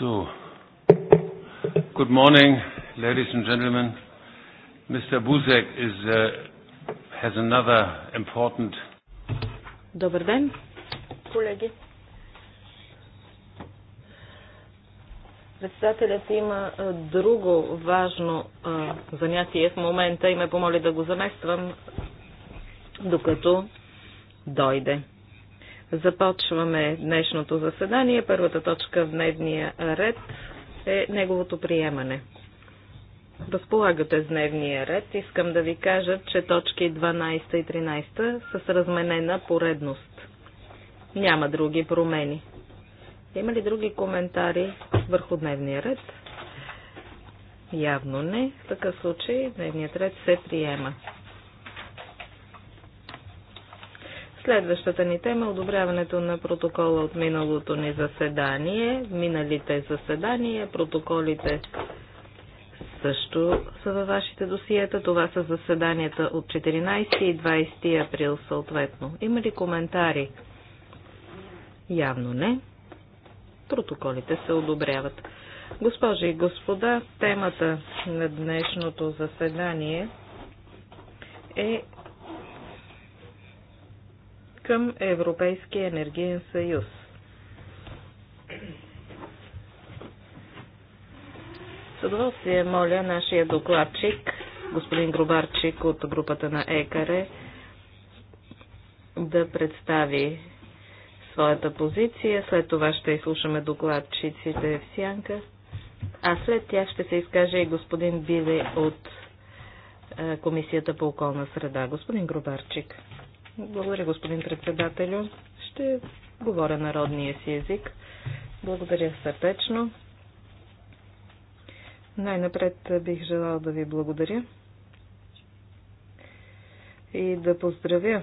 So, good morning, ladies and gentlemen. Mr. Buzek is, uh, has another important. Добър ден, колеги. Председателят има друго важно а, занятие в момента и ме помоли да го замествам, докато дойде. Започваме днешното заседание. Първата точка в дневния ред е неговото приемане. Разполагате с дневния ред. Искам да ви кажа, че точки 12 и 13 са с разменена поредност. Няма други промени. Има ли други коментари върху дневния ред? Явно не. В такъв случай дневният ред се приема. Следващата ни тема е одобряването на протокола от миналото ни заседание. Миналите заседания, протоколите също са във вашите досиета. Това са заседанията от 14 и 20 април съответно. Има ли коментари? Явно не. Протоколите се одобряват. Госпожи и господа, темата на днешното заседание е към Европейския енергиен съюз. С удоволствие моля нашия докладчик, господин Грубарчик от групата на ЕКАРЕ, да представи своята позиция. След това ще изслушаме докладчиците в сянка. А след тях ще се изкаже и господин Биле от е, Комисията по околна среда. Господин Грубарчик. Благодаря, господин председателю. Ще говоря народния си език. Благодаря сърдечно. Най-напред бих желал да ви благодаря и да поздравя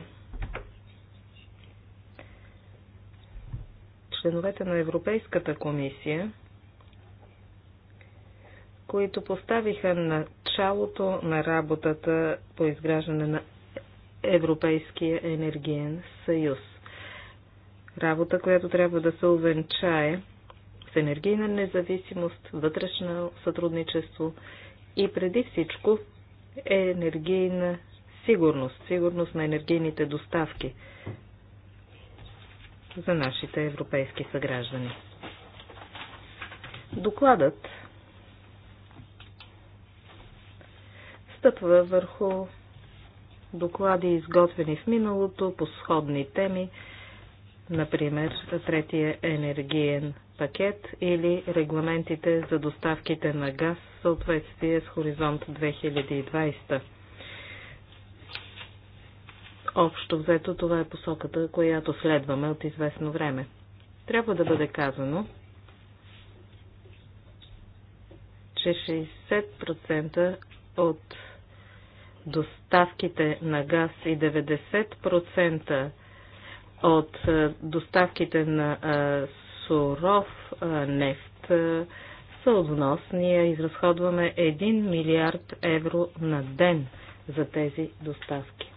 членовете на Европейската комисия, които поставиха началото на работата по изграждане на Европейския енергиен съюз. Работа, която трябва да се увенчае с енергийна независимост, вътрешно сътрудничество и преди всичко е енергийна сигурност, сигурност на енергийните доставки за нашите европейски съграждани. Докладът стъпва върху доклади, изготвени в миналото по сходни теми, например третия енергиен пакет или регламентите за доставките на газ в съответствие с Хоризонт 2020. Общо взето това е посоката, която следваме от известно време. Трябва да бъде казано, че 60% от доставките на газ и 90% от е, доставките на е, суров е, нефт са от внос. Ние изразходваме 1 милиард евро на ден за тези доставки.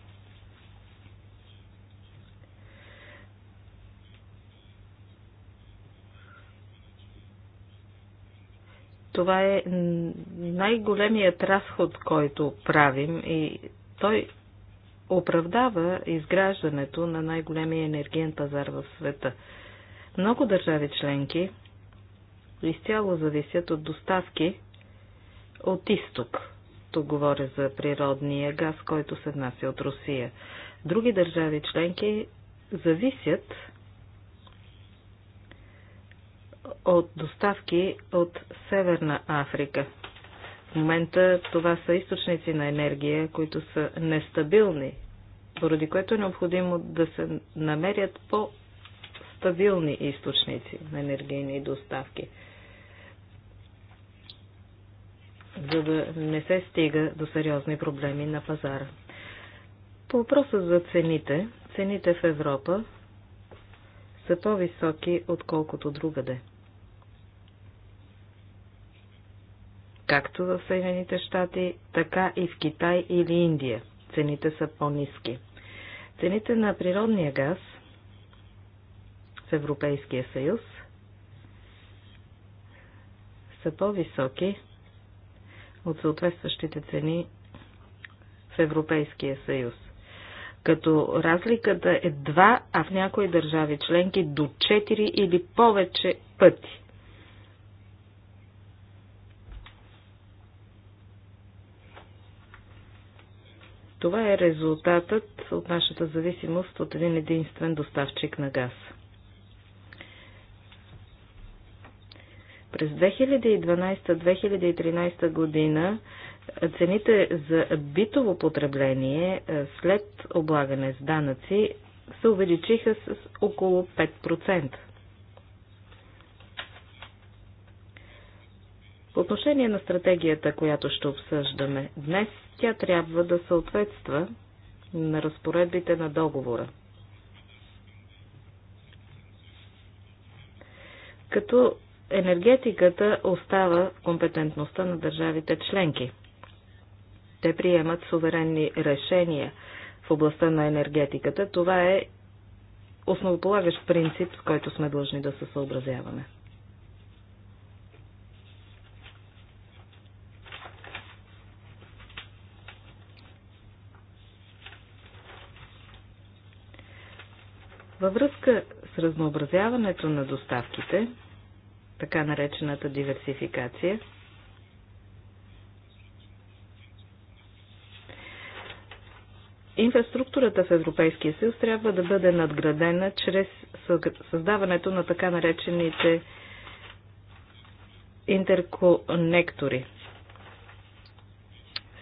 Това е най-големият разход, който правим и той оправдава изграждането на най-големия енергиен пазар в света. Много държави членки изцяло зависят от доставки от изток. Тук говоря за природния газ, който се внася от Русия. Други държави членки зависят от доставки от Северна Африка. В момента това са източници на енергия, които са нестабилни, поради което е необходимо да се намерят по-стабилни източници на енергийни доставки, за да не се стига до сериозни проблеми на пазара. По въпроса за цените, цените в Европа са по-високи, отколкото другаде. както в Съединените щати, така и в Китай или Индия. Цените са по-низки. Цените на природния газ в Европейския съюз са по-високи от съответстващите цени в Европейския съюз. Като разликата е 2, а в някои държави членки до 4 или повече пъти. Това е резултатът от нашата зависимост от един единствен доставчик на газ. През 2012-2013 година цените за битово потребление е, след облагане с данъци се увеличиха с около 5%. По отношение на стратегията, която ще обсъждаме днес, тя трябва да съответства на разпоредбите на договора. Като енергетиката остава компетентността на държавите членки. Те приемат суверенни решения в областта на енергетиката. Това е основополагащ принцип, с който сме длъжни да се съобразяваме. Във връзка с разнообразяването на доставките, така наречената диверсификация, инфраструктурата в Европейския съюз трябва да бъде надградена чрез създаването на така наречените интерконектори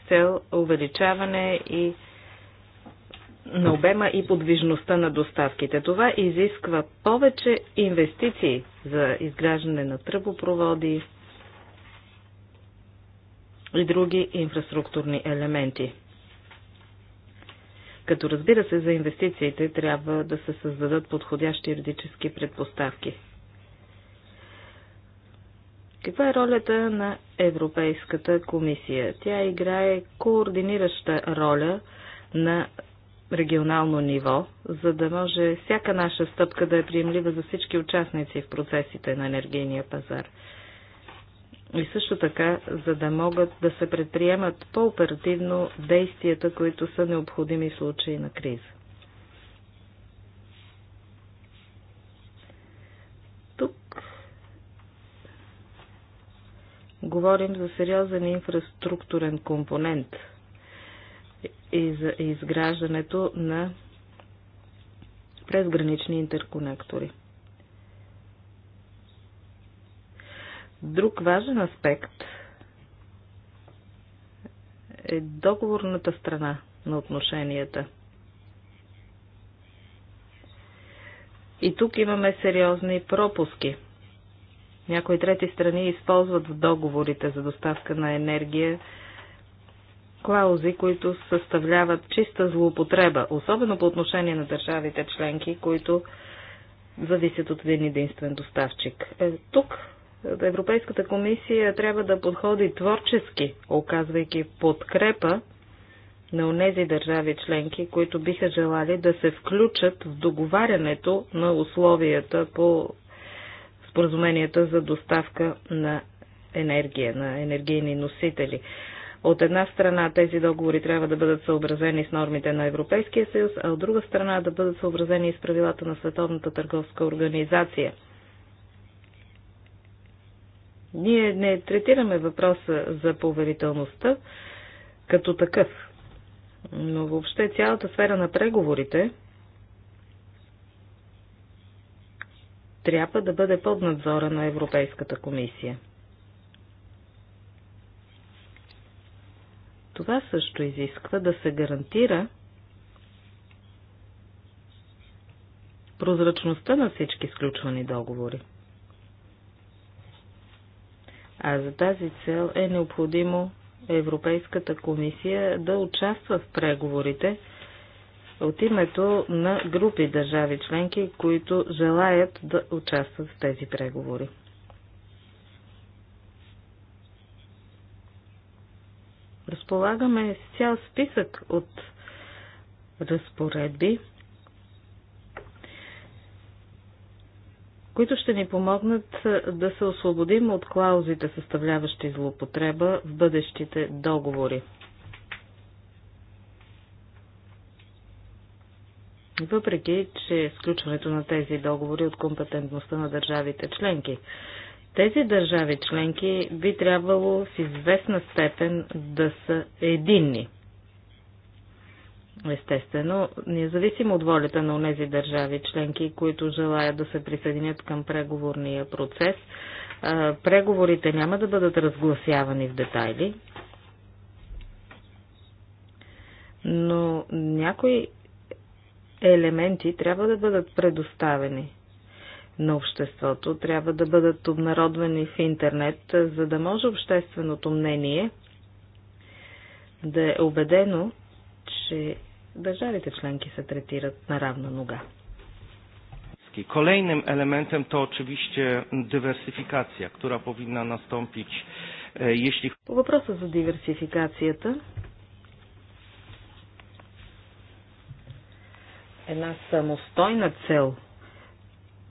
с цел увеличаване и на обема и подвижността на доставките. Това изисква повече инвестиции за изграждане на тръбопроводи и други инфраструктурни елементи. Като разбира се, за инвестициите трябва да се създадат подходящи юридически предпоставки. Каква е ролята на Европейската комисия? Тя играе координираща роля на регионално ниво, за да може всяка наша стъпка да е приемлива за всички участници в процесите на енергийния пазар. И също така, за да могат да се предприемат по-оперативно действията, които са необходими в случаи на криза. Тук говорим за сериозен инфраструктурен компонент – и за изграждането на презгранични интерконектори. Друг важен аспект е договорната страна на отношенията. И тук имаме сериозни пропуски. Някои трети страни използват в договорите за доставка на енергия клаузи, които съставляват чиста злоупотреба, особено по отношение на държавите членки, които зависят от един единствен доставчик. Е, тук е, Европейската комисия трябва да подходи творчески, оказвайки подкрепа на онези държави членки, които биха желали да се включат в договарянето на условията по споразуменията за доставка на енергия, на енергийни носители. От една страна тези договори трябва да бъдат съобразени с нормите на Европейския съюз, а от друга страна да бъдат съобразени и с правилата на Световната търговска организация. Ние не третираме въпроса за поверителността като такъв, но въобще цялата сфера на преговорите трябва да бъде под надзора на Европейската комисия. Това също изисква да се гарантира прозрачността на всички сключвани договори. А за тази цел е необходимо Европейската комисия да участва в преговорите от името на групи държави членки, които желаят да участват в тези преговори. Разполагаме с цял списък от разпоредби, които ще ни помогнат да се освободим от клаузите, съставляващи злоупотреба в бъдещите договори. Въпреки, че изключването на тези договори е от компетентността на държавите членки. Тези държави членки би трябвало в известна степен да са единни. Естествено, независимо от волята на тези държави членки, които желаят да се присъединят към преговорния процес, преговорите няма да бъдат разгласявани в детайли, но някои елементи трябва да бъдат предоставени на обществото трябва да бъдат обнародвани в интернет, за да може общественото мнение да е убедено, че държавите членки се третират на равна нога. Kolejnym elementem to oczywiście dywersyfikacja, która powinna nastąpić, e, jeśli... По въпроса за диверсификацията, Jedna samostojna cel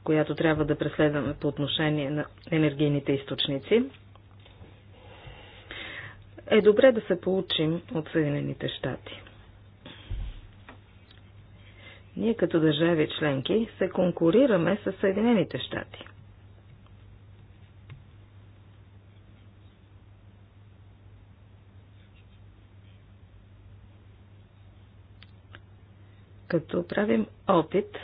която трябва да преследваме по отношение на енергийните източници, е добре да се получим от Съединените щати. Ние като държави членки се конкурираме с Съединените щати. Като правим опит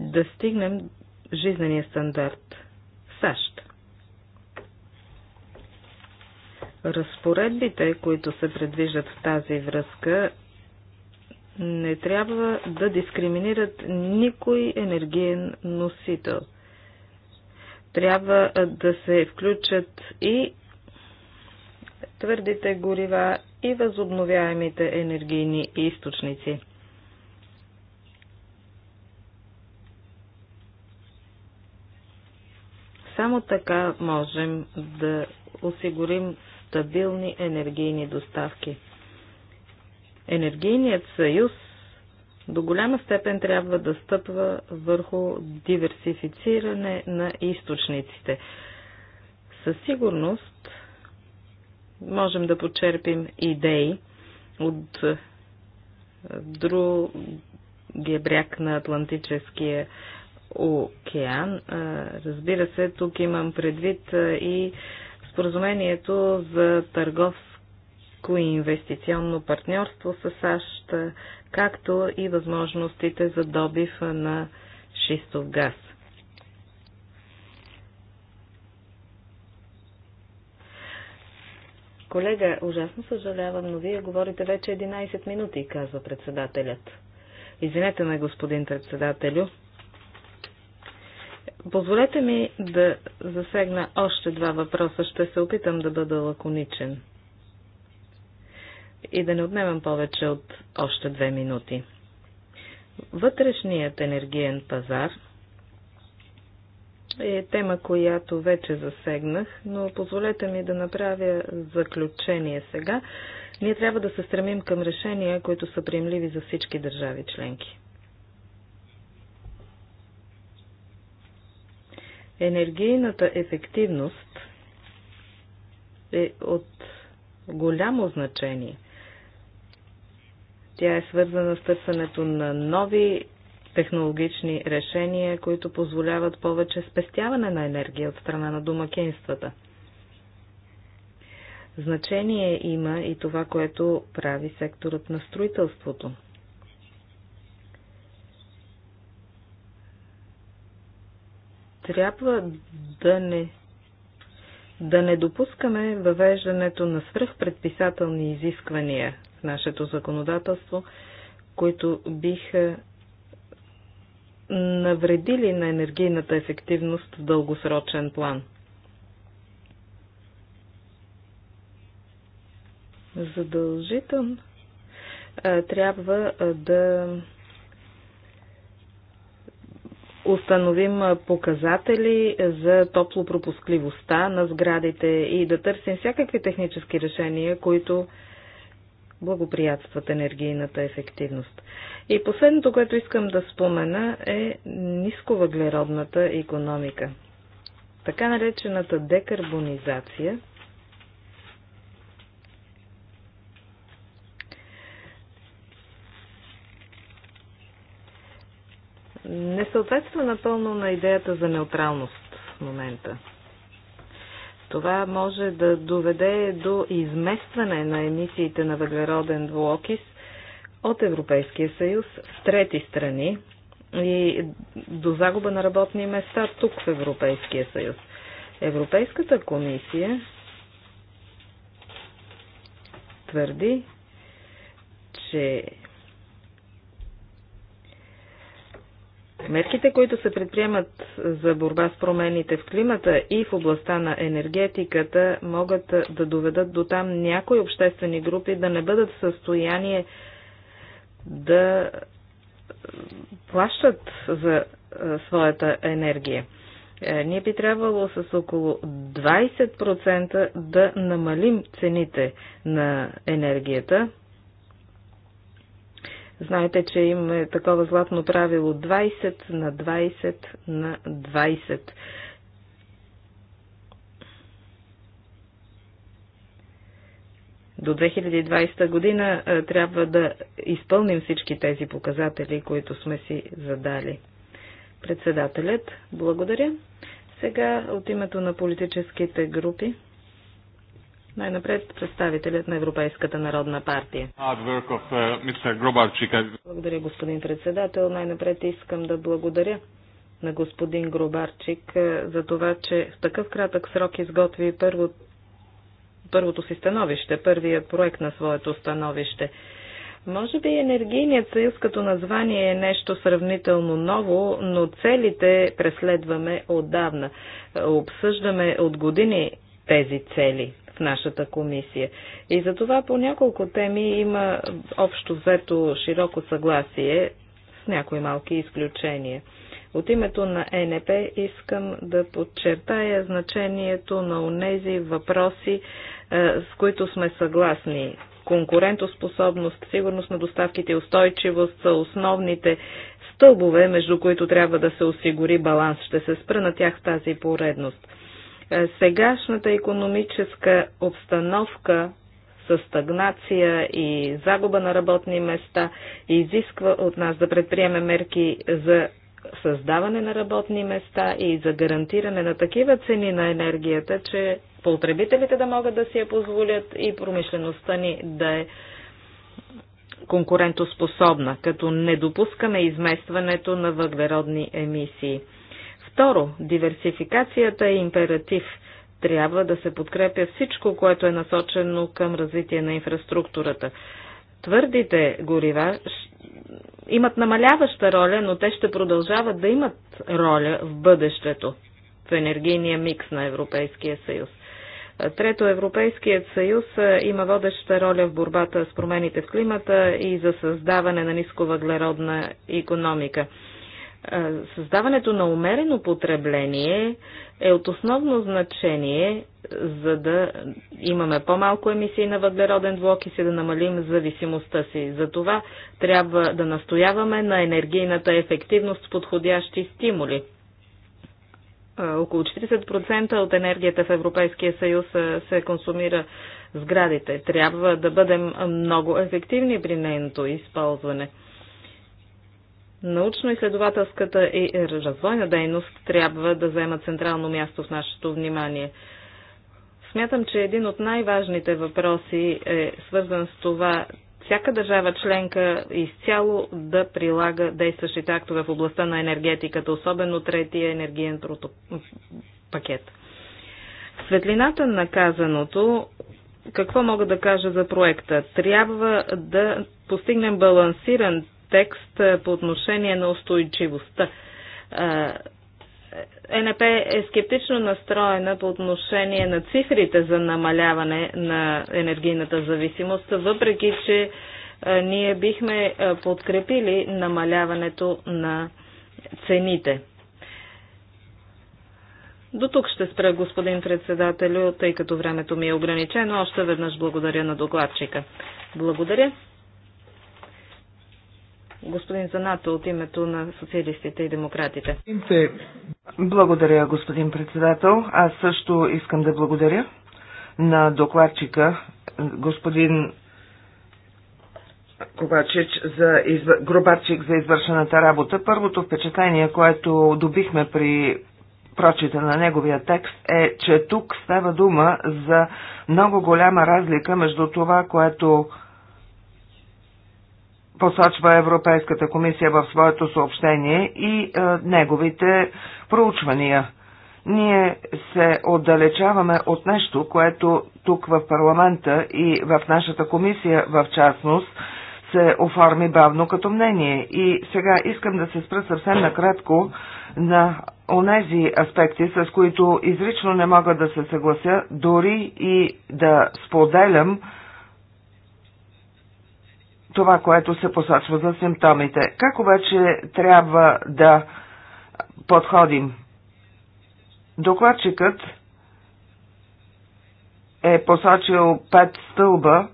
да стигнем жизнения стандарт САЩ. Разпоредбите, които се предвиждат в тази връзка, не трябва да дискриминират никой енергиен носител. Трябва да се включат и твърдите горива и възобновяемите енергийни източници. Само така можем да осигурим стабилни енергийни доставки. Енергийният съюз до голяма степен трябва да стъпва върху диверсифициране на източниците. Със сигурност можем да почерпим идеи от е, другия бряг на Атлантическия океан. Разбира се, тук имам предвид и споразумението за търговско и инвестиционно партньорство с САЩ, както и възможностите за добив на шистов газ. Колега, ужасно съжалявам, но вие говорите вече 11 минути, казва председателят. Извинете ме, господин председателю. Позволете ми да засегна още два въпроса. Ще се опитам да бъда лаконичен и да не отнемам повече от още две минути. Вътрешният енергиен пазар е тема, която вече засегнах, но позволете ми да направя заключение сега. Ние трябва да се стремим към решения, които са приемливи за всички държави членки. Енергийната ефективност е от голямо значение. Тя е свързана с търсенето на нови технологични решения, които позволяват повече спестяване на енергия от страна на домакинствата. Значение има и това, което прави секторът на строителството – трябва да не да не допускаме въвеждането на свръхпредписателни изисквания в нашето законодателство, които биха навредили на енергийната ефективност в дългосрочен план. Задължително трябва да установим показатели е, за топлопропускливостта на сградите и да търсим всякакви технически решения, които благоприятстват енергийната ефективност. И последното, което искам да спомена е нисковъглеродната економика. Така наречената декарбонизация не съответства напълно на идеята за неутралност в момента. Това може да доведе до изместване на емисиите на въглероден двуокис от Европейския съюз в трети страни и до загуба на работни места тук в Европейския съюз. Европейската комисия твърди, че Мерките, които се предприемат за борба с промените в климата и в областта на енергетиката, могат да доведат до там някои обществени групи да не бъдат в състояние да плащат за своята енергия. Е, ние би трябвало с около 20% да намалим цените на енергията Знаете, че имаме такова златно правило 20 на 20 на 20. До 2020 година е, трябва да изпълним всички тези показатели, които сме си задали. Председателят, благодаря. Сега от името на политическите групи. Най-напред представителят на Европейската народна партия. Uh, благодаря, господин председател. Най-напред искам да благодаря на господин Гробарчик е, за това, че в такъв кратък срок изготви първо, първото си становище, първия проект на своето становище. Може би енергийният съюз като название е нещо сравнително ново, но целите преследваме отдавна. Е, обсъждаме от години тези цели в нашата комисия. И за това по няколко теми има общо взето широко съгласие с някои малки изключения. От името на ЕНП искам да подчертая значението на онези въпроси, е, с които сме съгласни. Конкурентоспособност, сигурност на доставките, устойчивост са основните стълбове, между които трябва да се осигури баланс. Ще се спра на тях в тази поредност. Е, сегашната економическа обстановка с стагнация и загуба на работни места изисква от нас да предприеме мерки за създаване на работни места и за гарантиране на такива цени на енергията, че потребителите да могат да си я позволят и промишлеността ни да е конкурентоспособна, като не допускаме изместването на въглеродни емисии. Второ, диверсификацията е императив. Трябва да се подкрепя всичко, което е насочено към развитие на инфраструктурата. Твърдите горива имат намаляваща роля, но те ще продължават да имат роля в бъдещето в енергийния микс на Европейския съюз. Трето, Европейският съюз има водеща роля в борбата с промените в климата и за създаване на нисковъглеродна економика. Е, създаването на умерено потребление е от основно значение, за да имаме по-малко емисии на въглероден блок и се да намалим зависимостта си. За това трябва да настояваме на енергийната ефективност с подходящи стимули. Е, около 40% от енергията в Европейския съюз е, се консумира сградите. Трябва да бъдем много ефективни при нейното използване. Научно-изследователската и развойна дейност трябва да заема централно място в нашето внимание. Смятам, че един от най-важните въпроси е свързан с това всяка държава членка изцяло да прилага действащите актове в областта на енергетиката, особено третия енергиен пакет. В светлината на казаното, какво мога да кажа за проекта? Трябва да постигнем балансиран текст е, по отношение на устойчивостта. Е, е НП е скептично настроена по отношение на цифрите за намаляване на енергийната зависимост, въпреки че ние бихме подкрепили намаляването на цените. До тук ще спра, господин председателю, тъй като времето ми е ограничено. Още веднъж благодаря на докладчика. Благодаря. Господин Занато от името на социалистите и демократите. Благодаря, господин председател. Аз също искам да благодаря на докладчика, господин Ковачич за изв... Гробарчик за извършената работа. Първото впечатление, което добихме при прочита на неговия текст е, че тук става дума за много голяма разлика между това, което посочва Европейската комисия в своето съобщение и е, неговите проучвания. Ние се отдалечаваме от нещо, което тук в парламента и в нашата комисия в частност се оформи бавно като мнение. И сега искам да се спра съвсем накратко на онези аспекти, с които изрично не мога да се съглася, дори и да споделям това, което се посочва за симптомите. Как обаче трябва да подходим? Докладчикът е посочил пет стълба,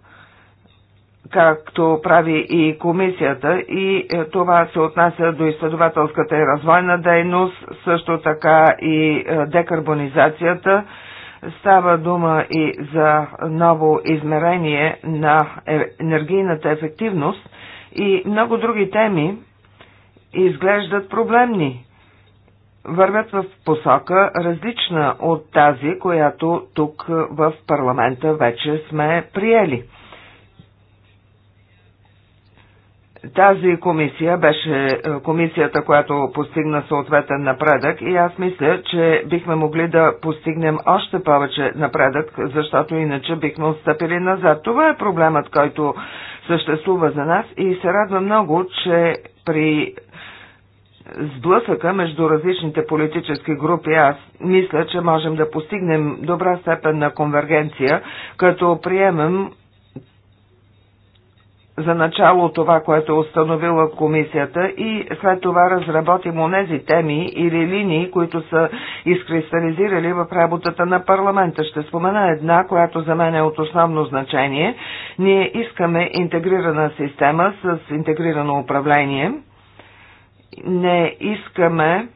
както прави и комисията, и това се отнася до изследователската и развойна дейност, също така и декарбонизацията – Става дума и за ново измерение на е, енергийната ефективност и много други теми изглеждат проблемни. Вървят в посока различна от тази, която тук в парламента вече сме приели. Тази комисия беше е, комисията, която постигна съответен напредък и аз мисля, че бихме могли да постигнем още повече напредък, защото иначе бихме отстъпили назад. Това е проблемът, който съществува за нас и се радва много, че при сблъсъка между различните политически групи, аз мисля, че можем да постигнем добра степен на конвергенция, като приемем за начало това, което е установила комисията и след това разработим онези теми или линии, които са изкристализирали в работата на парламента. Ще спомена една, която за мен е от основно значение. Ние искаме интегрирана система с интегрирано управление. Не искаме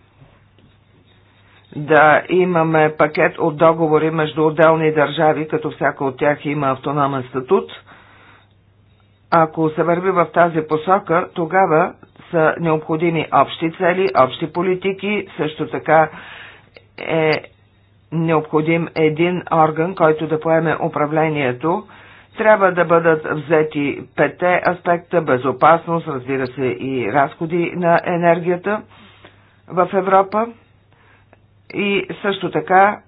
да имаме пакет от договори между отделни държави, като всяка от тях има автономен статут – ако се върви в тази посока, тогава са необходими общи цели, общи политики, също така е необходим един орган, който да поеме управлението. Трябва да бъдат взети пете аспекта безопасност, разбира се и разходи на енергията в Европа и също така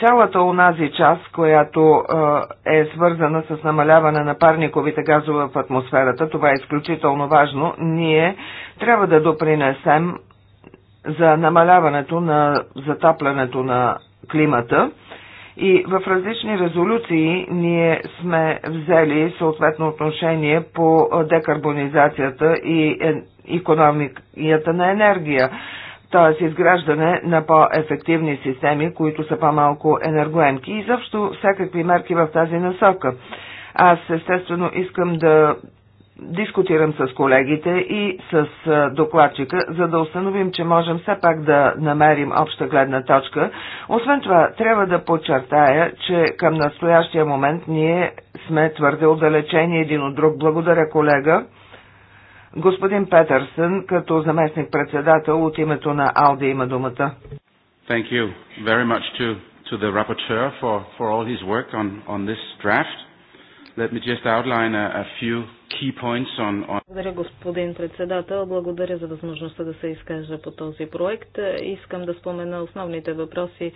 цялата онази част, която е свързана с намаляване на парниковите газове в атмосферата, това е изключително важно, ние трябва да допринесем за намаляването на затаплянето на климата. И в различни резолюции ние сме взели съответно отношение по декарбонизацията и економията на енергия т.е. изграждане на по-ефективни системи, които са по-малко енергоемки и заобщо всякакви мерки в тази насока. Аз естествено искам да дискутирам с колегите и с докладчика, за да установим, че можем все пак да намерим обща гледна точка. Освен това, трябва да подчертая, че към настоящия момент ние сме твърде отдалечени един от друг. Благодаря, колега. Господин Петърсън, като заместник-председател от името на АЛДЕ има думата. Thank you very much to, to the rapporteur for, for all his work on, on this draft. Let me just outline a, a few key points on, on... Благодаря, господин председател. Благодаря за възможността да се изкажа по този проект. Искам да спомена основните въпроси,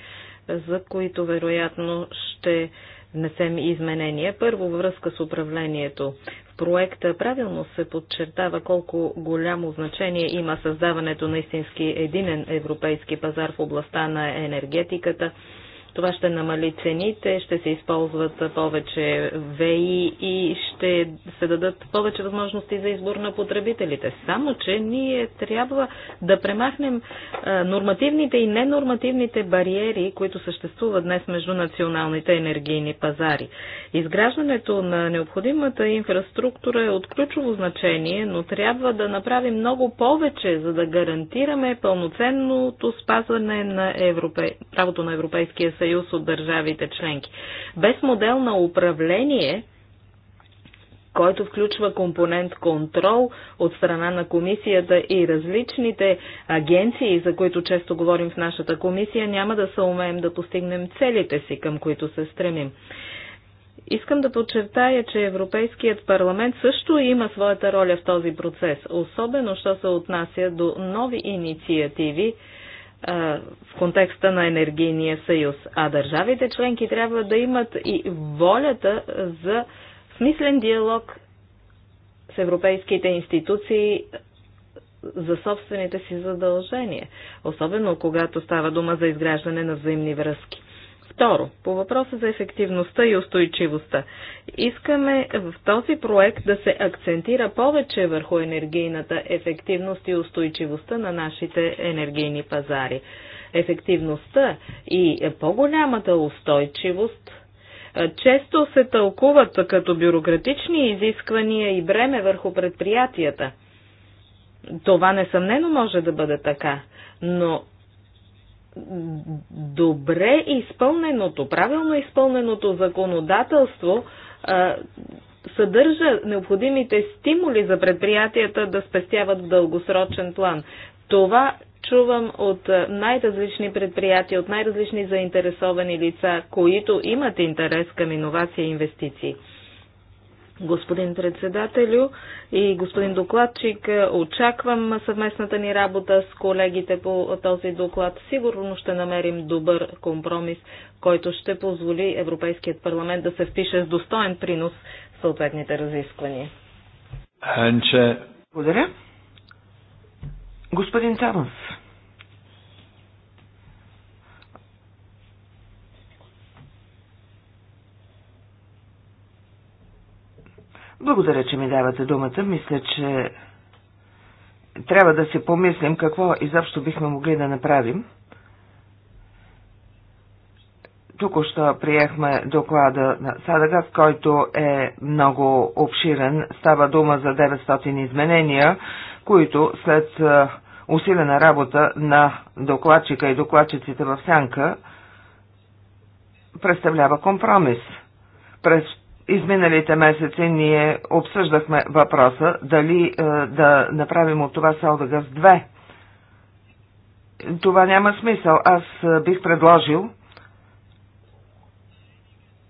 за които вероятно ще внесем изменения. Първо, връзка с управлението. В проекта правилно се подчертава колко голямо значение има създаването на истински единен европейски пазар в областта на енергетиката това ще намали цените, ще се използват повече ВИ и ще се дадат повече възможности за избор на потребителите. Само, че ние трябва да премахнем нормативните и ненормативните бариери, които съществуват днес между националните енергийни пазари. Изграждането на необходимата инфраструктура е от ключово значение, но трябва да направим много повече, за да гарантираме пълноценното спазване на европе... правото на Европейския съюз съюз от държавите членки. Без модел на управление, който включва компонент контрол от страна на комисията и различните агенции, за които често говорим в нашата комисия, няма да се умеем да постигнем целите си, към които се стремим. Искам да подчертая, че Европейският парламент също има своята роля в този процес, особено що се отнася до нови инициативи, в контекста на енергийния съюз. А държавите членки трябва да имат и волята за смислен диалог с европейските институции за собствените си задължения, особено когато става дума за изграждане на взаимни връзки. Второ, по въпроса за ефективността и устойчивостта. Искаме в този проект да се акцентира повече върху енергийната ефективност и устойчивостта на нашите енергийни пазари. Ефективността и по-голямата устойчивост често се тълкуват като бюрократични изисквания и бреме върху предприятията. Това несъмнено може да бъде така, но добре изпълненото, правилно изпълненото законодателство а, съдържа необходимите стимули за предприятията да спестяват в дългосрочен план. Това чувам от най-различни предприятия, от най-различни заинтересовани лица, които имат интерес към иновация и инвестиции. Господин председателю и господин докладчик, очаквам съвместната ни работа с колегите по този доклад. Сигурно ще намерим добър компромис, който ще позволи Европейският парламент да се впише с достоен принос в съответните разисквания. Анче. Благодаря. Господин Тамов. Благодаря, че ми давате думата. Мисля, че трябва да се помислим какво изобщо бихме могли да направим. тук що приехме доклада на Садагас, който е много обширен. Става дума за 900 изменения, които след е, усилена работа на докладчика и докладчиците в сянка представлява компромис. През изминалите месеци ние обсъждахме въпроса дали е, да направим от това Салдагас 2. Това няма смисъл. Аз е, бих предложил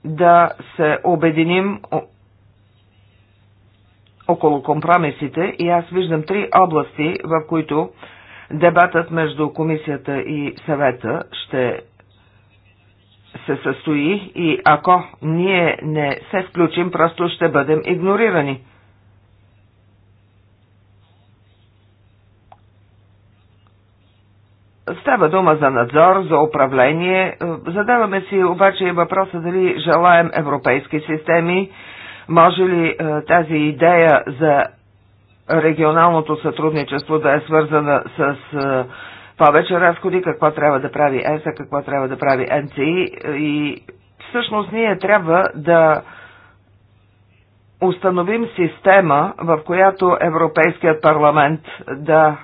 да се обединим около компромисите и аз виждам три области, в които дебатът между комисията и съвета ще се състои и ако ние не се включим, просто ще бъдем игнорирани. Става дума за надзор, за управление. Задаваме си обаче въпроса дали желаем европейски системи. Може ли е, тази идея за регионалното сътрудничество да е свързана с е, повече разходи, какво трябва да прави ЕСА, какво трябва да прави НЦИ и всъщност ние трябва да установим система, в която Европейският парламент да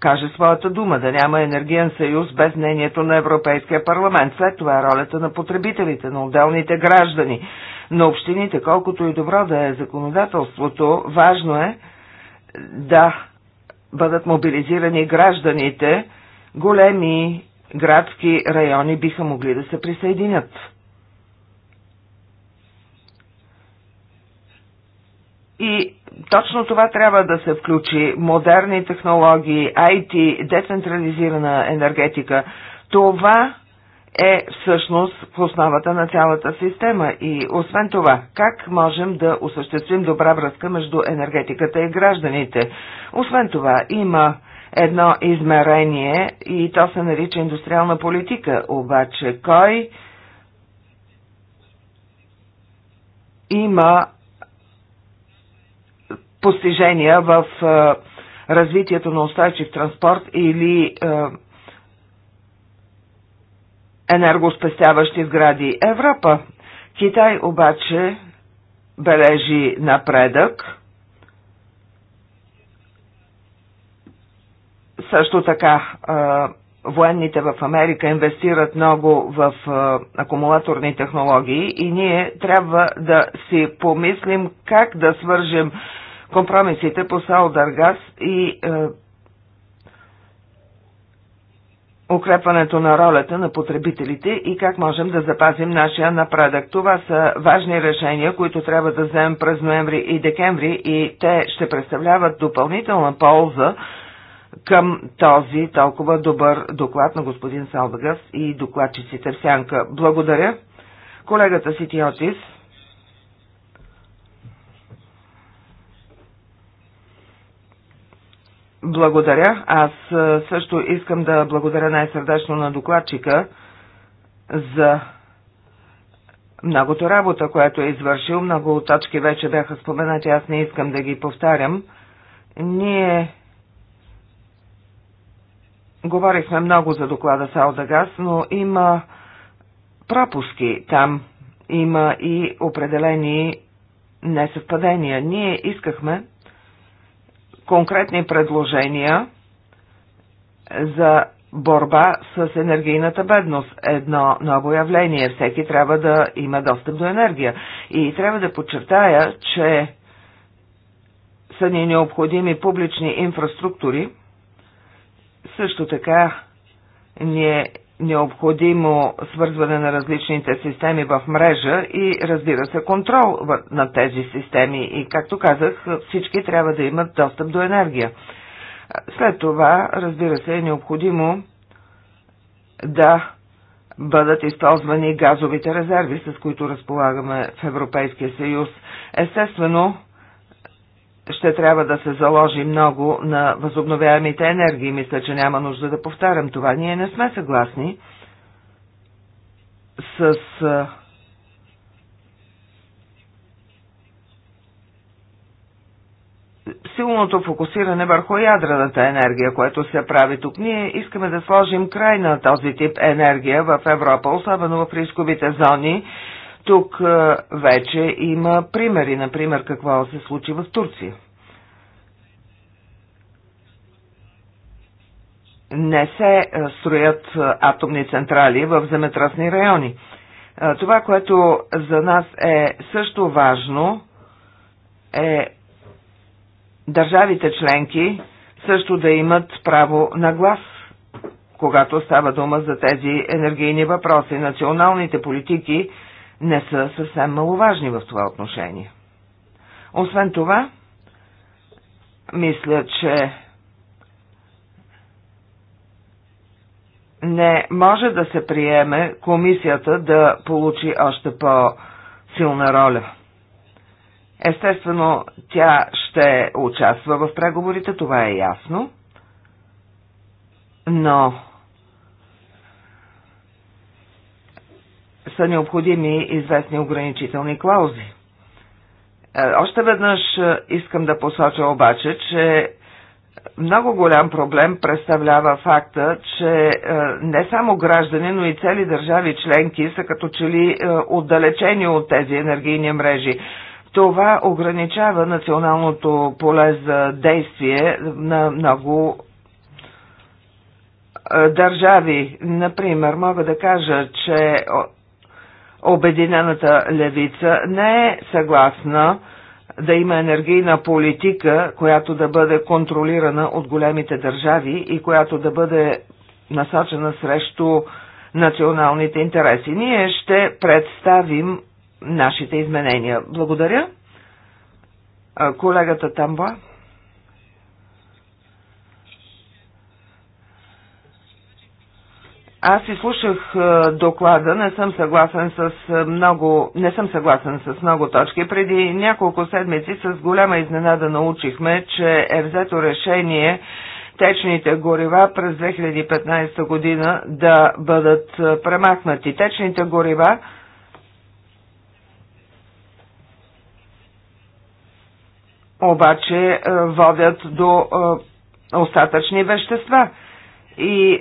каже своята дума, да няма енергиен съюз без мнението на Европейския парламент. След това е ролята на потребителите, на отделните граждани, на общините, колкото и добро да е законодателството, важно е да бъдат мобилизирани гражданите, големи градски райони биха могли да се присъединят. И точно това трябва да се включи. Модерни технологии, IT, децентрализирана енергетика. Това е всъщност в основата на цялата система. И освен това, как можем да осъществим добра връзка между енергетиката и гражданите? Освен това, има едно измерение и то се нарича индустриална политика. Обаче кой има постижения в е, развитието на устойчив транспорт или е, енергоспестяващи сгради Европа. Китай обаче бележи напредък Също така военните в Америка инвестират много в акумулаторни технологии и ние трябва да си помислим как да свържем компромисите по Саударгаз и укрепването на ролята на потребителите и как можем да запазим нашия напредък. Това са важни решения, които трябва да вземем през ноември и декември и те ще представляват допълнителна полза към този толкова добър доклад на господин Салбагас и докладчиците в сянка. Благодаря. Колегата Ситиотис. Благодаря. Аз също искам да благодаря най-сърдечно на докладчика за многото работа, която е извършил. Много точки вече бяха споменати, аз не искам да ги повтарям. Ние Говорихме много за доклада Газ, но има пропуски там. Има и определени несъвпадения. Ние искахме конкретни предложения за борба с енергийната бедност. Едно ново явление. Всеки трябва да има достъп до енергия. И трябва да подчертая, че са ни необходими публични инфраструктури – също така ни е необходимо свързване на различните системи в мрежа и разбира се контрол на тези системи и както казах всички трябва да имат достъп до енергия. След това разбира се е необходимо да бъдат използвани газовите резерви, с които разполагаме в Европейския съюз. Естествено, ще трябва да се заложи много на възобновяемите енергии. Мисля, че няма нужда да повтарям това. Ние не сме съгласни с силното фокусиране върху ядрената енергия, което се прави тук. Ние искаме да сложим край на този тип енергия в Европа, особено в рисковите зони тук вече има примери, например какво се случи в Турция. Не се строят атомни централи в земетрасни райони. Това, което за нас е също важно, е държавите членки също да имат право на глас, когато става дума за тези енергийни въпроси. Националните политики не са съвсем маловажни в това отношение. Освен това, мисля, че не може да се приеме комисията да получи още по-силна роля. Естествено, тя ще участва в преговорите, това е ясно, но са необходими известни ограничителни клаузи. Е, още веднъж е, искам да посоча обаче, че много голям проблем представлява факта, че е, не само граждани, но и цели държави членки са като че ли отдалечени от тези енергийни мрежи. Това ограничава националното поле за действие на много държави. Например, мога да кажа, че Обединената левица не е съгласна да има енергийна политика, която да бъде контролирана от големите държави и която да бъде насочена срещу националните интереси. Ние ще представим нашите изменения. Благодаря. Колегата Тамба. Аз изслушах е, доклада, не съм съгласен с е, много, не съм съгласен с много точки. Преди няколко седмици с голяма изненада научихме, че е взето решение течните горива през 2015 година да бъдат е, премахнати. Течните горива обаче водят до остатъчни вещества – и е,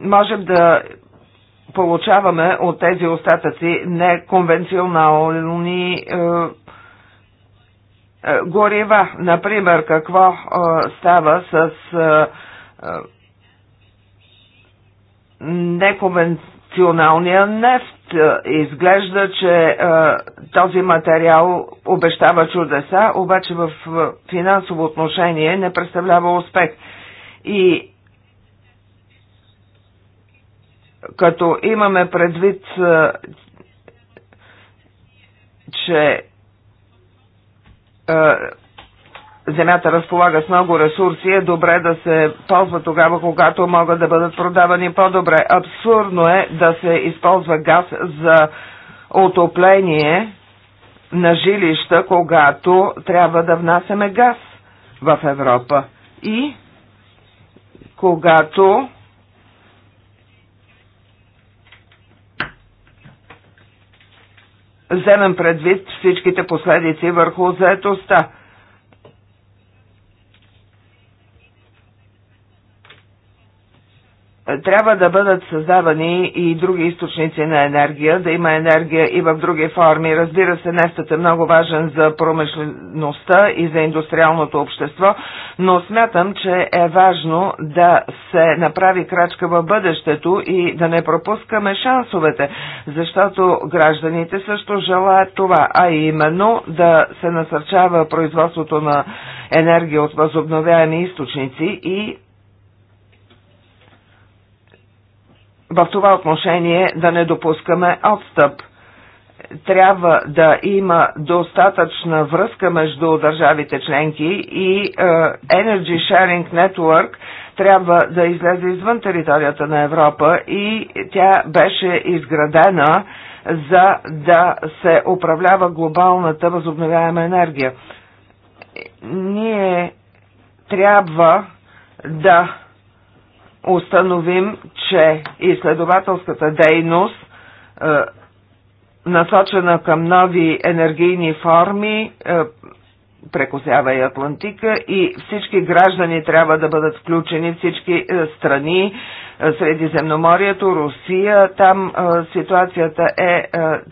можем да получаваме от тези остатъци неконвенционални е, е, горива. Например, какво е, става с е, е, неконвенционалния нефт? Изглежда, че е, този материал обещава чудеса, обаче в финансово отношение не представлява успех. И като имаме предвид, че земята разполага с много ресурси, е добре да се ползва тогава, когато могат да бъдат продавани по-добре. Абсурдно е да се използва газ за отопление на жилища, когато трябва да внасяме газ в Европа. И когато вземем предвид всичките последици върху заетостта. трябва да бъдат създавани и други източници на енергия, да има енергия и в други форми. Разбира се, нефтът е много важен за промишлеността и за индустриалното общество, но смятам, че е важно да се направи крачка в бъдещето и да не пропускаме шансовете, защото гражданите също желаят това, а именно да се насърчава производството на енергия от възобновяеми източници и в това отношение да не допускаме отстъп. Трябва да има достатъчна връзка между държавите членки и е, Energy Sharing Network трябва да излезе извън територията на Европа и тя беше изградена за да се управлява глобалната възобновяема енергия. Ние трябва да установим, че изследователската дейност, е, насочена към нови енергийни форми, е, прекосява и Атлантика и всички граждани трябва да бъдат включени, всички е, страни, Средиземноморието, Русия, там ситуацията е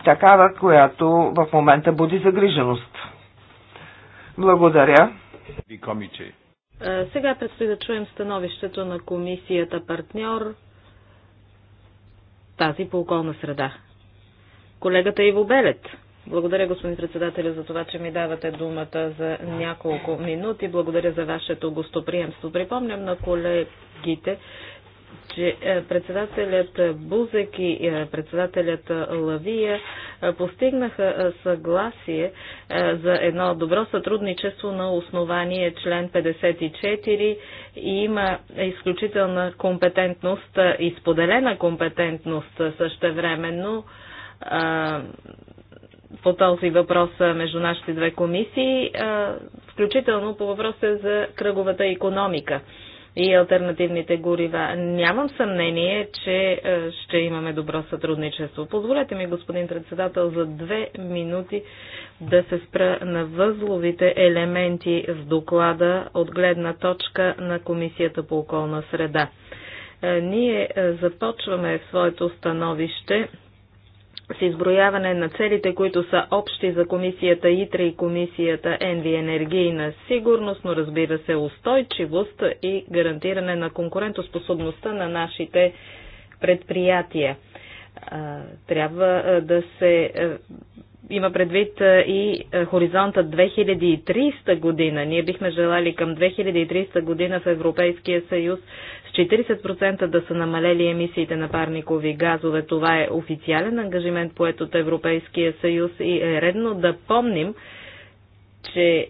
такава, която в момента буди загриженост. Благодаря. Е, сега предстои да чуем становището на комисията партньор тази по околна среда. Колегата Иво Белет. Благодаря, господин председателя, за това, че ми давате думата за няколко минути. Благодаря за вашето гостоприемство. Припомням на колегите, че е, председателят Бузек и е, председателят Лавия е, постигнаха съгласие за едно добро сътрудничество на основание член 54 и има изключителна компетентност и споделена компетентност същевременно по този въпрос между нашите две комисии, включително по въпроса за кръговата економика и альтернативните горива. Нямам съмнение, че е, ще имаме добро сътрудничество. Позволете ми, господин председател, за две минути да се спра на възловите елементи в доклада от гледна точка на Комисията по околна среда. Е, ние е, започваме в своето становище с изброяване на целите, които са общи за комисията ИТРА и комисията ЕНВИ енергийна сигурност, но разбира се устойчивост и гарантиране на конкурентоспособността на нашите предприятия. Трябва да се има предвид и хоризонта 2300 година. Ние бихме желали към 2300 година в Европейския съюз с 40% да са намалели емисиите на парникови газове. Това е официален ангажимент, поет от Европейския съюз и е редно да помним, че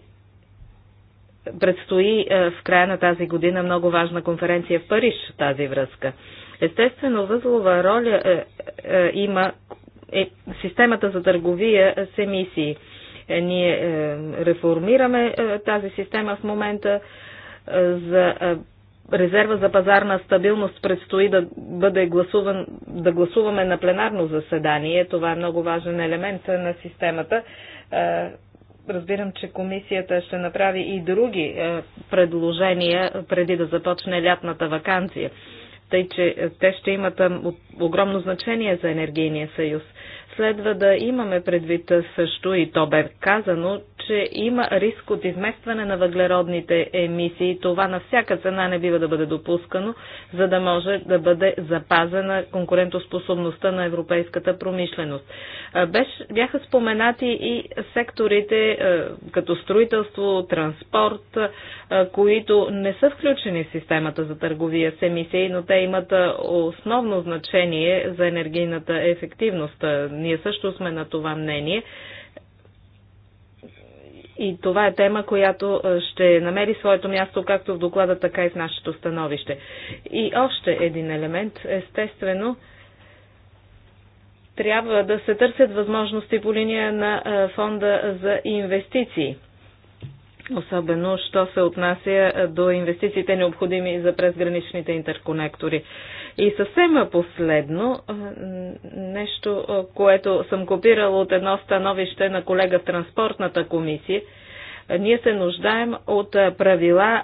предстои в края на тази година много важна конференция в Париж тази връзка. Естествено, възлова роля е, е, има е системата за търговия с емисии. Е, ние е, реформираме е, тази система в момента за резерва за пазарна стабилност предстои да бъде гласуван, да гласуваме на пленарно заседание. Това е много важен елемент на системата. Разбирам, че комисията ще направи и други предложения преди да започне лятната вакансия, тъй че те ще имат огромно значение за енергийния съюз. Следва да имаме предвид също, и то бе казано, че има риск от изместване на въглеродните емисии. Това на всяка цена не бива да бъде допускано, за да може да бъде запазена конкурентоспособността на европейската промишленост. Беше, бяха споменати и секторите като строителство, транспорт, които не са включени в системата за търговия с емисии, но те имат основно значение за енергийната ефективност. Ние също сме на това мнение. И това е тема, която ще намери своето място както в доклада, така и в нашето становище. И още един елемент, естествено, трябва да се търсят възможности по линия на фонда за инвестиции. Особено, що се отнася до инвестициите необходими за презграничните интерконектори. И съвсем последно, нещо, което съм копирала от едно становище на колега в Транспортната комисия, ние се нуждаем от правила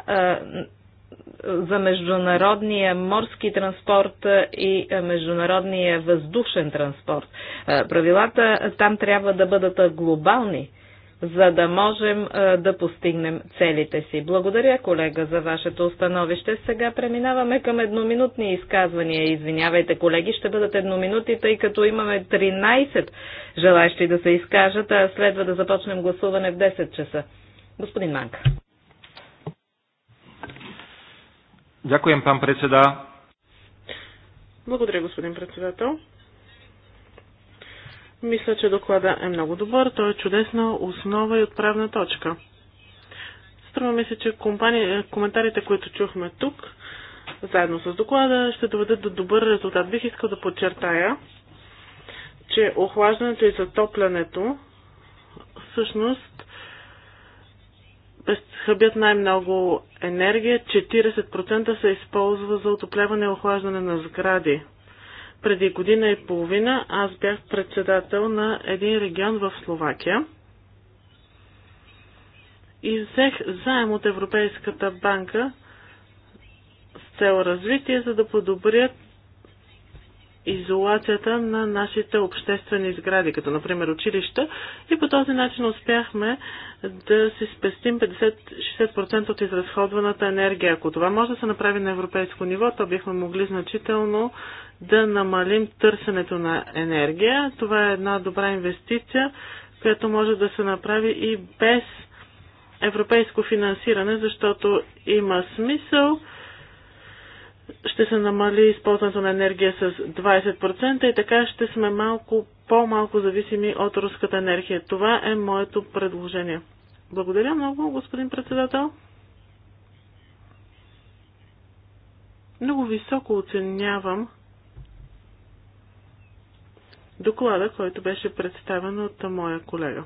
за международния морски транспорт и международния въздушен транспорт. Правилата там трябва да бъдат глобални за да можем да постигнем целите си. Благодаря, колега, за вашето установище. Сега преминаваме към едноминутни изказвания. Извинявайте, колеги, ще бъдат едноминути, тъй като имаме 13 желащи да се изкажат, а следва да започнем гласуване в 10 часа. Господин Манк. Дякуем, пан председа. Благодаря, господин председател. Мисля, че доклада е много добър. Той е чудесна основа и отправна точка. Струва ми се, че компания, коментарите, които чухме тук, заедно с доклада, ще доведат до добър резултат. Бих искал да подчертая, че охлаждането и затоплянето всъщност хъбят най-много енергия. 40% се използва за отопляване и охлаждане на сгради. Преди година и половина аз бях председател на един регион в Словакия и взех заем от Европейската банка с цел развитие, за да подобрят изолацията на нашите обществени сгради, като например училища, и по този начин успяхме да си спестим 50-60% от изразходваната енергия. Ако това може да се направи на европейско ниво, то бихме могли значително да намалим търсенето на енергия. Това е една добра инвестиция, която може да се направи и без европейско финансиране, защото има смисъл ще се намали използването на енергия с 20% и така ще сме малко по-малко зависими от руската енергия. Това е моето предложение. Благодаря много, господин председател. Много високо оценявам доклада, който беше представен от моя колега.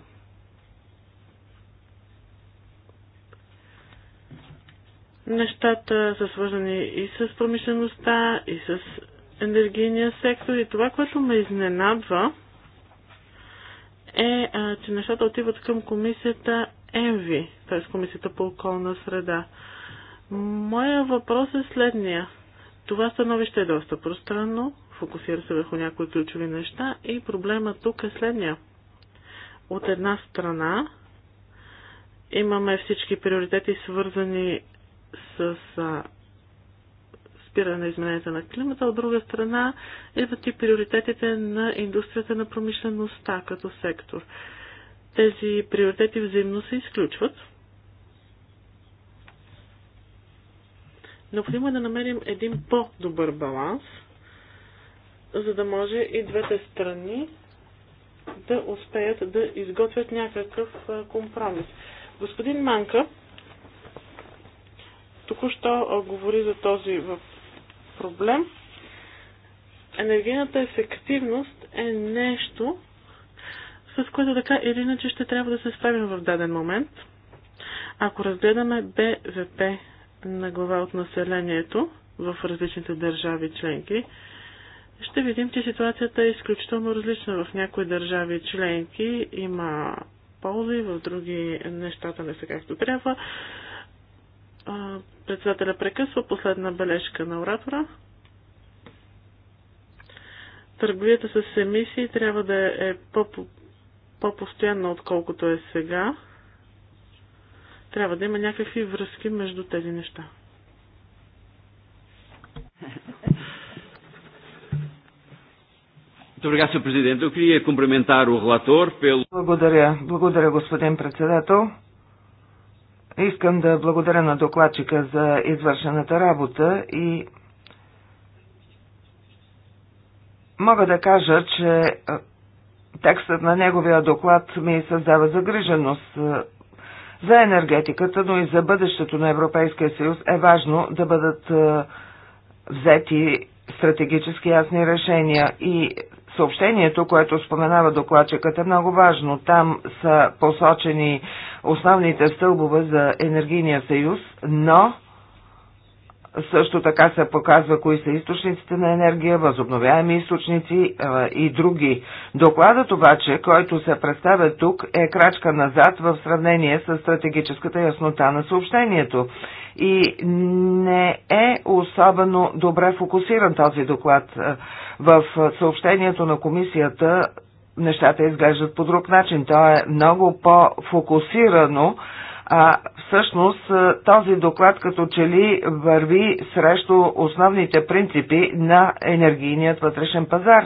Нещата са свързани и с промишлеността, и с енергийния сектор. И това, което ме изненадва, е, че нещата отиват към комисията ЕНВИ, т.е. комисията по околна среда. Моя въпрос е следния. Това становище е доста пространно, фокусира се върху някои ключови неща и проблема тук е следния. От една страна имаме всички приоритети свързани с а, спиране на измененията на климата, от друга страна идват и приоритетите на индустрията на промишлеността като сектор. Тези приоритети взаимно се изключват. Необходимо е да намерим един по-добър баланс, за да може и двете страни да успеят да изготвят някакъв компромис. Господин Манка току-що говори за този проблем. Енергийната ефективност е нещо, с което така или иначе ще трябва да се справим в даден момент. Ако разгледаме БВП на глава от населението в различните държави членки, ще видим, че ситуацията е изключително различна. В някои държави членки има ползи, в други нещата не са както трябва. Председателя прекъсва последна бележка на оратора. Търговията с емисии трябва да е по-постоянна, отколкото е сега. Трябва да има някакви връзки между тези неща. Благодаря. Благодаря, господин председател. Искам да благодаря на докладчика за извършената работа и мога да кажа, че е, текстът на неговия доклад ми създава загриженост. Е, за енергетиката, но и за бъдещето на Европейския съюз е важно да бъдат е, взети стратегически ясни решения и съобщението, което споменава докладчикът, е много важно. Там са посочени основните стълбове за енергийния съюз, но също така се показва кои са източниците на енергия, възобновяеми източници а, и други. Докладът обаче, който се представя тук, е крачка назад в сравнение с стратегическата яснота на съобщението и не е особено добре фокусиран този доклад. Е, в съобщението на комисията нещата изглеждат по друг начин. То е много по-фокусирано, а всъщност е, този доклад като че ли върви срещу основните принципи на енергийният вътрешен пазар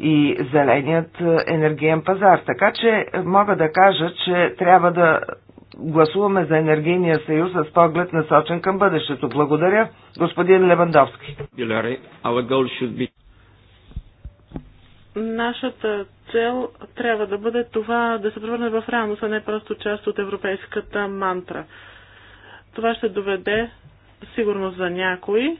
и зеленият е, енергиен пазар. Така че мога да кажа, че трябва да гласуваме за енергийния съюз с поглед насочен към бъдещето. Благодаря, господин Левандовски. Нашата цел трябва да бъде това да се превърне в реалност, а не просто част от европейската мантра. Това ще доведе сигурно за някои,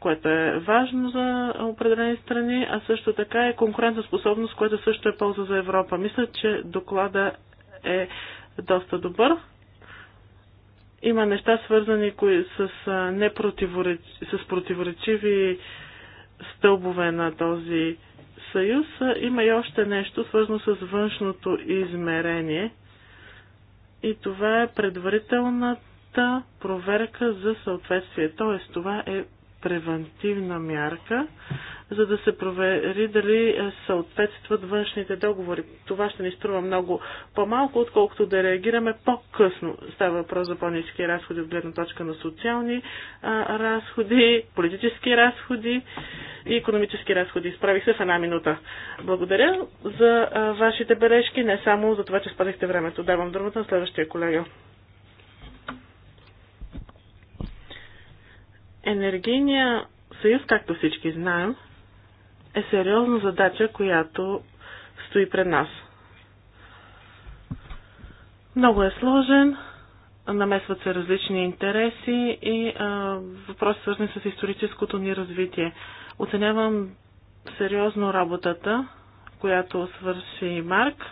което е важно за определени страни, а също така е конкурентоспособност, което също е полза за Европа. Мисля, че доклада е доста добър. Има неща свързани с, непротивореч... с противоречиви стълбове на този съюз. Има и още нещо свързано с външното измерение. И това е предварителната проверка за съответствие. Т.е. това е превентивна мярка, за да се провери дали е, съответстват външните договори. Това ще ни струва много по-малко, отколкото да реагираме по-късно. Става въпрос за по-низки разходи от гледна точка на социални а, разходи, политически разходи и економически разходи. Справих се в една минута. Благодаря за а, вашите бележки, не само за това, че спазихте времето. Давам думата на следващия колега. Енергийния съюз, както всички знаем, е сериозна задача, която стои пред нас. Много е сложен, намесват се различни интереси и а, въпроси свързани с историческото ни развитие. Оценявам сериозно работата, която свърши Марк,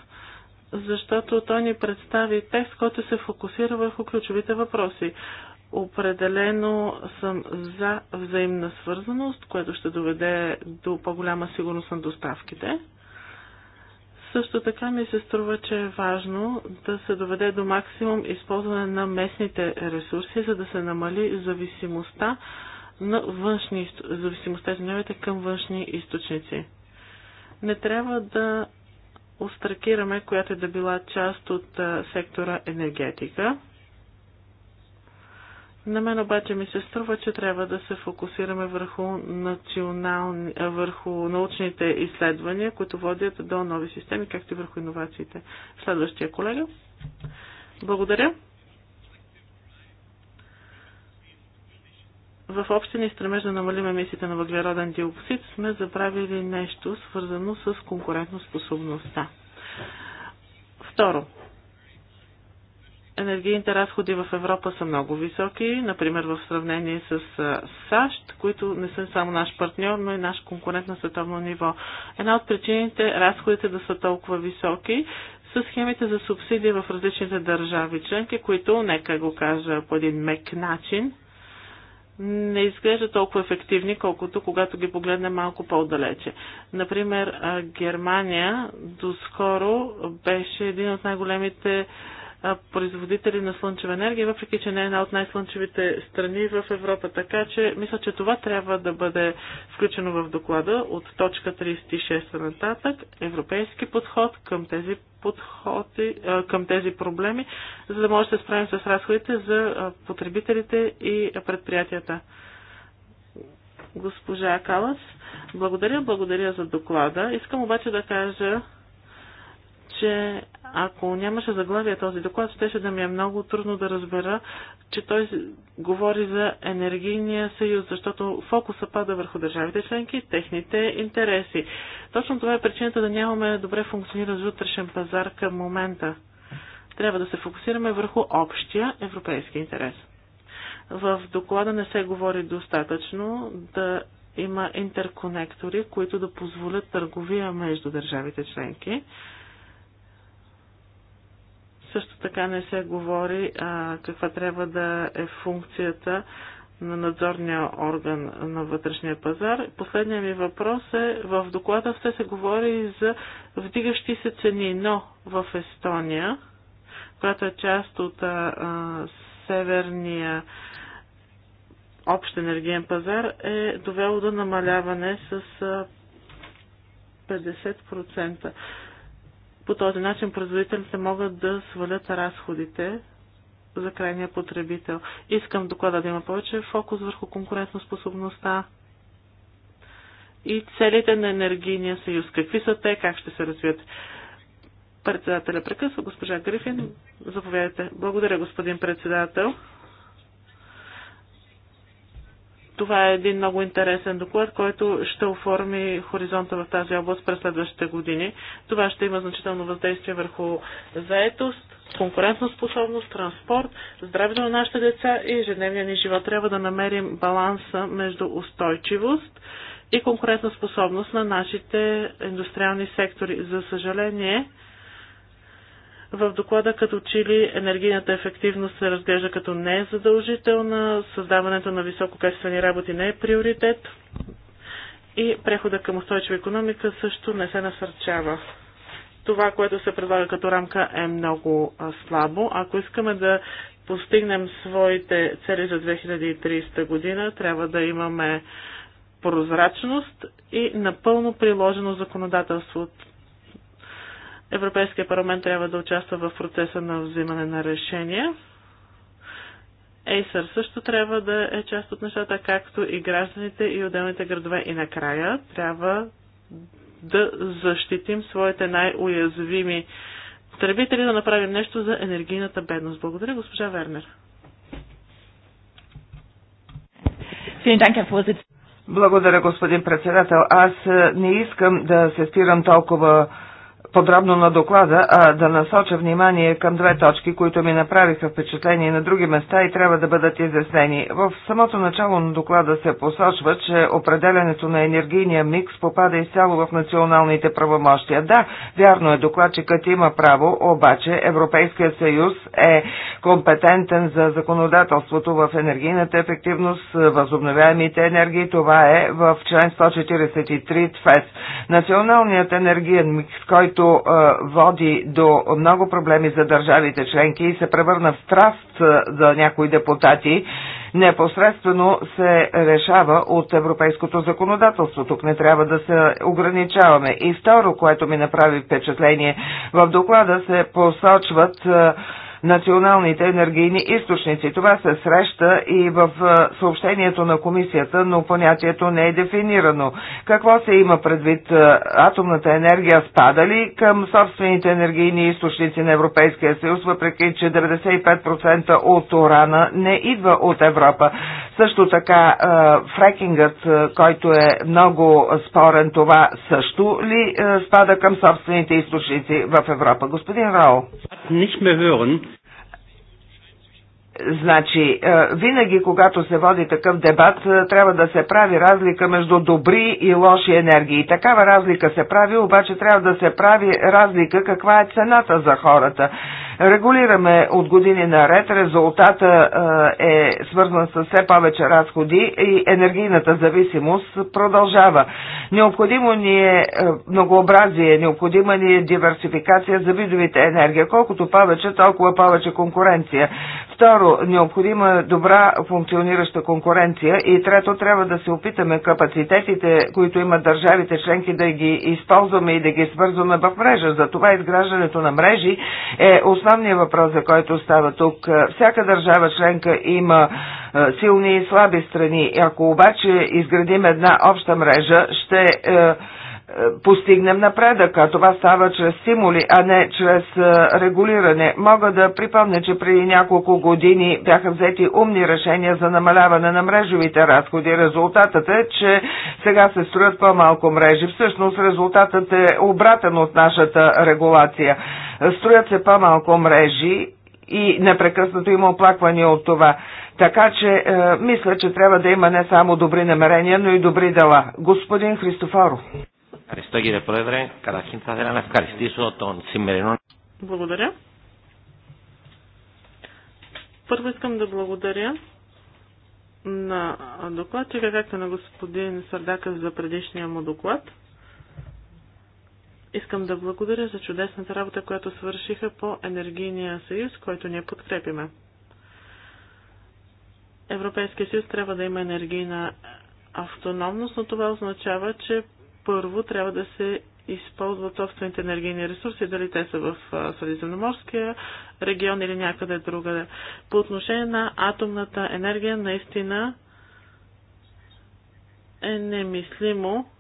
защото той ни представи текст, който се фокусира върху ключовите въпроси. Определено съм за взаимна свързаност, което ще доведе до по-голяма сигурност на доставките. Също така ми се струва, че е важно да се доведе до максимум използване на местните ресурси, за да се намали зависимостта на външни, зависимостта извинявайте, към външни източници. Не трябва да остракираме, която е да била част от сектора енергетика. На мен обаче ми се струва, че трябва да се фокусираме върху, национални, върху научните изследвания, които водят до нови системи, както и върху иновациите. Следващия колега. Благодаря. В общия ни стремеж да намалим емисиите на въглероден диоксид сме забравили нещо свързано с конкурентоспособността. Второ, енергийните разходи в Европа са много високи, например в сравнение с САЩ, които не са само наш партньор, но и наш конкурент на световно ниво. Една от причините разходите да са толкова високи са схемите за субсидии в различните държави членки, които, нека го кажа по един мек начин, не изглеждат толкова ефективни, колкото когато ги погледнем малко по-далече. Например, Германия доскоро беше един от най-големите производители на слънчева енергия, въпреки че не е една от най-слънчевите страни в Европа. Така че мисля, че това трябва да бъде включено в доклада от точка 36 нататък. Европейски подход към тези подходи, към тези проблеми, за да може да се справим с разходите за потребителите и предприятията. Госпожа Калас, благодаря, благодаря за доклада. Искам обаче да кажа че ако нямаше заглавие този доклад, щеше да ми е много трудно да разбера, че той говори за енергийния съюз, защото фокуса пада върху държавите членки, техните интереси. Точно това е причината да нямаме добре функциониран вътрешен пазар към момента. Трябва да се фокусираме върху общия европейски интерес. В доклада не се говори достатъчно да има интерконектори, които да позволят търговия между държавите членки също така не се говори а, каква трябва да е функцията на надзорния орган на вътрешния пазар. Последният ми въпрос е, в доклада все се говори за вдигащи се цени, но в Естония, която е част от а, а, северния общ енергиен пазар, е довело до намаляване с а, 50%. По този начин производителите могат да свалят разходите за крайния потребител. Искам доклада да има повече фокус върху конкурентоспособността и целите на енергийния съюз. Какви са те, как ще се развият? Председателя прекъсва госпожа Грифин. Заповядайте. Благодаря, господин председател. Това е един много интересен доклад, който ще оформи хоризонта в тази област през следващите години. Това ще има значително въздействие върху заетост, конкурентна способност, транспорт, здравето на нашите деца и ежедневния ни живот. Трябва да намерим баланса между устойчивост и конкурентна способност на нашите индустриални сектори. За съжаление, в доклада като чили енергийната ефективност се разглежда като не е задължителна, създаването на висококачествени работи не е приоритет и прехода към устойчива економика също не се насърчава. Това, което се предлага като рамка е много слабо. Ако искаме да постигнем своите цели за 2030 година, трябва да имаме прозрачност и напълно приложено законодателство. Европейския парламент трябва да участва в процеса на взимане на решения. Acer също трябва да е част от нещата, както и гражданите и отделните градове. И накрая трябва да защитим своите най-уязвими потребители, да направим нещо за енергийната бедност. Благодаря, госпожа Вернер. Благодаря, господин председател. Аз не искам да се спирам толкова подробно на доклада, а да насоча внимание към две точки, които ми направиха впечатление на други места и трябва да бъдат изяснени. В самото начало на доклада се посочва, че определенето на енергийния микс попада изцяло в националните правомощия. Да, вярно е, докладчикът има право, обаче Европейския съюз е компетентен за законодателството в енергийната ефективност, възобновяемите енергии. Това е в член 143 ТФЕС. Националният енергиен микс, който което води до много проблеми за държавите членки и се превърна в страст за някои депутати, непосредствено се решава от европейското законодателство. Тук не трябва да се ограничаваме. И второ, което ми направи впечатление, в доклада се посочват националните енергийни източници. Това се среща и в е, съобщението на комисията, но понятието не е дефинирано. Какво се има предвид? Е, атомната енергия спада ли към собствените енергийни източници на Европейския съюз, въпреки че 95% от урана не идва от Европа? Също така е, фрекингът, който е много спорен, това също ли спада към собствените източници в Европа? Господин Рао nicht mehr hören. Значи, е, винаги, когато се води такъв дебат, е, трябва да се прави разлика между добри и лоши енергии. Такава разлика се прави, обаче трябва да се прави разлика каква е цената за хората. Регулираме от години наред, резултата е, е свързан с все повече разходи и енергийната зависимост продължава. Необходимо ни е многообразие, необходима ни е диверсификация за видовите енергия. Колкото повече, толкова повече конкуренция. Второ, необходима е добра функционираща конкуренция. И трето, трябва да се опитаме капацитетите, които имат държавите членки, да ги използваме и да ги свързваме в мрежа. Затова изграждането на мрежи е основният въпрос, за който става тук. Всяка държава членка има е, силни и слаби страни. Ако обаче изградим една обща мрежа, ще е, постигнем напредък, а това става чрез стимули, а не чрез регулиране. Мога да припомня, че преди няколко години бяха взети умни решения за намаляване на мрежовите разходи. Резултатът е, че сега се строят по-малко мрежи. Всъщност резултатът е обратен от нашата регулация. Строят се по-малко мрежи и непрекъснато има оплаквания от това. Така че е, мисля, че трябва да има не само добри намерения, но и добри дела. Господин Христофоров. Ευχαριστώ κύριε Πρόεδρε. Καταρχήν θα ήθελα να ευχαριστήσω τον σημερινό. Благодаря. Първо искам да благодаря на докладчика, както на господин Сардака за предишния му доклад. Искам да благодаря за чудесната работа, която свършиха по Енергийния съюз, който ние подкрепиме. Европейския съюз трябва да има енергийна автономност, но това означава, че първо трябва да се използват собствените енергийни ресурси, дали те са в Средиземноморския регион или някъде другаде. По отношение на атомната енергия, наистина е немислимо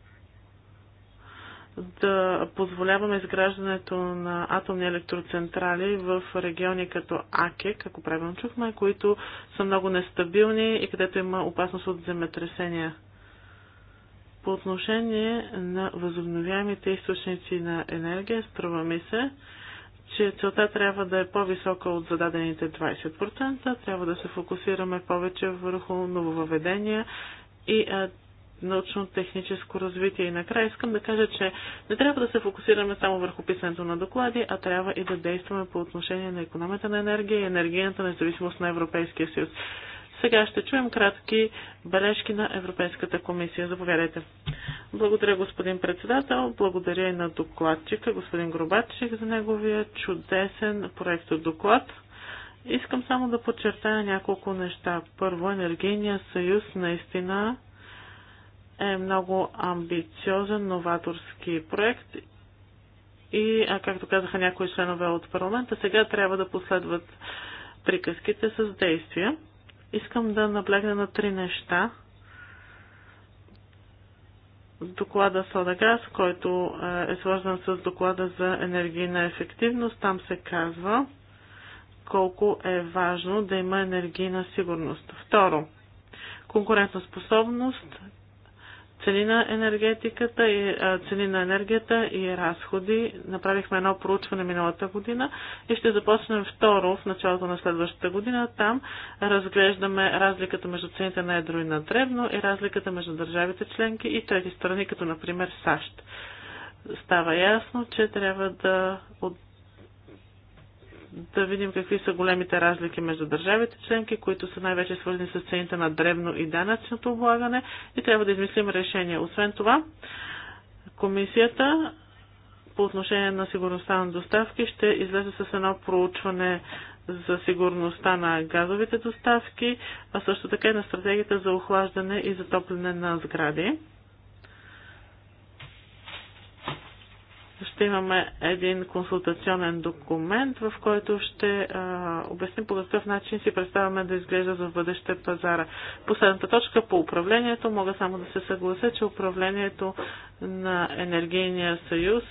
да позволяваме изграждането на атомни електроцентрали в региони като АКЕК, ако правилно чухме, които са много нестабилни и където има опасност от земетресения. По отношение на възобновяемите източници на енергия, струва ми се, че целта трябва да е по-висока от зададените 20%, трябва да се фокусираме повече върху нововъведения и научно-техническо развитие. И накрая искам да кажа, че не трябва да се фокусираме само върху писането на доклади, а трябва и да действаме по отношение на економията на енергия и енергийната независимост на Европейския съюз. Сега ще чуем кратки бележки на Европейската комисия. Заповядайте. Благодаря, господин председател. Благодаря и на докладчика, господин Гробачик, за неговия чудесен проект от доклад. Искам само да подчертая няколко неща. Първо, енергийният съюз наистина е много амбициозен, новаторски проект и, а, както казаха някои членове от парламента, сега трябва да последват приказките с действия. Искам да наблегна на три неща. Доклада Содагаз, който е, е свързан с доклада за енергийна ефективност, там се казва колко е важно да има енергийна сигурност. Второ, конкурентоспособност цени на енергетиката и цени на енергията и разходи. Направихме едно проучване миналата година и ще започнем второ в началото на следващата година. Там разглеждаме разликата между цените на едро и на древно и разликата между държавите членки и трети страни, като например САЩ. Става ясно, че трябва да да видим какви са големите разлики между държавите членки, които са най-вече свързани с цените на древно и данъчното облагане и трябва да измислим решение. Освен това, комисията по отношение на сигурността на доставки ще излезе с едно проучване за сигурността на газовите доставки, а също така и на стратегията за охлаждане и затопляне на сгради. ще имаме един консултационен документ, в който ще а, обясним по какъв начин си представяме да изглежда за бъдеще пазара. Последната точка по управлението. Мога само да се съглася, че управлението на енергийния съюз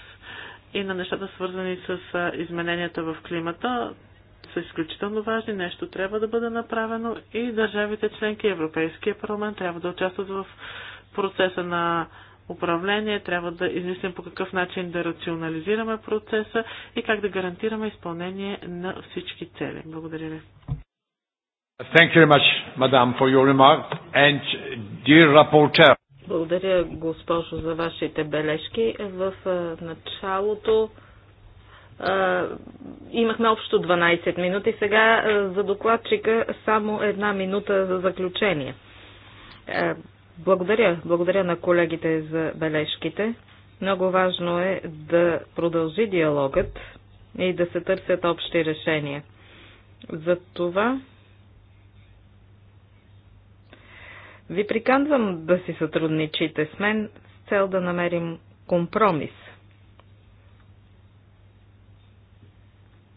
и на нещата свързани с измененията в климата са изключително важни, нещо трябва да бъде направено и държавите членки Европейския парламент трябва да участват в процеса на управление, трябва да измислим по какъв начин да рационализираме процеса и как да гарантираме изпълнение на всички цели. Благодаря ви. Thank you very much, madam, for your And dear rapporteur. Благодаря, госпожо, за вашите бележки. В началото имахме общо 12 минути. Сега за докладчика само една минута за заключение. Благодаря. Благодаря на колегите за бележките. Много важно е да продължи диалогът и да се търсят общи решения. За това ви приканвам да си сътрудничите с мен с цел да намерим компромис.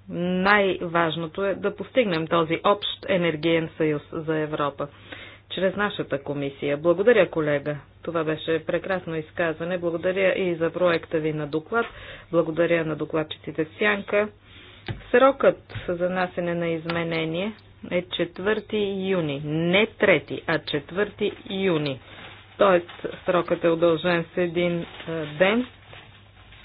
Най-важното е да постигнем този общ енергиен съюз за Европа чрез нашата комисия. Благодаря, колега. Това беше прекрасно изказване. Благодаря и за проекта ви на доклад. Благодаря на докладчиците в Сянка. Срокът за насене на изменение е 4 юни. Не 3, а 4 юни. Тоест, срокът е удължен с един е, ден.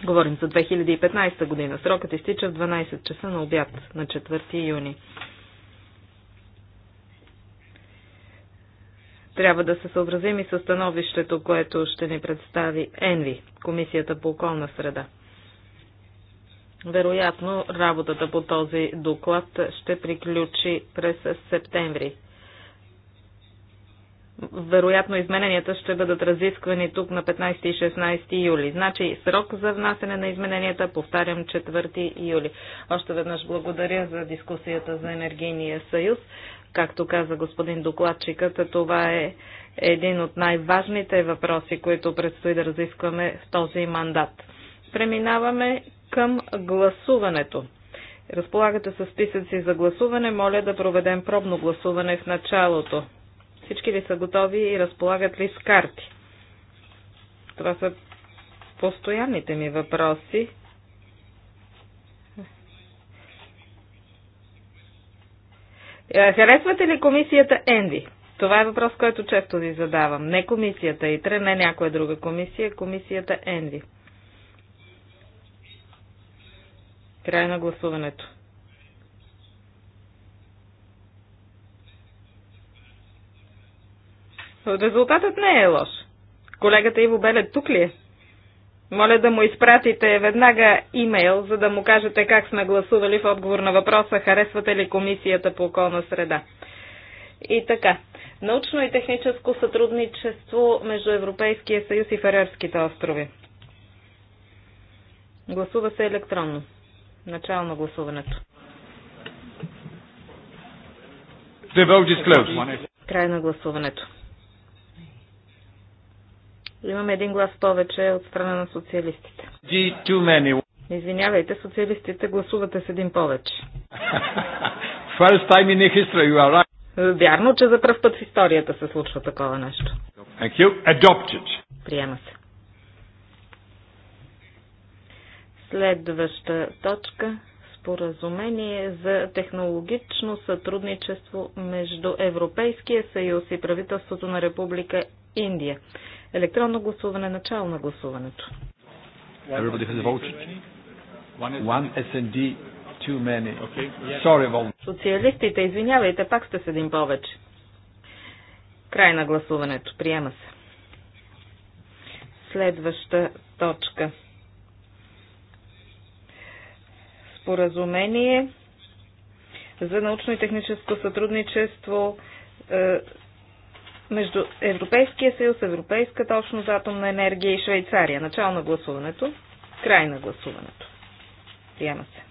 Говорим за 2015 година. Срокът изтича в 12 часа на обяд на 4 юни. Трябва да се съобразим и с становището, което ще ни представи ЕНВИ, Комисията по околна среда. Вероятно, работата по този доклад ще приключи през септември. Вероятно, измененията ще бъдат разисквани тук на 15 и 16 юли. Значи, срок за внасене на измененията, повтарям, 4 юли. Още веднъж благодаря за дискусията за енергийния съюз. Както каза господин докладчикът, това е един от най-важните въпроси, които предстои да разискваме в този мандат. Преминаваме към гласуването. Разполагате с списъци за гласуване. Моля да проведем пробно гласуване в началото. Всички ли са готови и разполагат ли с карти? Това са постоянните ми въпроси. Е, харесвате ли комисията Енви? Това е въпрос, който често ви задавам. Не комисията ИТРЕ, не някоя друга комисия, комисията Енви. Край на гласуването. Резултатът не е лош. Колегата Иво Белет тук ли е? Моля да му изпратите веднага имейл, за да му кажете как сме гласували в отговор на въпроса харесвате ли Комисията по околна среда. И така. Научно и техническо сътрудничество между Европейския съюз и фарерските острови. Гласува се електронно. Начало на гласуването. Край на гласуването. Имаме един глас повече от страна на социалистите. Извинявайте, социалистите гласувате с един повече. First time in history, you are right. Вярно, че за пръв път в историята се случва такова нещо. Thank you. Adopted. Приема се. Следваща точка споразумение за технологично сътрудничество между Европейския съюз и правителството на Република Индия Електронно гласуване, начало на гласуването. Социалистите, извинявайте, пак сте с един повече. Край на гласуването. Приема се. Следваща точка. Споразумение за научно и техническо сътрудничество е, между Европейския съюз, Европейската общност за атомна енергия и Швейцария. Начало на гласуването, край на гласуването. Приема се.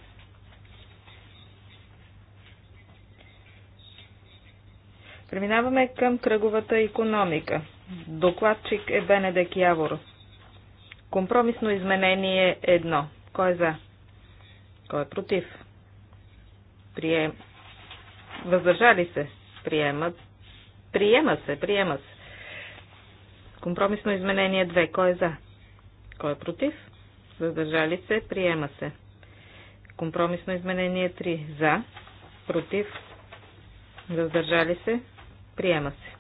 Преминаваме към кръговата економика. Докладчик е Бенедек Явор. Компромисно изменение едно. Кой е за? Кой е против? Прием... Въздържали се? Приемат Приема се, приема се. Компромисно изменение 2. Кой е за? Кой е против? Въздържали се, приема се. Компромисно изменение 3. За, против, въздържали се, приема се.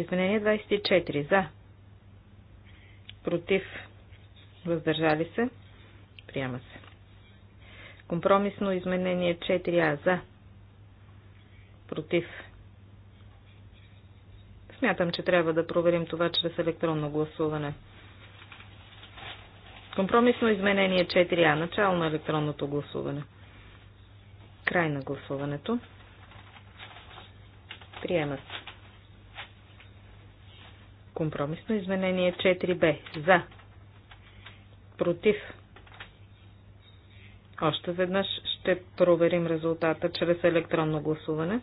Изменение 24. За, против, въздържали се, приема се. Компромисно изменение 4А. За, Против. Смятам, че трябва да проверим това чрез електронно гласуване. Компромисно изменение 4А. Начало на електронното гласуване. Край на гласуването. Приема се. Компромисно изменение 4Б. За. Против. Още веднъж ще проверим резултата чрез електронно гласуване.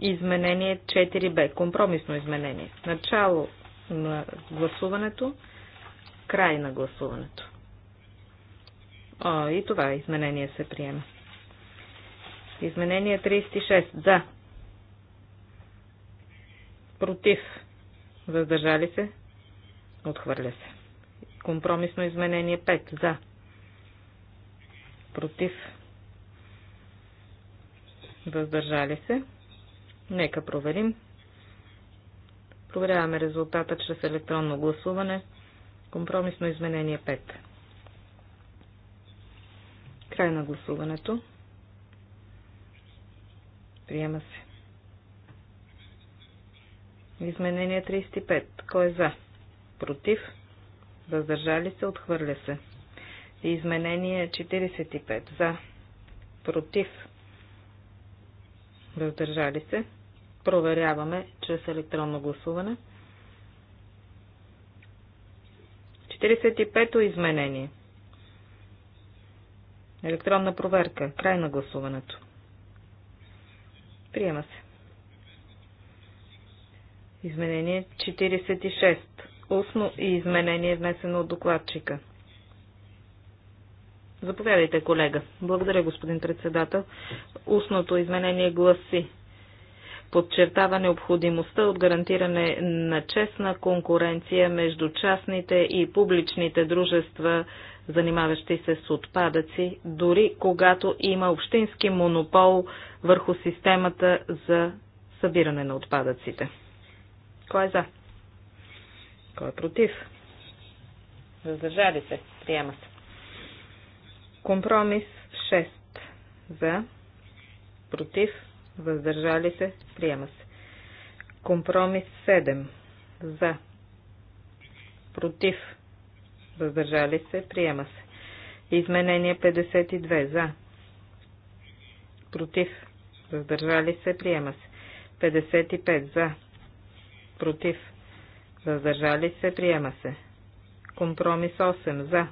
Изменение 4Б. Компромисно изменение. Начало на гласуването, край на гласуването. О, и това изменение се приема. Изменение 36. За. Против. Въздържали се. Отхвърля се. Компромисно изменение 5. За. Против. Въздържали се. Нека проверим. Проверяваме резултата чрез електронно гласуване. Компромисно изменение 5. Край на гласуването. Приема се. Изменение 35. Кой е за? Против? Въздържали се? Отхвърля се. Изменение 45. За? Против? въздържали се. Проверяваме чрез електронно гласуване. 45-то изменение. Електронна проверка. Край на гласуването. Приема се. Изменение 46. Устно и изменение внесено от докладчика. Заповядайте, колега. Благодаря, господин председател. Устното изменение гласи подчертава необходимостта от гарантиране на честна конкуренция между частните и публичните дружества, занимаващи се с отпадъци, дори когато има общински монопол върху системата за събиране на отпадъците. Кой е за? Кой е против? Въздържали се. Приема се. Компромис 6 за, против, въздържали се, приема се. Компромис 7 за, против, въздържали се, приема се. Изменение 52 за, против, въздържали се, приема се. 55 за, против, въздържали се, приема се. Компромис 8 за,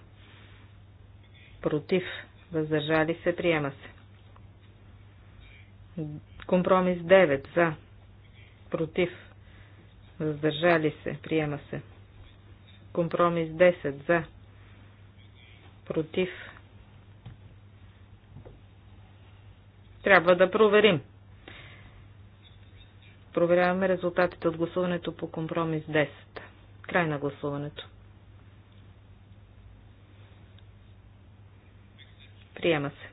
против, въздържали се, приема се. Компромис 9 за, против, въздържали се, приема се. Компромис 10 за, против. Трябва да проверим. Проверяваме резултатите от гласуването по компромис 10. Край на гласуването. Приема се.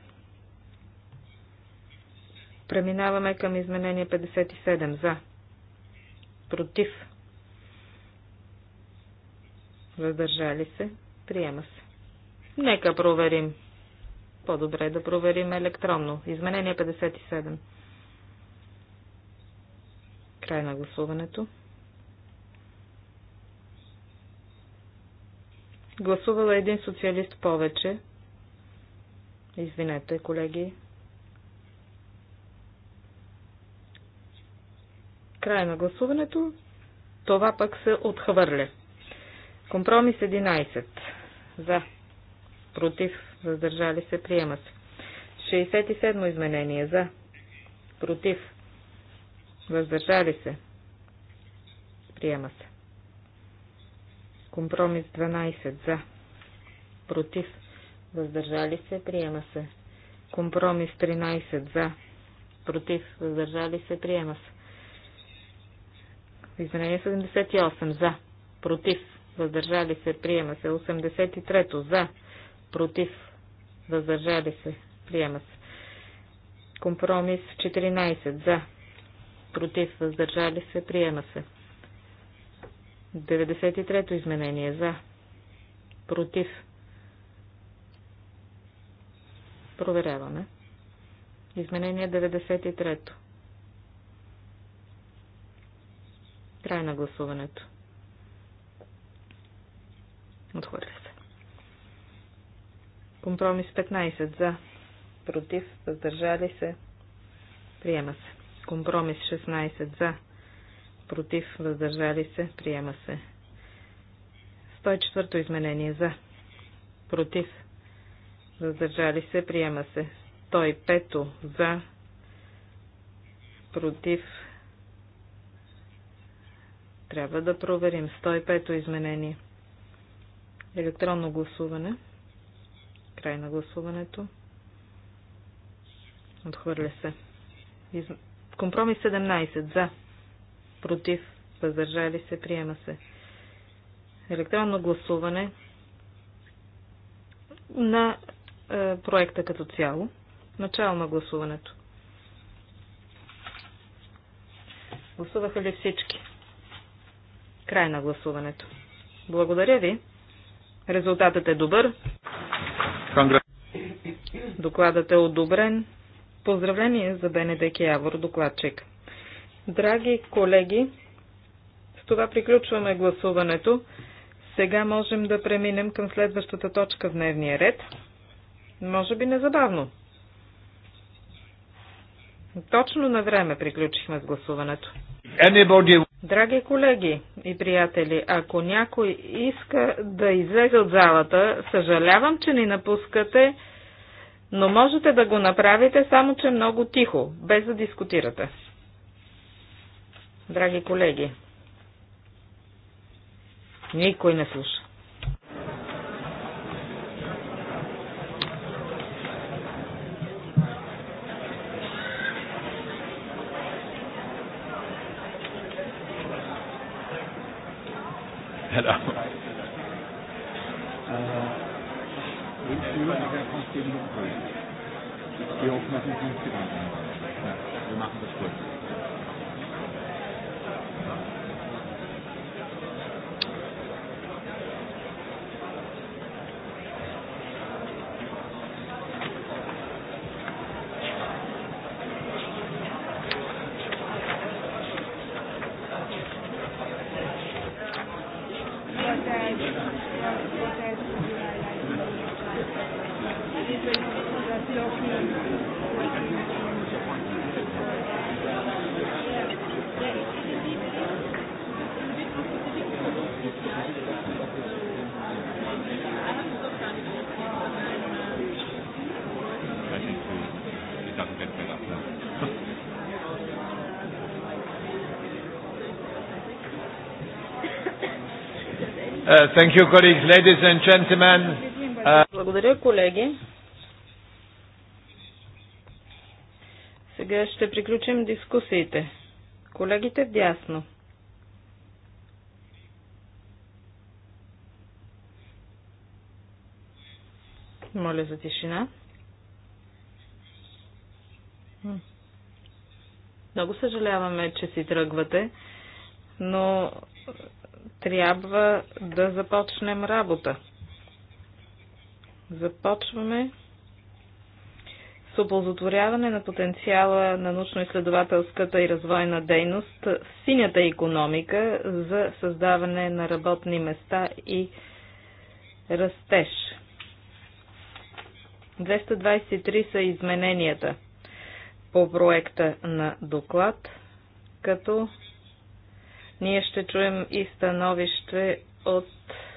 Преминаваме към изменение 57. За. Против. Въздържали се. Приема се. Нека проверим. По-добре е да проверим електронно. Изменение 57. Край на гласуването. Гласувала е един социалист повече. Извинете, колеги. Край на гласуването. Това пък се отхвърля. Компромис 11. За. Против. Въздържали се. Приема се. 67 изменение. За. Против. Въздържали се. Приема се. Компромис 12. За. Против въздържали се, приема се. Компромис 13 за, против, въздържали се, приема се. Изменение 78 за, против, въздържали се, приема се. 83 за, против, въздържали се, приема се. Компромис 14 за, против, въздържали се, приема се. 93 изменение за, против, Проверяваме. Изменение 93-то. Край на гласуването. Отхвърля се. Компромис 15 за. Против. Въздържали се. Приема се. Компромис 16 за. Против. Въздържали се. Приема се. 104-то изменение за. Против въздържали се, приема се. 105 за, против, трябва да проверим. 105 изменение. Електронно гласуване. Край на гласуването. Отхвърля се. Из... Компромис 17. За. Против. Въздържали се. Приема се. Електронно гласуване на е, проекта като цяло. Начало на гласуването. Гласуваха ли всички? Край на гласуването. Благодаря ви. Резултатът е добър. Докладът е одобрен. Поздравление за БНДК Явор, докладчик. Драги колеги, с това приключваме гласуването. Сега можем да преминем към следващата точка в дневния ред. Може би незабавно. Точно на време приключихме с гласуването. Anybody... Драги колеги и приятели, ако някой иска да излезе от залата, съжалявам, че ни напускате, но можете да го направите само, че много тихо, без да дискутирате. Драги колеги, никой не слуша. Uh, thank you, colleagues, ladies and gentlemen. Uh, Благодаря, колеги. Сега ще приключим дискусиите. Колегите вдясно. Моля за тишина. Много съжаляваме, че си тръгвате, но трябва да започнем работа. Започваме с оползотворяване на потенциала на научно-изследователската и развойна дейност в синята економика за създаване на работни места и растеж. 223 са измененията по проекта на доклад, като ние ще чуем и становище от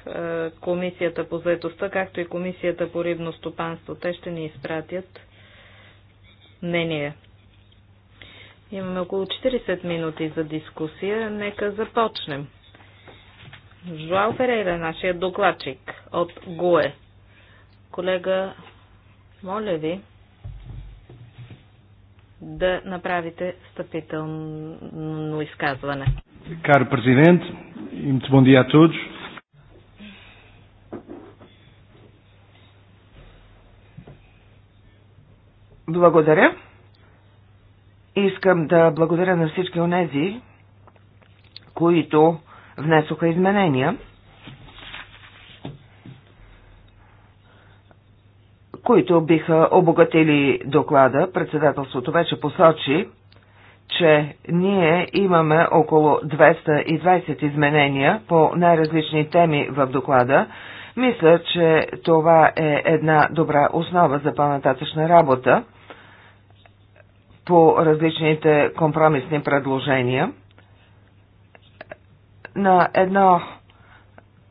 е, Комисията по заедостта, както и Комисията по рибно стопанство. Те ще ни изпратят мнение. Имаме около 40 минути за дискусия. Нека започнем. Жуал Ферейра, нашия докладчик от ГУЕ. Колега, моля ви да направите встъпително изказване. Caro Presidente, e muito bom dia a todos. Благодаря. Искам да благодаря на всички онези, които внесоха изменения, които биха обогатили доклада. Председателството вече посочи, че ние имаме около 220 изменения по най-различни теми в доклада, мисля, че това е една добра основа за по-нататъчна работа по различните компромисни предложения. На едно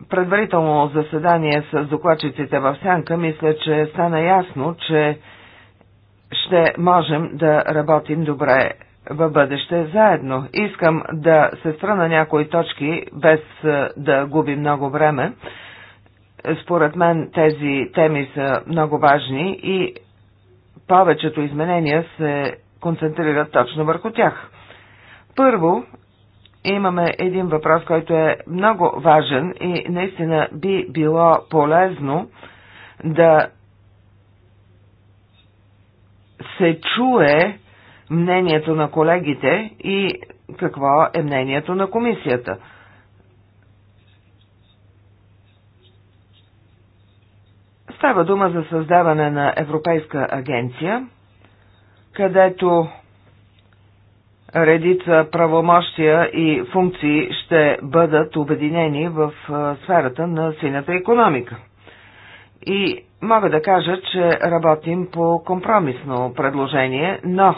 предварително заседание с докладчиците в Сянка, мисля, че стана ясно, че ще можем да работим добре в бъдеще заедно. Искам да се спра на някои точки, без е, да губи много време. Според мен тези теми са много важни и повечето изменения се концентрират точно върху тях. Първо, имаме един въпрос, който е много важен и наистина би било полезно да се чуе мнението на колегите и какво е мнението на комисията. Става дума за създаване на Европейска агенция, където редица правомощия и функции ще бъдат обединени в сферата на синята економика. И мога да кажа, че работим по компромисно предложение, но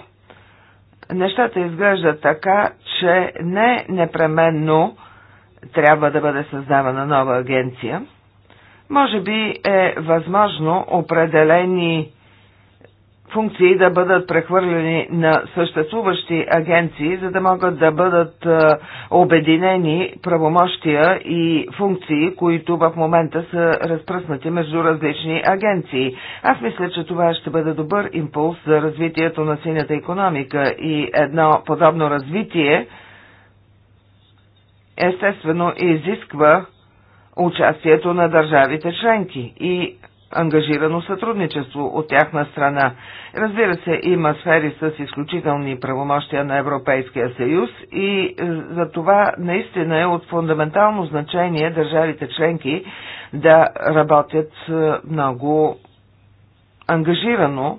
нещата изглеждат така, че не непременно трябва да бъде създавана нова агенция. Може би е възможно определени функции да бъдат прехвърлени на съществуващи агенции, за да могат да бъдат обединени правомощия и функции, които в момента са разпръснати между различни агенции. Аз мисля, че това ще бъде добър импулс за развитието на синята економика и едно подобно развитие естествено изисква участието на държавите членки и ангажирано сътрудничество от тяхна страна. Разбира се, има сфери с изключителни правомощия на Европейския съюз и е, за това наистина е от фундаментално значение държавите членки да работят е, много ангажирано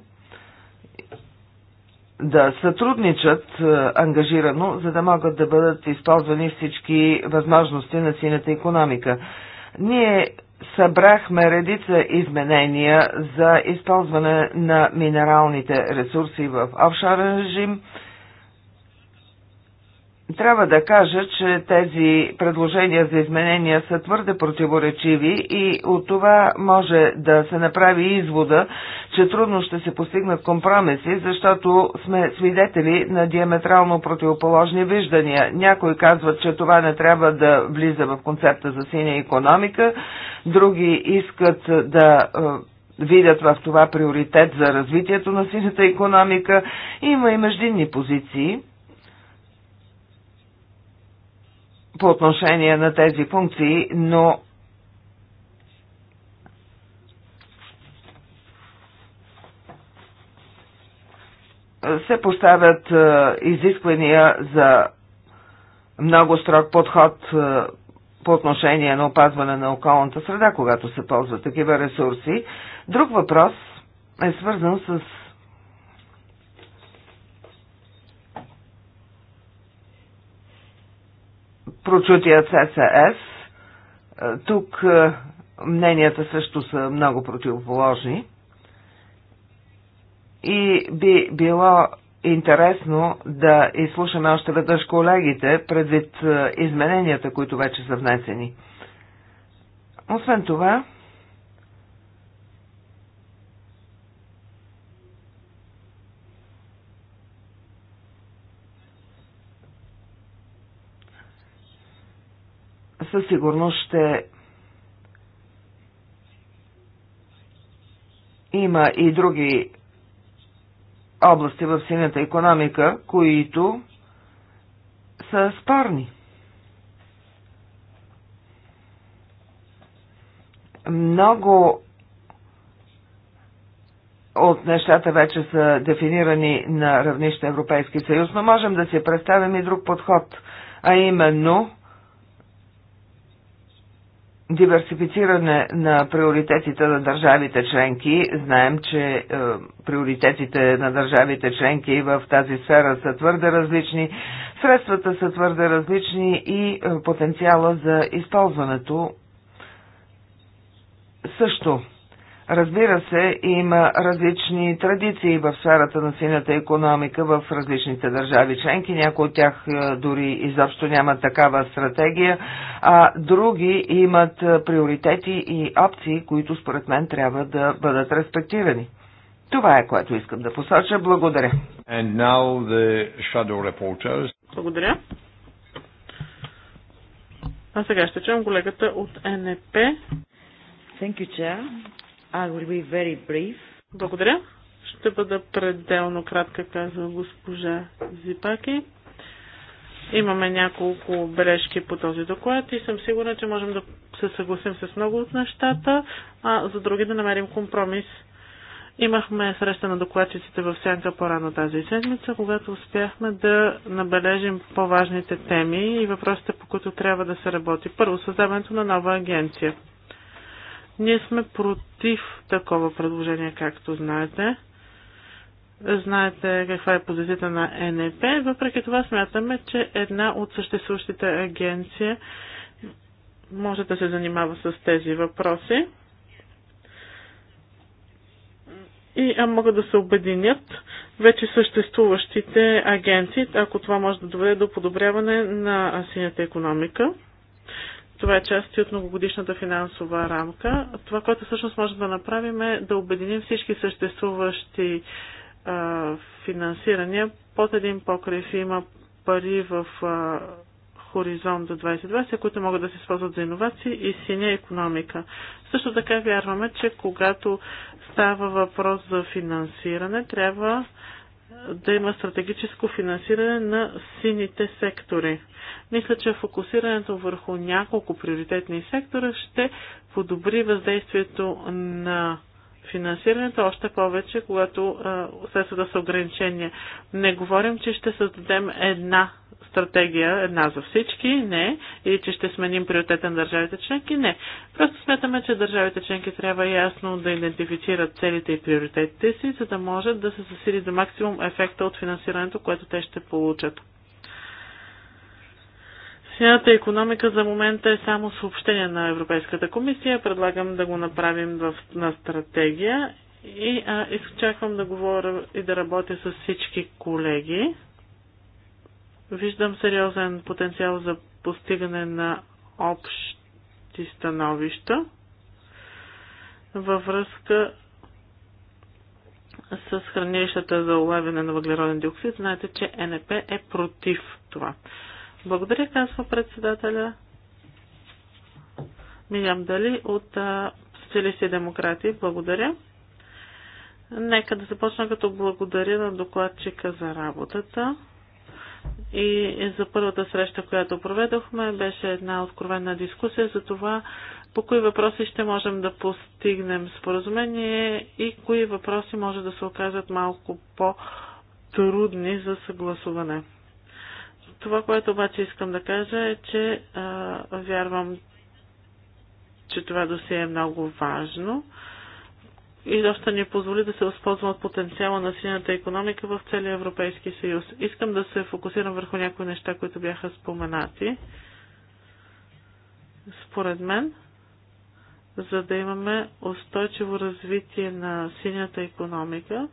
да сътрудничат е, ангажирано, за да могат да бъдат използвани всички възможности на сината економика. Ние събрахме редица изменения за използване на минералните ресурси в офшорен режим – трябва да кажа, че тези предложения за изменения са твърде противоречиви и от това може да се направи извода, че трудно ще се постигнат компромиси, защото сме свидетели на диаметрално противоположни виждания. Някои казват, че това не трябва да влиза в концепта за синя економика, други искат да е, видят в това приоритет за развитието на синята економика. Има и междинни позиции. по отношение на тези функции, но се поставят е, изисквания за много строг подход е, по отношение на опазване на околната среда, когато се ползват такива ресурси. Друг въпрос е свързан с прочутия ЦСС. Е, тук е, мненията също са много противоположни. И би било интересно да изслушаме още веднъж колегите предвид е, измененията, които вече са внесени. Освен това, със сигурност ще има и други области в синята економика, които са спорни. Много от нещата вече са дефинирани на равнище Европейски съюз, но можем да си представим и друг подход, а именно диверсифициране на приоритетите на държавите членки. Знаем, че е, приоритетите на държавите членки в тази сфера са твърде различни, средствата са твърде различни и е, потенциала за използването също Разбира се, има различни традиции в сферата на синята економика в различните държави членки. Някои от тях е, дори изобщо нямат такава стратегия, а други имат е, приоритети и опции, които според мен трябва да бъдат респектирани. Това е което искам да посоча. Благодаря. Благодаря. А сега ще чуем колегата от НП. Thank you, Chair. Благодаря. Ще бъда пределно кратка, казва госпожа Зипаки. Имаме няколко бележки по този доклад и съм сигурна, че можем да се съгласим с много от нещата, а за други да намерим компромис. Имахме среща на докладчиците в Сянка по-рано тази седмица, когато успяхме да набележим по-важните теми и въпросите, по които трябва да се работи. Първо, създаването на нова агенция. Ние сме против такова предложение, както знаете. Знаете каква е позицията на НЕП. Въпреки това смятаме, че една от съществуващите агенция може да се занимава с тези въпроси. И а могат да се обединят вече съществуващите агенции, ако това може да доведе до подобряване на синята економика. Това е част от многогодишната финансова рамка. Това, което всъщност можем да направим е да обединим всички съществуващи а, финансирания под един покрив. Има пари в а, Хоризонт до 2020, които могат да се използват за иновации и синя економика. Също така вярваме, че когато става въпрос за финансиране, трябва да има стратегическо финансиране на сините сектори. Мисля, че фокусирането върху няколко приоритетни сектора ще подобри въздействието на финансирането, още повече, когато средствата са ограничения. Не говорим, че ще създадем една стратегия, една за всички, не, или че ще сменим приоритета на държавите членки, не. Просто смятаме, че държавите членки трябва ясно да идентифицират целите и приоритетите си, за да може да се засили до максимум ефекта от финансирането, което те ще получат. Сената економика за момента е само съобщение на Европейската комисия. Предлагам да го направим в, на стратегия и а, изчаквам да говоря и да работя с всички колеги. Виждам сериозен потенциал за постигане на общи становища във връзка с хранилищата за улавяне на въглероден диоксид. Знаете, че НП е против това. Благодаря, казва председателя. Милям Дали от Социалисти и демократи. Благодаря. Нека да започна като благодаря на докладчика за работата. И за първата среща, която проведохме, беше една откровена дискусия за това по кои въпроси ще можем да постигнем споразумение и кои въпроси може да се окажат малко по-трудни за съгласуване. Това, което обаче искам да кажа е, че а, вярвам, че това досие е много важно и доста ни позволи да се възползвам от потенциала на синята економика в целия Европейски съюз. Искам да се фокусирам върху някои неща, които бяха споменати. Според мен, за да имаме устойчиво развитие на синята економика,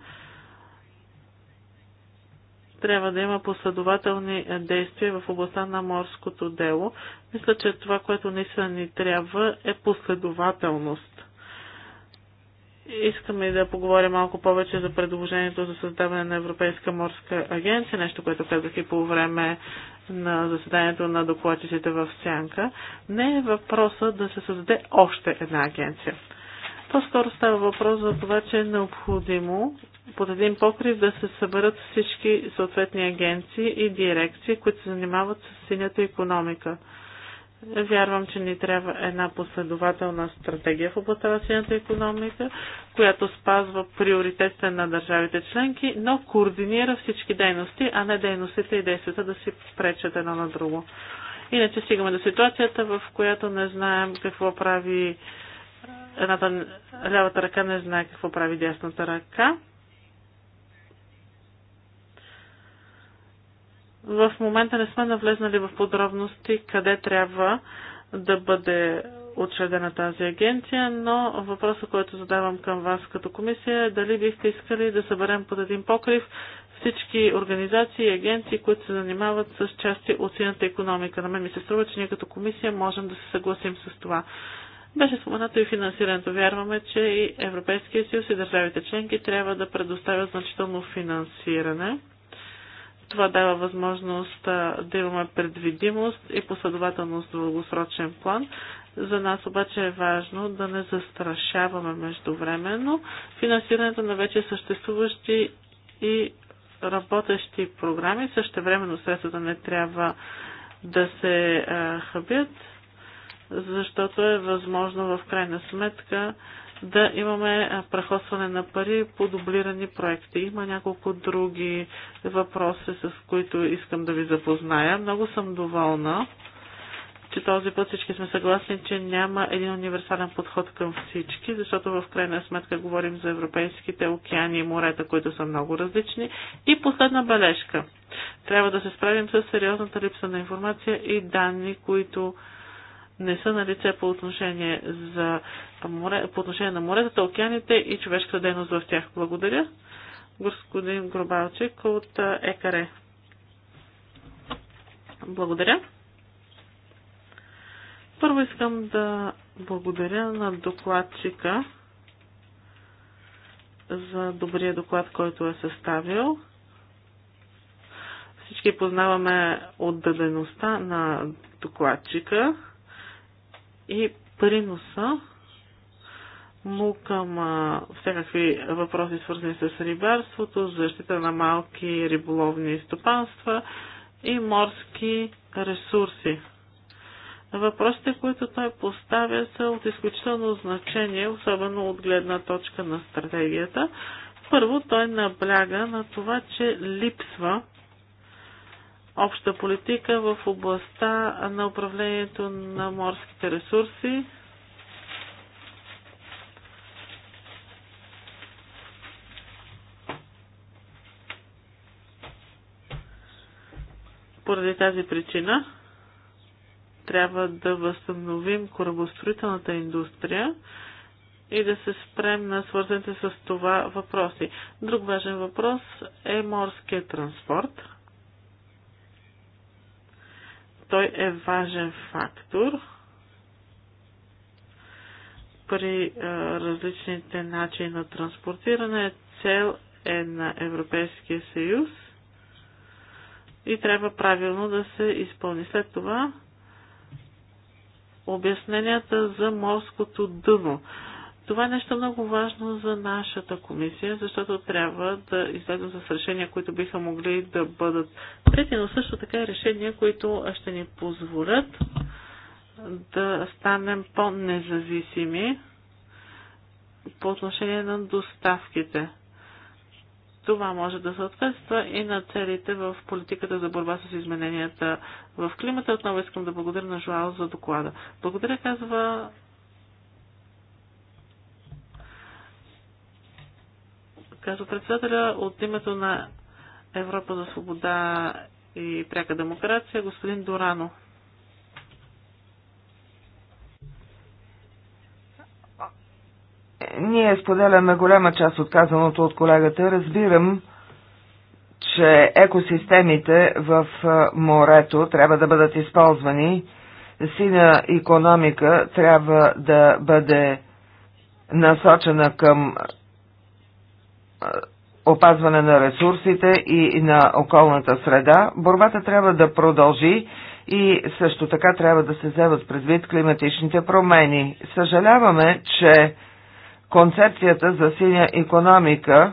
трябва да има последователни е, действия в областта на морското дело. Мисля, че това, което наистина ни трябва е последователност. Искаме да поговоря малко повече за предложението за създаване на Европейска морска агенция, нещо, което казах и по време на заседанието на докладчиците в Сянка. Не е въпроса да се създаде още една агенция. По-скоро става въпрос за това, че е необходимо под един покрив да се съберат всички съответни агенции и дирекции, които се занимават с синята економика. Вярвам, че ни трябва една последователна стратегия в областта на синята економика, която спазва приоритетите на държавите членки, но координира всички дейности, а не дейностите и действията да си пречат едно на друго. Иначе стигаме до ситуацията, в която не знаем какво прави едната лявата ръка не знае какво прави дясната ръка. В момента не сме навлезнали в подробности къде трябва да бъде учредена тази агенция, но въпросът, който задавам към вас като комисия е дали бихте искали да съберем под един покрив всички организации и агенции, които се занимават с части от сината економика. На мен ми се струва, че ние като комисия можем да се съгласим с това. Беше споменато и финансирането. Вярваме, че и Европейския съюз и държавите членки трябва да предоставят значително финансиране. Това дава възможност да имаме предвидимост и последователност в дългосрочен план. За нас обаче е важно да не застрашаваме междувременно финансирането на вече съществуващи и работещи програми. времено средствата не трябва да се хабят защото е възможно в крайна сметка да имаме прахосване на пари по дублирани проекти. Има няколко други въпроси, с които искам да ви запозная. Много съм доволна, че този път всички сме съгласни, че няма един универсален подход към всички, защото в крайна сметка говорим за европейските океани и морета, които са много различни. И последна бележка. Трябва да се справим с сериозната липса на информация и данни, които не са на лице по отношение, за море, по отношение на моретата, океаните и човешката дейност в тях. Благодаря. Господин Гробалчик от ЕКАРЕ. Благодаря. Първо искам да благодаря на докладчика за добрия доклад, който е съставил. Всички познаваме отдадеността на докладчика и приноса му към а, всякакви въпроси, свързани с рибарството, защита на малки риболовни стопанства и морски ресурси. Въпросите, които той поставя, са от изключително значение, особено от гледна точка на стратегията. Първо, той набляга на това, че липсва обща политика в областта на управлението на морските ресурси. Поради тази причина трябва да възстановим корабостроителната индустрия и да се спрем на свързаните с това въпроси. Друг важен въпрос е морския транспорт той е важен фактор при е, различните начини на транспортиране. Цел е на Европейския съюз и трябва правилно да се изпълни. След това обясненията за морското дъно. Това е нещо много важно за нашата комисия, защото трябва да излезем с решения, които биха могли да бъдат прети, но също така и решения, които ще ни позволят да станем по-независими по отношение на доставките. Това може да съответства и на целите в политиката за борба с измененията в климата. Отново искам да благодаря на Жуал за доклада. Благодаря, казва Като председателя от името на Европа за свобода и пряка демокрация, господин Дорано. Ние споделяме голяма част от казаното от колегата. Разбирам, че екосистемите в морето трябва да бъдат използвани. Сина економика трябва да бъде насочена към е, опазване на ресурсите и на околната среда, борбата трябва да продължи и също така трябва да се вземат предвид климатичните промени. Съжаляваме, че концепцията за синя економика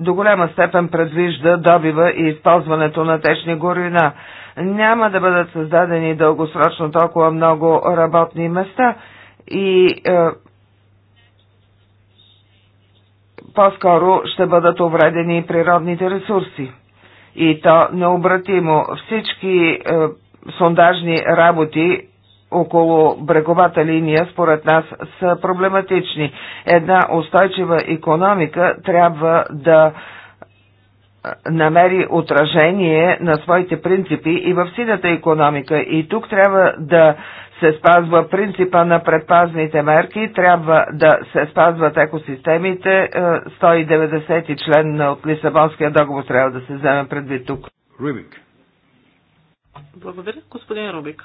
до голяма степен предвижда добива и използването на течни горина. Няма да бъдат създадени дългосрочно толкова много работни места – и е, по-скоро ще бъдат увредени природните ресурси. И то необратимо. Всички е, сондажни работи около бреговата линия според нас са проблематични. Една устойчива економика трябва да е, намери отражение на своите принципи и в синята економика. И тук трябва да се спазва принципа на предпазните мерки, трябва да се спазват екосистемите. 190 е, член от Лисабонския договор трябва да се вземе предвид тук. Рубик. Благодаря, господин Рубик.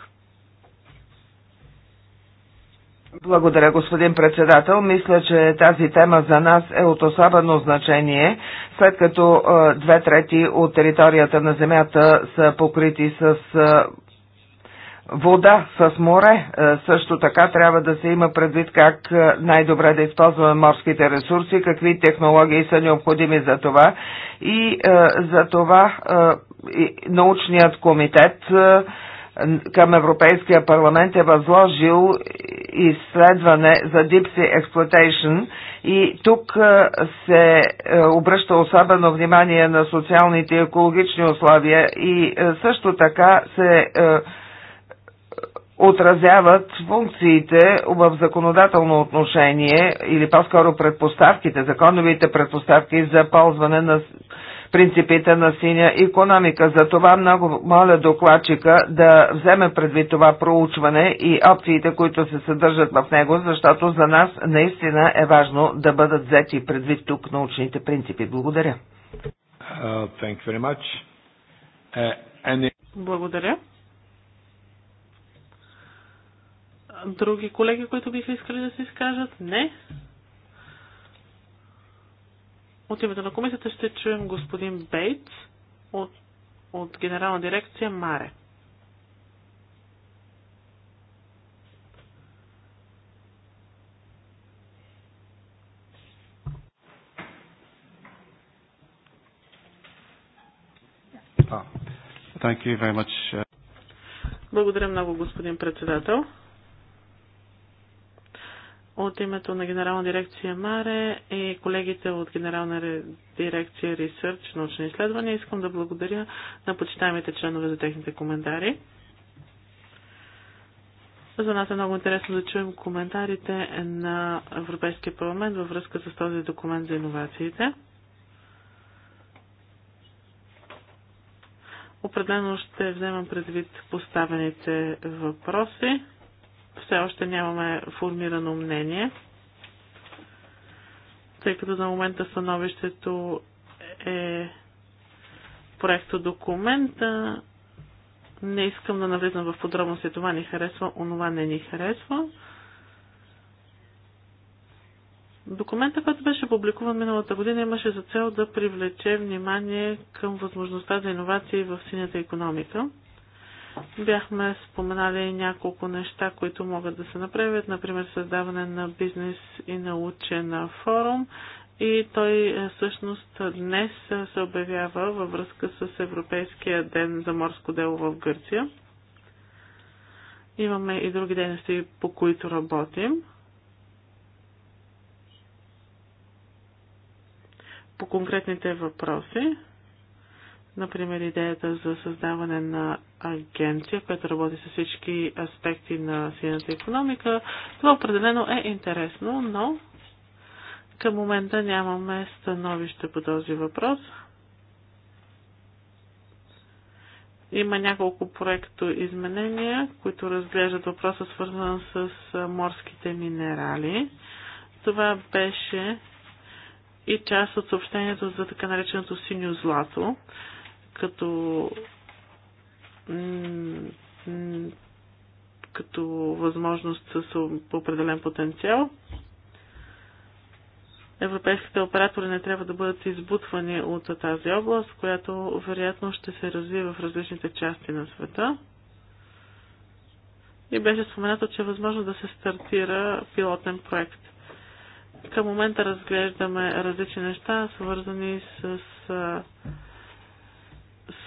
Благодаря, господин председател. Мисля, че тази тема за нас е от особено значение, след като е, две трети от територията на Земята са покрити с е, вода с море. Е, също така трябва да се има предвид как е, най-добре да използваме морските ресурси, какви технологии са необходими за това. И е, за това научният комитет към Европейския парламент е възложил изследване за Deep Sea Exploitation и тук се обръща особено внимание на социалните и екологични условия и също така се отразяват функциите в законодателно отношение или по-скоро предпоставките, законовите предпоставки за ползване на принципите на синя економика. За това много моля докладчика да вземе предвид това проучване и опциите, които се съдържат в него, защото за нас наистина е важно да бъдат взети предвид тук научните принципи. Благодаря. Uh, thank you very much. Uh, Благодаря. Други колеги, които биха искали да се изкажат? Не. От името на комисията ще чуем господин Бейтс от, от генерална дирекция Маре. Ah, uh, Благодаря много, господин председател от името на Генерална дирекция МАРЕ и колегите от Генерална дирекция Ресърч, научни изследвания, искам да благодаря на почитаемите членове за техните коментари. За нас е много интересно да чуем коментарите на Европейския парламент във връзка с този документ за иновациите. Определено ще вземам предвид поставените въпроси все още нямаме формирано мнение, тъй като за момента становището е проекто документа. Не искам да навлизам в подробности това ни харесва, онова не ни харесва. Документа, който беше публикуван миналата година, имаше за цел да привлече внимание към възможността за иновации в синята економика. Бяхме споменали няколко неща, които могат да се направят, например създаване на бизнес и научен форум. И той е, всъщност днес се обявява във връзка с Европейския ден за морско дело в Гърция. Имаме и други дейности, по които работим. По конкретните въпроси, например идеята за създаване на агенция, която работи с всички аспекти на сината економика. Това определено е интересно, но към момента нямаме становище по този въпрос. Има няколко проекто изменения, които разглеждат въпроса свързан с морските минерали. Това беше и част от съобщението за така нареченото синьо злато, като като възможност с определен потенциал. Европейските оператори не трябва да бъдат избутвани от тази област, която вероятно ще се развие в различните части на света. И беше споменато, че е възможно да се стартира пилотен проект. Към момента разглеждаме различни неща, свързани с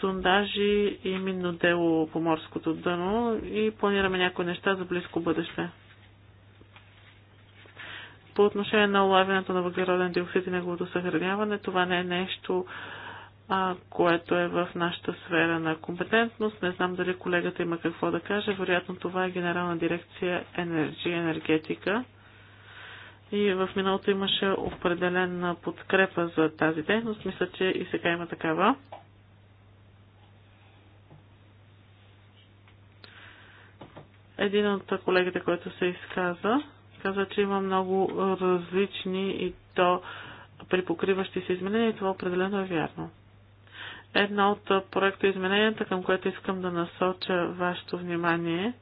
сундажи и минно дело по морското дъно и планираме някои неща за близко бъдеще. По отношение на улавянето на въглероден диоксид и неговото съхраняване, това не е нещо, а, което е в нашата сфера на компетентност. Не знам дали колегата има какво да каже. Вероятно това е Генерална дирекция и енергетика. И в миналото имаше определена подкрепа за тази дейност. Мисля, че и сега има такава. Един от колегите, който се изказа, каза, че има много различни и то при покриващи се изменения и това определено е вярно. Една от проекта измененията, към което искам да насоча вашето внимание,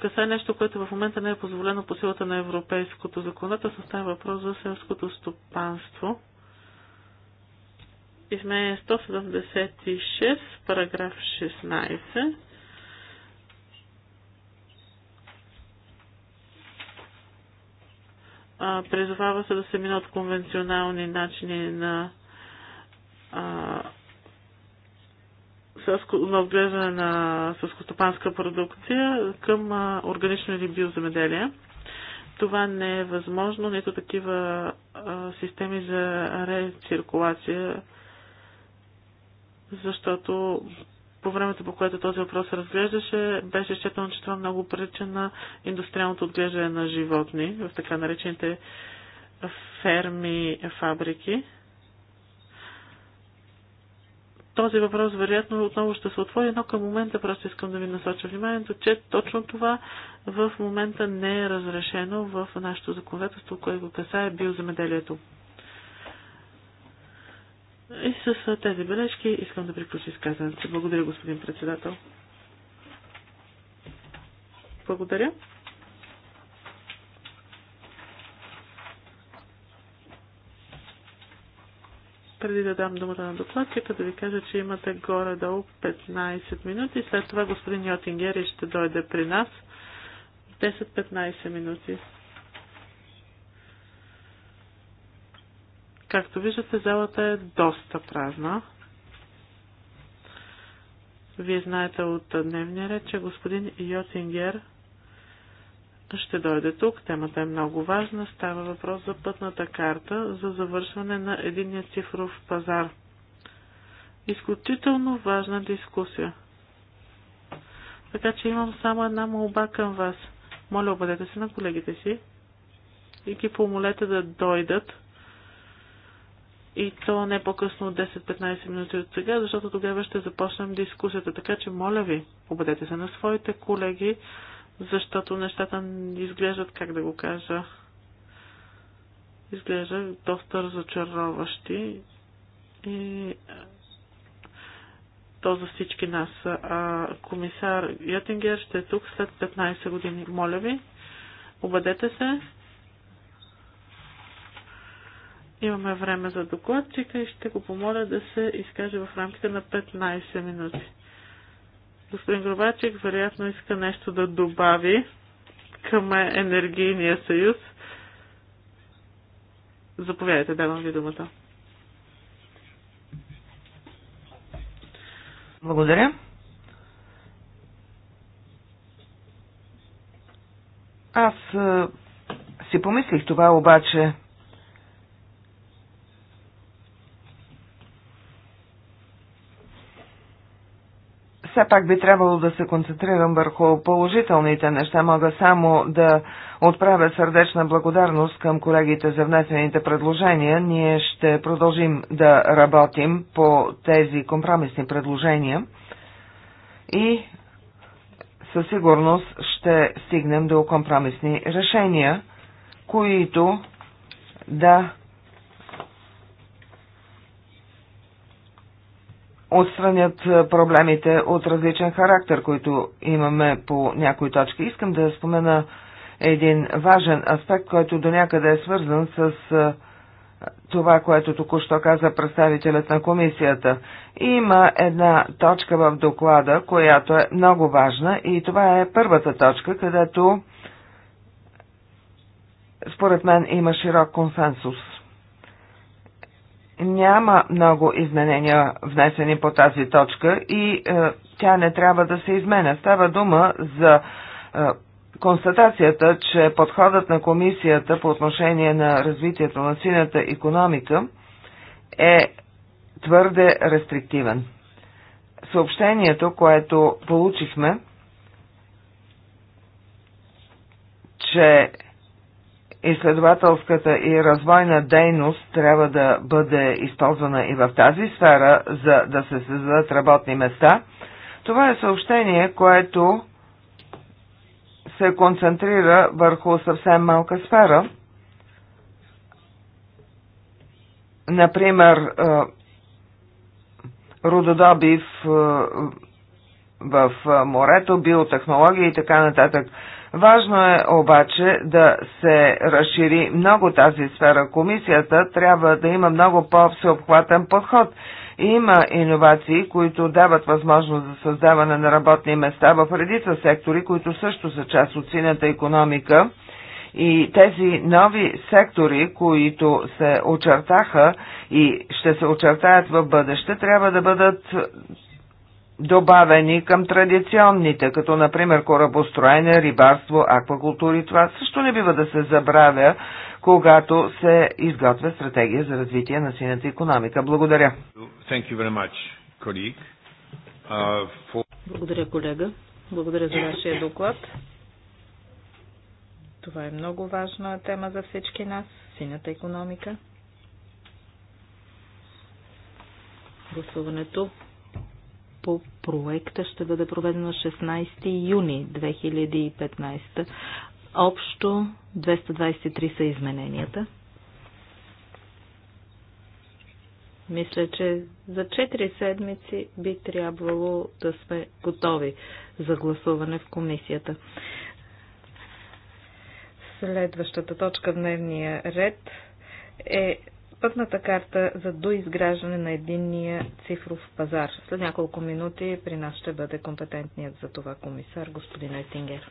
касае нещо, което в момента не е позволено по силата на европейското законодателство. Става въпрос за селското стопанство. Измене 176, параграф 16 призовава се да се минат конвенционални начини на на отглеждане на съскотопанска продукция към органично или биоземеделие. Това не е възможно, нито такива а, системи за рециркулация, защото по времето, по което този въпрос се разглеждаше, беше изчетено, че това много прилича на индустриалното отглеждане на животни в така наречените ферми, фабрики. Този въпрос, вероятно, отново ще се отвори, но към момента просто искам да ви насоча вниманието, че точно това в момента не е разрешено в нашето законодателство, което касае биоземеделието. И с тези бележки искам да приключи изказването. Благодаря, господин председател. Благодаря. преди да дам думата на докладчика, да ви кажа, че имате горе-долу 15 минути. След това господин Йотингери ще дойде при нас 10-15 минути. Както виждате, залата е доста празна. Вие знаете от дневния ред, че господин Йотингер ще дойде тук. Темата е много важна. Става въпрос за пътната карта за завършване на единния цифров пазар. Изключително важна дискусия. Така че имам само една молба към вас. Моля, обадете се на колегите си и ги помолете да дойдат и то не по-късно от 10-15 минути от сега, защото тогава ще започнем дискусията. Така че, моля ви, обадете се на своите колеги, защото нещата изглеждат, как да го кажа, изглежда доста разочароващи и е, то за всички нас. А, комисар Йотингер ще е тук след 15 години. Моля ви, обадете се. Имаме време за докладчика и ще го помоля да се изкаже в рамките на 15 минути. Господин Гробачик вероятно иска нещо да добави към енергийния съюз. Заповядайте, давам ви думата. Благодаря. Аз е, си помислих това обаче все пак би трябвало да се концентрирам върху положителните неща. Мога само да отправя сърдечна благодарност към колегите за внесените предложения. Ние ще продължим да работим по тези компромисни предложения и със сигурност ще стигнем до компромисни решения, които да отстранят проблемите от различен характер, които имаме по някои точки. Искам да спомена един важен аспект, който до някъде е свързан с това, което току-що каза представителят на комисията. Има една точка в доклада, която е много важна и това е първата точка, където според мен има широк консенсус няма много изменения внесени по тази точка и е, тя не трябва да се изменя. Става дума за е, констатацията, че подходът на комисията по отношение на развитието на синята економика е твърде рестриктивен. Съобщението, което получихме, че изследователската и развойна дейност трябва да бъде използвана и в тази сфера, за да се създадат работни места. Това е съобщение, което се концентрира върху съвсем малка сфера. Например, е, рододобив е, в е, морето, биотехнология и така нататък. Важно е обаче да се разшири много тази сфера. Комисията трябва да има много по-всеобхватен подход. Има иновации, които дават възможност за създаване на работни места в редица сектори, които също са част от синята економика. И тези нови сектори, които се очертаха и ще се очертаят в бъдеще, трябва да бъдат добавени към традиционните, като например корабостроене, рибарство, аквакултури. Това също не бива да се забравя, когато се изготвя стратегия за развитие на синята економика. Благодаря. Much, uh, for... Благодаря, колега. Благодаря за вашия доклад. Това е много важна тема за всички нас – синята економика. Гласуването по проекта ще бъде проведено 16 юни 2015. Общо 223 са измененията. Мисля, че за 4 седмици би трябвало да сме готови за гласуване в комисията. Следващата точка в дневния ред е пътната карта за доизграждане на единния цифров пазар. След няколко минути при нас ще бъде компетентният за това комисар господин Етингер.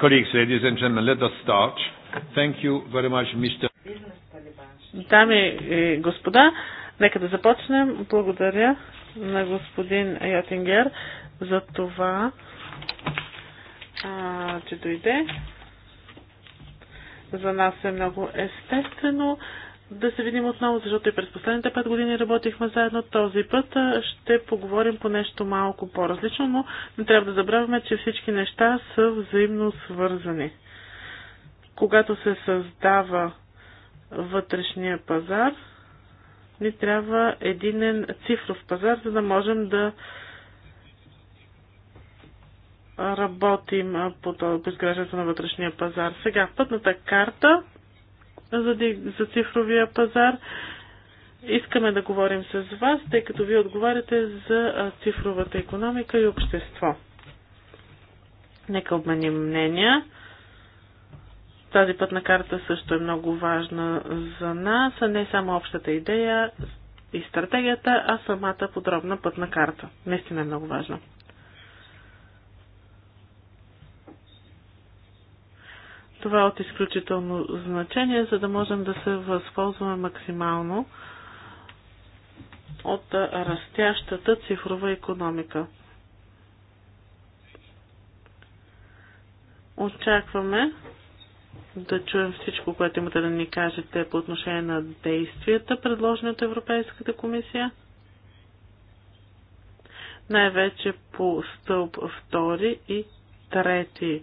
Colleagues, ladies and gentlemen, let us start. Thank you very much, Mr. Дами и господа, нека да започнем. Благодаря на господин Йотингер за това, а, че дойде. За нас е много естествено да се видим отново, защото и през последните пет години работихме заедно. Този път ще поговорим по нещо малко по-различно, но не трябва да забравяме, че всички неща са взаимно свързани. Когато се създава вътрешния пазар, ни трябва единен цифров пазар, за да можем да работим по изграждането на вътрешния пазар. Сега, пътната карта за, за цифровия пазар. Искаме да говорим с вас, тъй като вие отговаряте за цифровата економика и общество. Нека обменим мнения. Тази пътна карта също е много важна за нас, а не само общата идея и стратегията, а самата подробна пътна карта. Наистина е много важна. Това е от изключително значение, за да можем да се възползваме максимално от растящата цифрова економика. Очакваме да чуем всичко, което имате да ни кажете по отношение на действията, предложени от Европейската комисия. Най-вече по стълб 2 и 3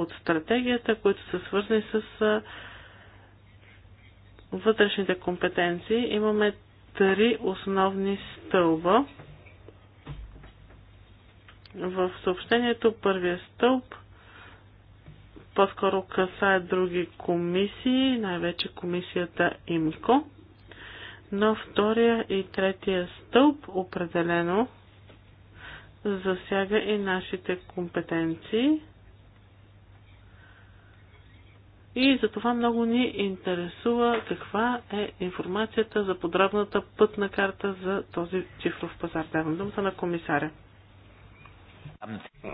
от стратегията, които са свързани с вътрешните компетенции. Имаме три основни стълба. В съобщението първия стълб по-скоро касае други комисии, най-вече комисията ИМКО, но втория и третия стълб определено засяга и нашите компетенции. И за това много ни интересува каква е информацията за подробната пътна карта за този цифров пазар. Давам думата на комисаря.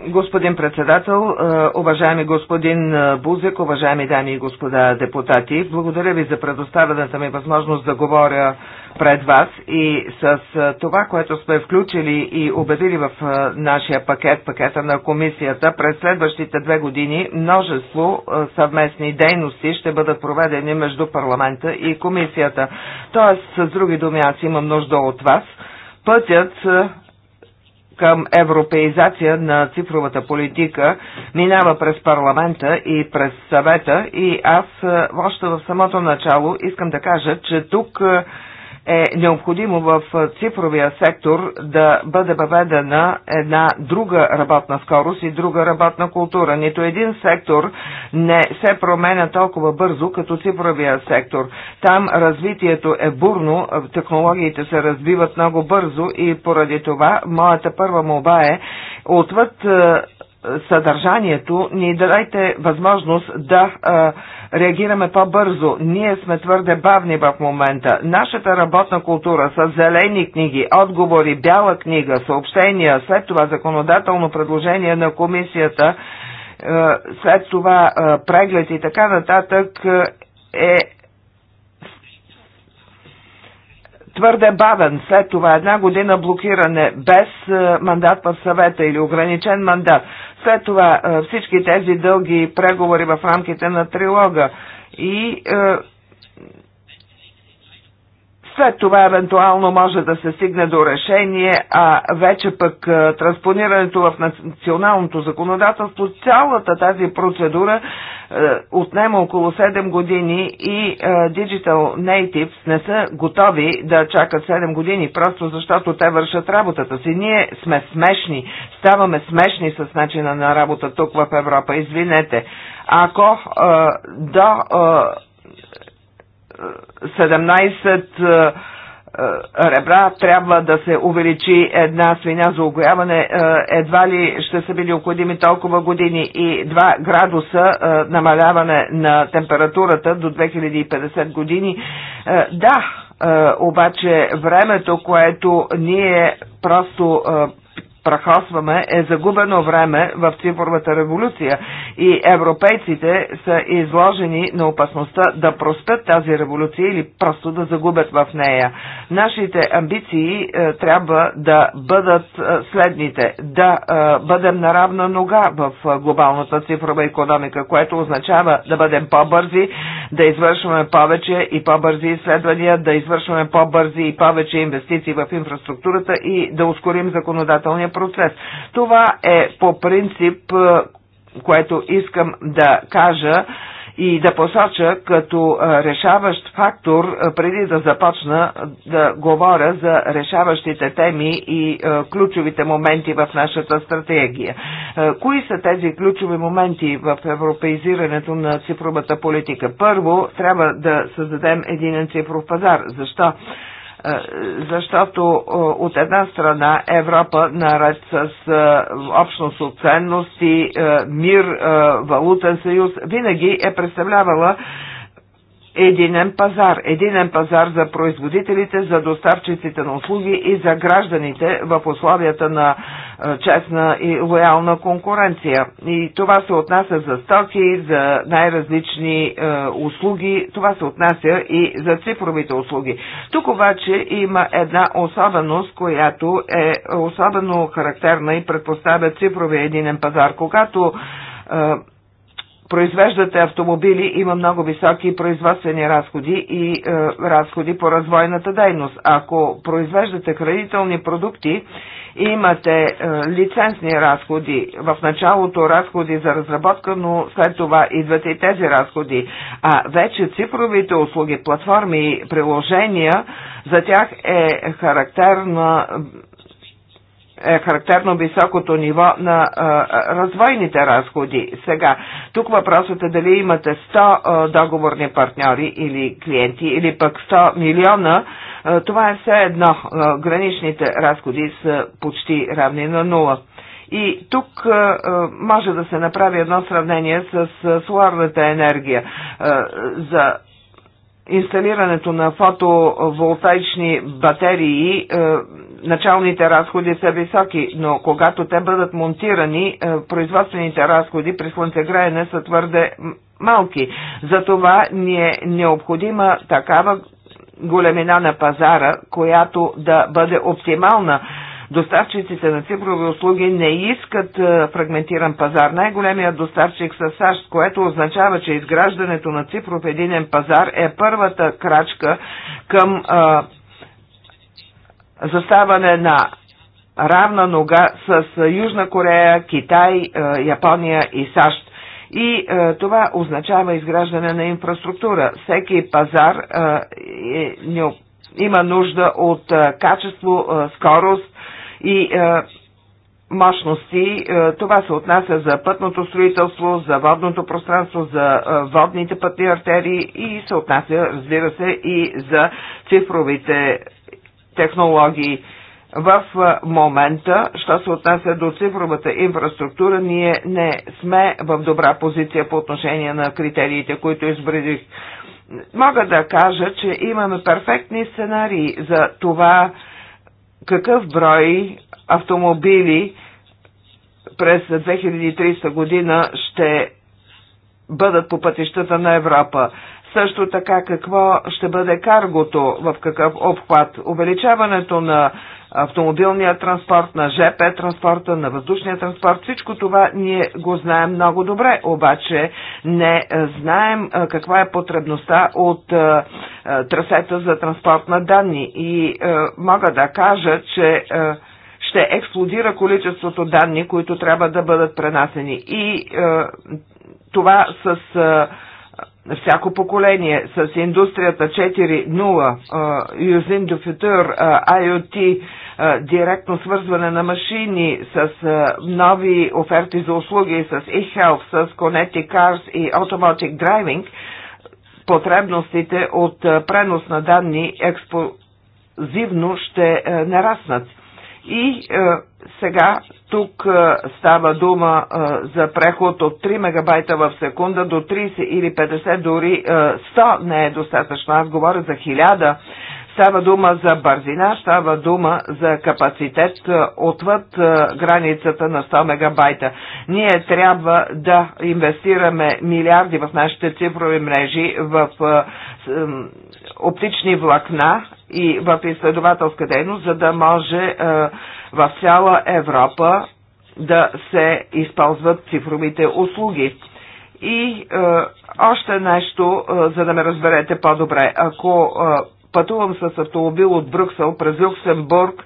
Господин председател, е, уважаеми господин е, Бузек, уважаеми дами и господа депутати, благодаря ви за предоставената ми възможност да говоря пред вас и с е, това, което сме включили и обявили в нашия пакет, пакета на комисията, през следващите две години множество съвместни дейности ще бъдат проведени между парламента и комисията. Тоест, с други думи, аз имам нужда от вас. Пътят към европеизация на цифровата политика минава през парламента и през съвета и аз още в самото начало искам да кажа, че тук е необходимо в цифровия сектор да бъде въведена една друга работна скорост и друга работна култура. Нито един сектор не се променя толкова бързо като цифровия сектор. Там развитието е бурно, технологиите се развиват много бързо и поради това моята първа молба е отвъд е, съдържанието, ни дадете възможност да а, реагираме по-бързо. Ние сме твърде бавни в момента. Нашата работна култура с зелени книги, отговори, бяла книга, съобщения, след това законодателно предложение на комисията, а, след това а, преглед и така нататък е твърде бавен, след това една година блокиране без е, мандат в съвета или ограничен мандат, след това е, всички тези дълги преговори в рамките на трилога и е, след това евентуално може да се стигне до решение, а вече пък транспонирането в националното законодателство, цялата тази процедура отнема около 7 години и Digital Natives не са готови да чакат 7 години, просто защото те вършат работата си. Ние сме смешни, ставаме смешни с начина на работа тук в Европа. Извинете, ако до 17 е, е, ребра трябва да се увеличи една свиня за огояване, е, едва ли ще са били необходими толкова години и 2 градуса намаляване на температурата до 2050 години. Да, обаче времето, което ние просто прахосваме, е загубено време в цифровата революция и европейците са изложени на опасността да простят тази революция или просто да загубят в нея. Нашите амбиции е, трябва да бъдат е, следните. Да е, бъдем на равна нога в е, глобалната цифрова економика, което означава да бъдем по-бързи, да извършваме повече и по-бързи изследвания, да извършваме по-бързи и повече инвестиции в инфраструктурата и да ускорим законодателния процес. Това е по принцип, е, което искам да кажа и да посоча като е, решаващ фактор, е, преди да започна да говоря за решаващите теми и ключовите моменти в нашата стратегия. Кои са тези ключови моменти в европеизирането на цифровата политика? Първо, трябва да създадем един цифров пазар. Защо? Е, защото е, от една страна Европа наред с е, общност от ценности, мир, валутен съюз, винаги е представлявала единен пазар. Единен пазар за производителите, за доставчиците на услуги и за гражданите в условията на честна и лоялна конкуренция. И това се отнася за стоки, за най-различни е, услуги, това се отнася и за цифровите услуги. Тук обаче има една особеност, която е особено характерна и предпоставя цифровия единен пазар. Когато е, произвеждате автомобили, има много високи производствени разходи и е, разходи по развойната дейност. Ако произвеждате хранителни продукти, имате е, лицензни разходи. В началото разходи за разработка, но след това идват и тези разходи. А вече цифровите услуги, платформи и приложения, за тях е характерна е характерно високото ниво на е, развойните разходи. Сега, тук въпросът е дали имате 100 е, договорни партньори или клиенти, или пък 100 милиона, е, това е все едно. Граничните разходи са почти равни на нула. И тук може да се направи едно сравнение с соларната енергия. За инсталирането на фотоволтаични батерии началните разходи са високи, но когато те бъдат монтирани, е, производствените разходи при слънцегреене са твърде малки. Затова ни е необходима такава големина на пазара, която да бъде оптимална. Доставчиците на цифрови услуги не искат е, фрагментиран пазар. Най-големият доставчик са САЩ, което означава, че изграждането на цифров единен пазар е първата крачка към а, е, заставане на равна нога с Южна Корея, Китай, е, Япония и САЩ. И е, това означава изграждане на инфраструктура. Всеки пазар е, е, не, има нужда от е, качество, е, скорост и е, мощности. Е, това се отнася за пътното строителство, за водното пространство, за е, водните пътни артерии и се отнася, разбира се, и за цифровите технологии. В момента, що се отнася до цифровата инфраструктура, ние не сме в добра позиция по отношение на критериите, които избредих. Мога да кажа, че имаме перфектни сценарии за това какъв брой автомобили през 2030 година ще бъдат по пътищата на Европа също така какво ще бъде каргото, в какъв обхват, увеличаването на автомобилния транспорт, на ЖП транспорта, на въздушния транспорт, всичко това ние го знаем много добре, обаче не знаем каква е потребността от трасета за транспорт на данни. И мога да кажа, че ще експлодира количеството данни, които трябва да бъдат пренасени. И това с всяко поколение с индустрията 4.0, Юзин Дюфютър, IoT, директно свързване на машини с нови оферти за услуги, с e-health, с Connected Cars и Automatic Driving, потребностите от пренос на данни експозивно ще нараснат. И е, сега тук е, става дума е, за преход от 3 мегабайта в секунда до 30 или 50, дори е, 100 не е достатъчно. Аз говоря за 1000. Става дума за бързина, става дума за капацитет е, отвъд е, границата на 100 мегабайта. Ние трябва да инвестираме милиарди в нашите цифрови мрежи, в е, оптични влакна и в изследователска дейност, за да може е, в цяла Европа да се използват цифровите услуги. И е, още нещо, е, за да ме разберете по-добре. Ако е, пътувам с автомобил от Брюксел през Люксембург,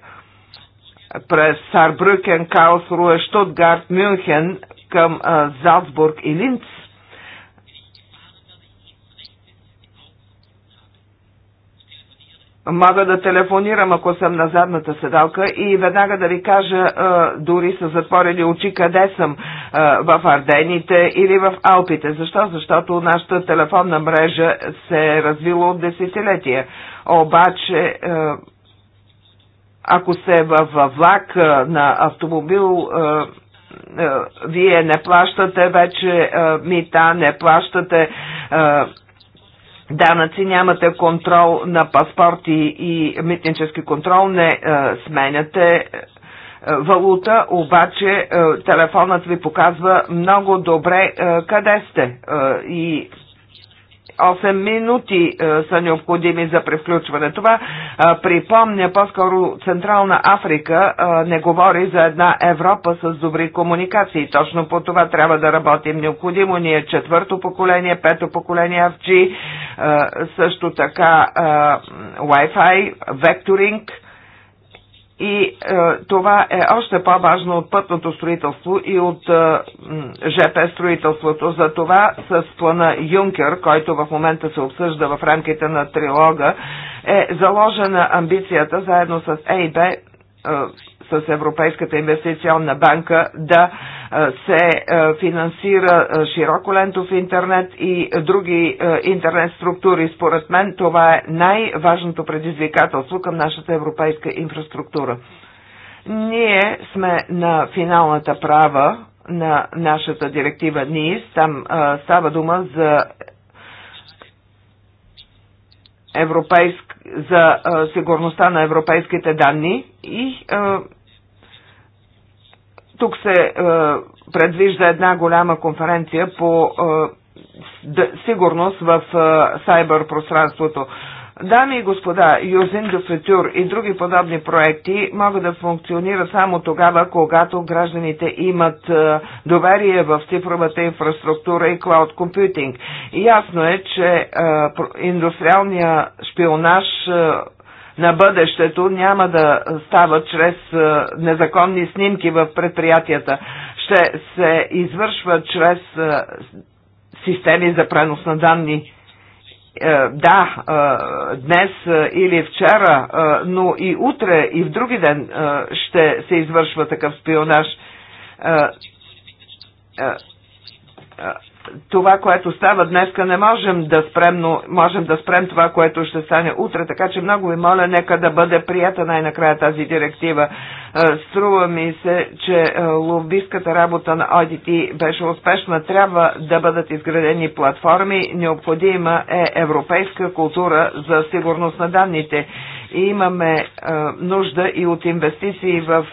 през Сарбрюкен, Каусруе, Штутгарт, Мюнхен към е, Залцбург и Линц, Мога да телефонирам, ако съм на задната седалка и веднага да ви кажа, дори са затворили очи къде съм, в Ардените или в Алпите. Защо? Защото нашата телефонна мрежа се е развила от десетилетия. Обаче, ако се е във влак на автомобил, вие не плащате вече мита, не плащате данъци, нямате контрол на паспорти и митнически контрол, не е, сменяте е, е, валута, обаче е, телефонът ви показва много добре е, къде сте е, и 8 минути е, са необходими за превключване. Това е, припомня по-скоро Централна Африка е, не говори за една Европа с добри комуникации. Точно по това трябва да работим. Необходимо ни е четвърто поколение, пето поколение FG, също така Wi-Fi, векторинг, и е, това е още по-важно от пътното строителство и от е, ЖП строителството. За това с плана Юнкер, който в момента се обсъжда в рамките на трилога, е заложена амбицията заедно с ЕИБ с Европейската инвестиционна банка да се финансира широколентов интернет и други интернет структури. Според мен това е най-важното предизвикателство към нашата европейска инфраструктура. Ние сме на финалната права на нашата директива НИС. Там а, става дума за европейск, за а, сигурността на европейските данни и а, тук се е, предвижда една голяма конференция по е, сигурност в е, сайбер пространството. Дами и господа, Юзин до Фетюр и други подобни проекти могат да функционират само тогава, когато гражданите имат е, доверие в цифровата инфраструктура и клауд компютинг. Ясно е, че е, индустриалният шпионаж е, на бъдещето няма да става чрез е, незаконни снимки в предприятията. Ще се извършва чрез е, системи за пренос на данни е, да, днес или вчера, но и утре и в други ден ще се извършва такъв спионаж това, което става днеска, не можем да спрем, но можем да спрем това, което ще стане утре. Така че много ви моля, нека да бъде прията най-накрая тази директива. Е, струва ми се, че е, лобистката работа на ODT беше успешна. Трябва да бъдат изградени платформи. Необходима е европейска култура за сигурност на данните. И имаме е, нужда и от инвестиции в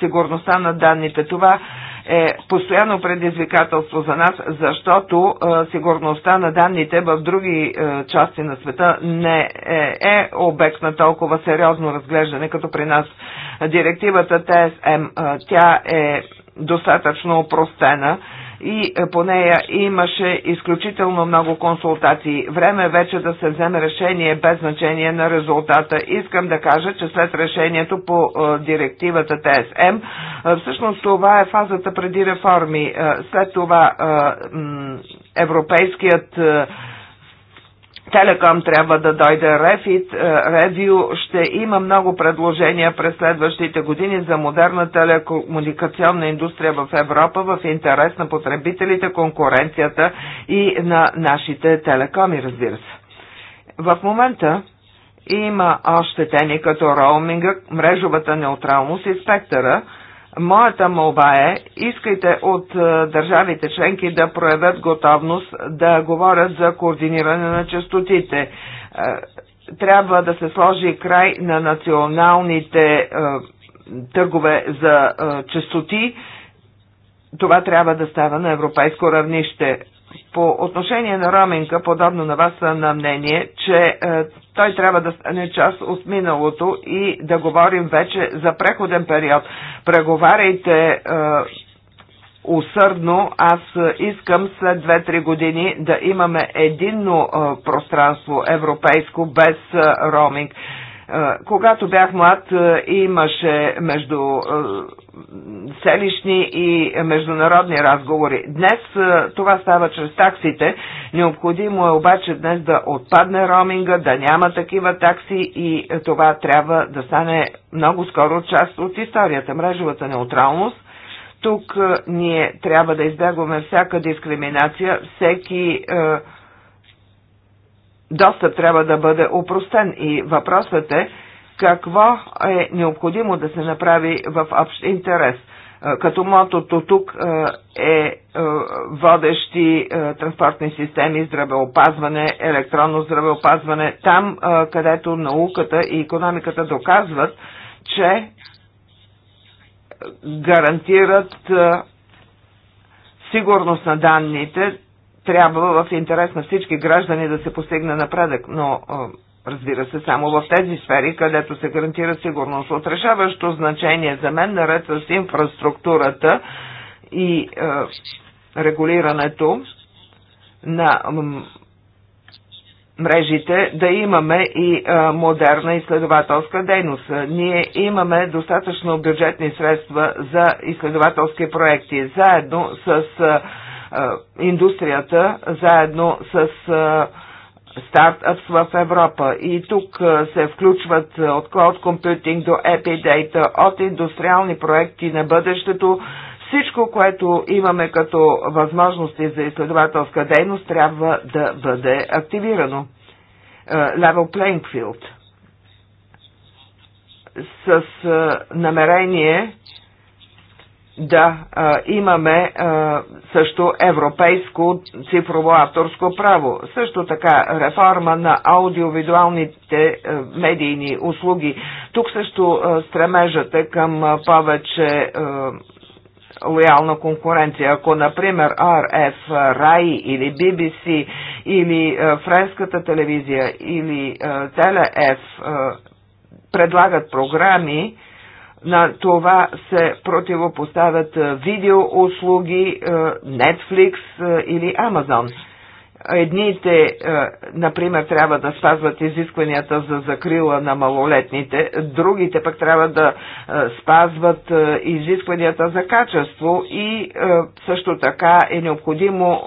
сигурността на данните. Това е постоянно предизвикателство за нас, защото е, сигурността на данните в други е, части на света не е, е обект на толкова сериозно разглеждане, като при нас директивата ТСМ. Тя е достатъчно опростена и е, по нея имаше изключително много консултации. Време е вече да се вземе решение без значение на резултата. Искам да кажа, че след решението по е, директивата ТСМ, всъщност това е фазата преди реформи. След това европейският Телеком трябва да дойде Рефит, Ревю. Ще има много предложения през следващите години за модерна телекомуникационна индустрия в Европа в интерес на потребителите, конкуренцията и на нашите телекоми, разбира се. В момента има още теми като роуминга, мрежовата неутралност и спектъра – Моята молба е, искайте от е, държавите членки да проявят готовност да говорят за координиране на частотите. Е, трябва да се сложи край на националните е, търгове за частоти. Това трябва да става на европейско равнище. По отношение на Роменка, подобно на вас на мнение, че той трябва да стане част от миналото и да говорим вече за преходен период. Преговаряйте е, усърдно, аз искам след 2-3 години да имаме единно е, пространство европейско без е, роминг. Е, когато бях млад, е, имаше между. Е, селищни и международни разговори. Днес това става чрез таксите. Необходимо е обаче днес да отпадне роминга, да няма такива такси и това трябва да стане много скоро част от историята. Мрежовата неутралност тук ние трябва да избягваме всяка дискриминация, всеки е, достъп трябва да бъде упростен и въпросът е какво е необходимо да се направи в общ интерес. Е, като мотото тук е, е, е водещи транспортни системи, здравеопазване, електронно здравеопазване, там където науката и економиката доказват, че гарантират сигурност на данните, трябва в интерес на всички граждани да се постигне напредък, но Разбира се, само в тези сфери, където се гарантира сигурност. От решаващо значение за мен, наред с инфраструктурата и е, регулирането на мрежите, да имаме и е, модерна изследователска дейност. Ние имаме достатъчно бюджетни средства за изследователски проекти, заедно с е, е индустрията, заедно с. Е, стартъпс в Европа. И тук се включват от Cloud Computing до Epidata, от индустриални проекти на бъдещето. Всичко, което имаме като възможности за изследователска дейност, трябва да бъде активирано. Level playing field. С намерение да а, имаме а, също европейско цифрово авторско право. Също така реформа на аудиовизуалните а, медийни услуги. Тук също а, е към а, повече а, лоялна конкуренция. Ако, например, RF, RAI или BBC или а, френската телевизия или а, Теле F а, предлагат програми, а, на това се противопоставят видеоуслуги, Netflix или Amazon. Едните, е, например, трябва да спазват изискванията за закрила на малолетните, другите пък трябва да е, спазват е, изискванията за качество и също така е необходимо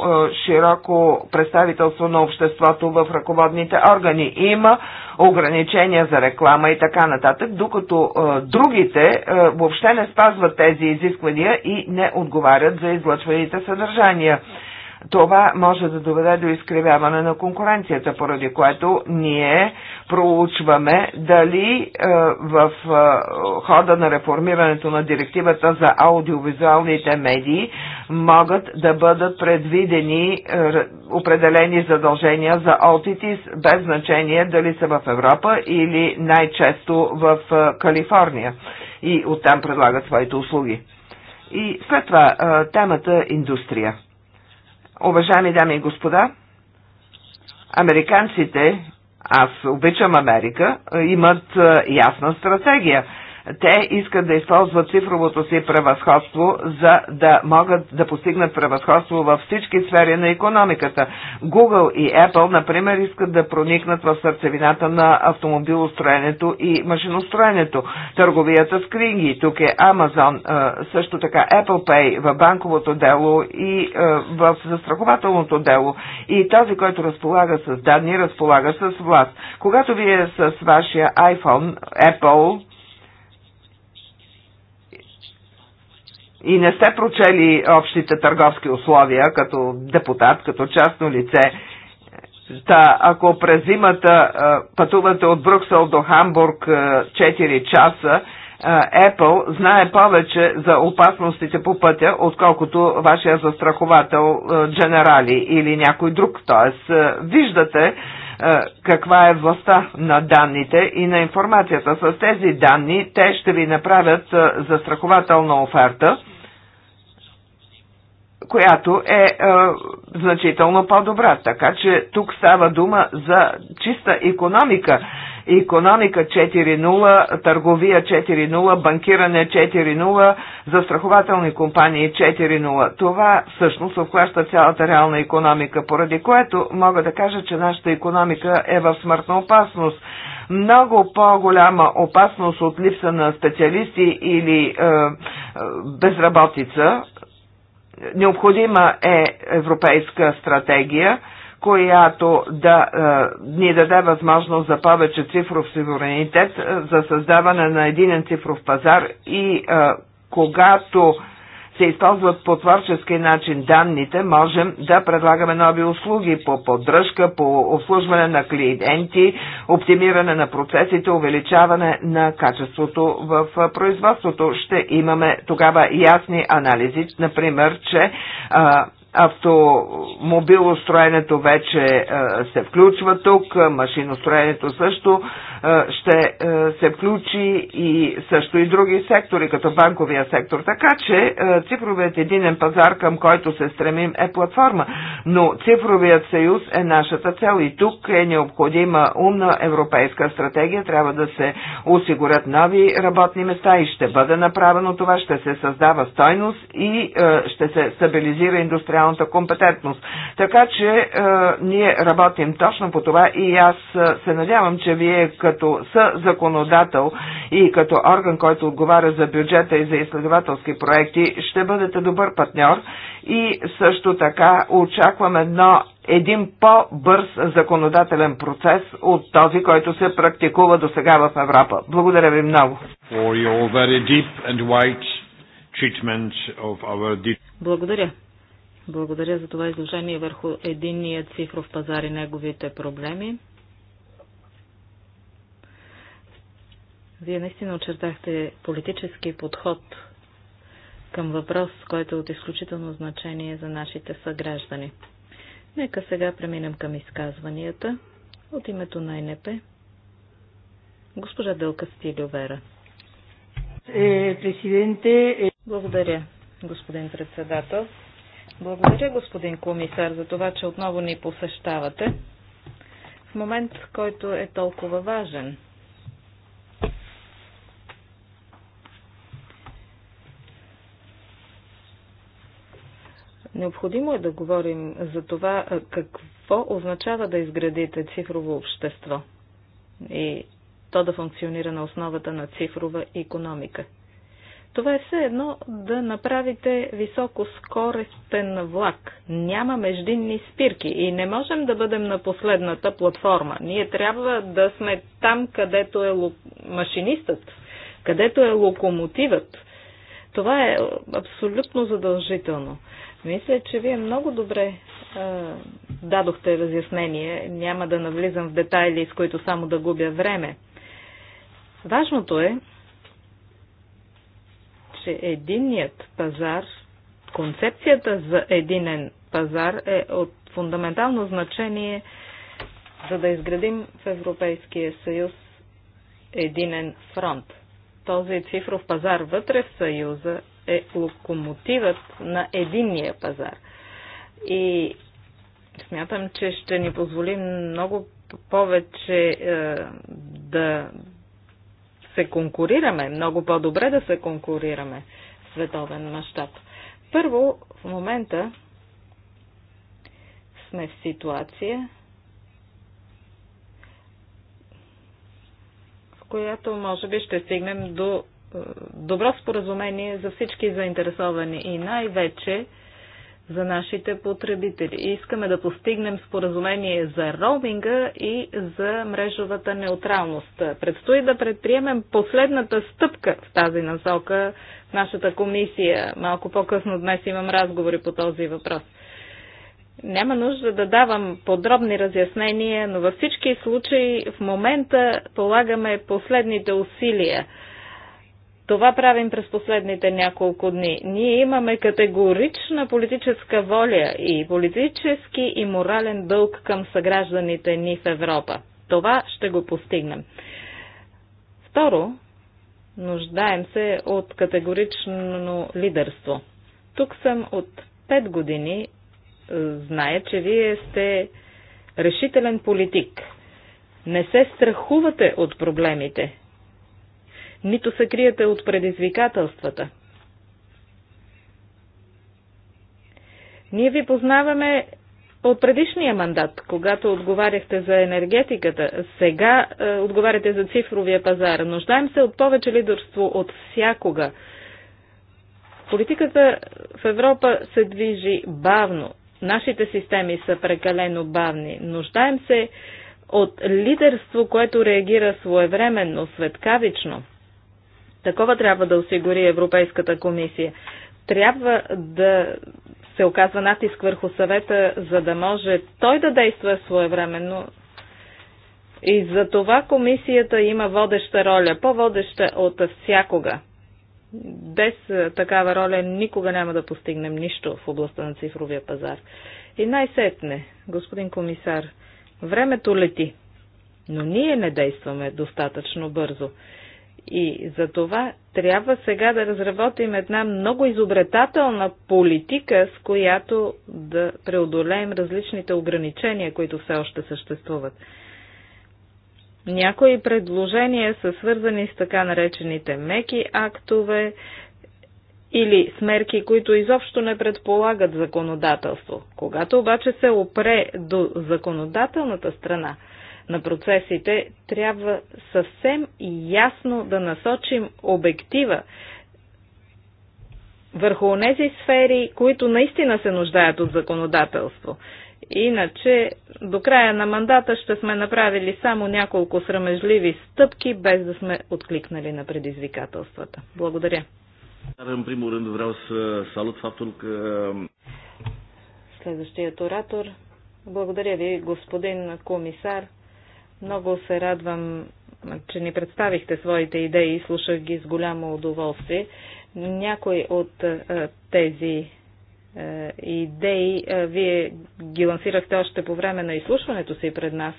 широко представителство на обществото в ръководните органи. Има ограничения за реклама и така нататък, докато другите въобще не спазват тези изисквания и не отговарят за излъчваните съдържания това може да доведе до изкривяване на конкуренцията, поради което ние проучваме дали е, в е, хода на реформирането на директивата за аудиовизуалните медии могат да бъдат предвидени е, определени задължения за аутитис, без значение дали са в Европа или най-често в Калифорния и оттам предлагат своите услуги. И след това темата индустрия. Уважаеми дами и господа, американците, аз обичам Америка, имат е, ясна стратегия. Те искат да използват цифровото си превъзходство, за да могат да постигнат превъзходство във всички сфери на економиката. Google и Apple, например, искат да проникнат в сърцевината на автомобилостроенето и машиностроенето. Търговията с книги, тук е Amazon, също така Apple Pay в банковото дело и в застрахователното дело. И този, който разполага с данни, разполага с власт. Когато вие с вашия iPhone, Apple, и не сте прочели общите търговски условия като депутат, като частно лице, Та, ако през зимата пътувате от Брюксел до Хамбург 4 часа, Apple знае повече за опасностите по пътя, отколкото вашия застраховател Дженерали или някой друг. Тоест, виждате, е, каква е властта на данните и на информацията. С тези данни те ще ви направят е, застрахователна оферта, която е, е, значително по-добра. Така че тук става дума за чиста економика, економика 4.0, търговия 4.0, банкиране 4.0, застрахователни компании 4.0. Това всъщност обхваща цялата реална економика, поради което мога да кажа, че нашата економика е в смъртна опасност много по-голяма опасност от липса на специалисти или е, е безработица. Необходима е европейска стратегия която да е, ни даде възможност за повече цифров суверенитет, е, за създаване на единен цифров пазар и е, когато се използват по творчески начин данните, можем да предлагаме нови услуги по поддръжка, по обслужване на клиенти, оптимиране на процесите, увеличаване на качеството в е, производството. Ще имаме тогава ясни анализи, например, че а, е, Автомобилостроенето вече е, се включва тук, машиностроенето също е, ще е, се включи и също и други сектори, като банковия сектор. Така че цифровият единен пазар, към който се стремим, е платформа. Но цифровият съюз е нашата цел и тук е необходима умна европейска стратегия. Трябва да се осигурят нови работни места и ще бъде направено това, ще се създава стойност и ще се стабилизира индустриалната професионалната компетентност. Така че е, ние работим точно по това и аз е, се надявам, че вие като са законодател и като орган, който отговаря за бюджета и за изследователски проекти, ще бъдете добър партньор и също така очаквам едно един по-бърз законодателен процес от този, който се практикува до сега в Европа. Благодаря ви много. Благодаря благодаря за това изложение върху единния цифров пазар и неговите проблеми. Вие наистина очертахте политически подход към въпрос, който е от изключително значение за нашите съграждани. Нека сега преминем към изказванията от името на НП. Госпожа Дълка Стилювера. Е, президенте... Е... Благодаря, господин председател. Благодаря, господин комисар, за това, че отново ни посещавате в момент, който е толкова важен. Необходимо е да говорим за това какво означава да изградите цифрово общество и то да функционира на основата на цифрова економика – това е все едно да направите високоскоростен влак. Няма междинни спирки и не можем да бъдем на последната платформа. Ние трябва да сме там, където е машинистът, където е локомотивът. Това е абсолютно задължително. Мисля, че вие много добре е, дадохте разяснение. Няма да навлизам в детайли, с които само да губя време. Важното е, че единният пазар, концепцията за единен пазар е от фундаментално значение, за да изградим в Европейския съюз единен фронт. Този цифров пазар вътре в съюза е локомотивът на единния пазар. И смятам, че ще ни позволи много повече е, да се конкурираме, много по-добре да се конкурираме в световен мащаб. Първо, в момента сме в ситуация, в която може би ще стигнем до е, добро споразумение за всички заинтересовани и най-вече за нашите потребители. Искаме да постигнем споразумение за роуминга и за мрежовата неутралност. Предстои да предприемем последната стъпка в тази насока в нашата комисия. Малко по-късно днес имам разговори по този въпрос. Няма нужда да давам подробни разяснения, но във всички случаи в момента полагаме последните усилия – това правим през последните няколко дни. Ние имаме категорична политическа воля и политически и морален дълг към съгражданите ни в Европа. Това ще го постигнем. Второ, нуждаем се от категорично лидерство. Тук съм от 5 години. Зная, че вие сте решителен политик. Не се страхувате от проблемите нито се криете от предизвикателствата. Ние ви познаваме от предишния мандат, когато отговаряхте за енергетиката, сега е, отговаряте за цифровия пазар. Нуждаем се от повече лидерство от всякога. Политиката в Европа се движи бавно. Нашите системи са прекалено бавни. Нуждаем се от лидерство, което реагира своевременно, светкавично. Такова трябва да осигури Европейската комисия. Трябва да се оказва натиск върху съвета, за да може той да действа своевременно. И за това комисията има водеща роля, по-водеща от всякога. Без е, такава роля никога няма да постигнем нищо в областта на цифровия пазар. И най-сетне, господин комисар, времето лети, но ние не действаме достатъчно бързо. И за това трябва сега да разработим една много изобретателна политика, с която да преодолеем различните ограничения, които все още съществуват. Някои предложения са свързани с така наречените меки актове или с мерки, които изобщо не предполагат законодателство. Когато обаче се опре до законодателната страна, на процесите, трябва съвсем ясно да насочим обектива върху тези сфери, които наистина се нуждаят от законодателство. Иначе до края на мандата ще сме направили само няколко срамежливи стъпки, без да сме откликнали на предизвикателствата. Благодаря. Е, е, Следващият оратор. Благодаря ви, господин комисар. Много се радвам, че ни представихте своите идеи и слушах ги с голямо удоволствие. Някои от е, тези е, идеи. Е, вие ги лансирахте още по време на изслушването си пред нас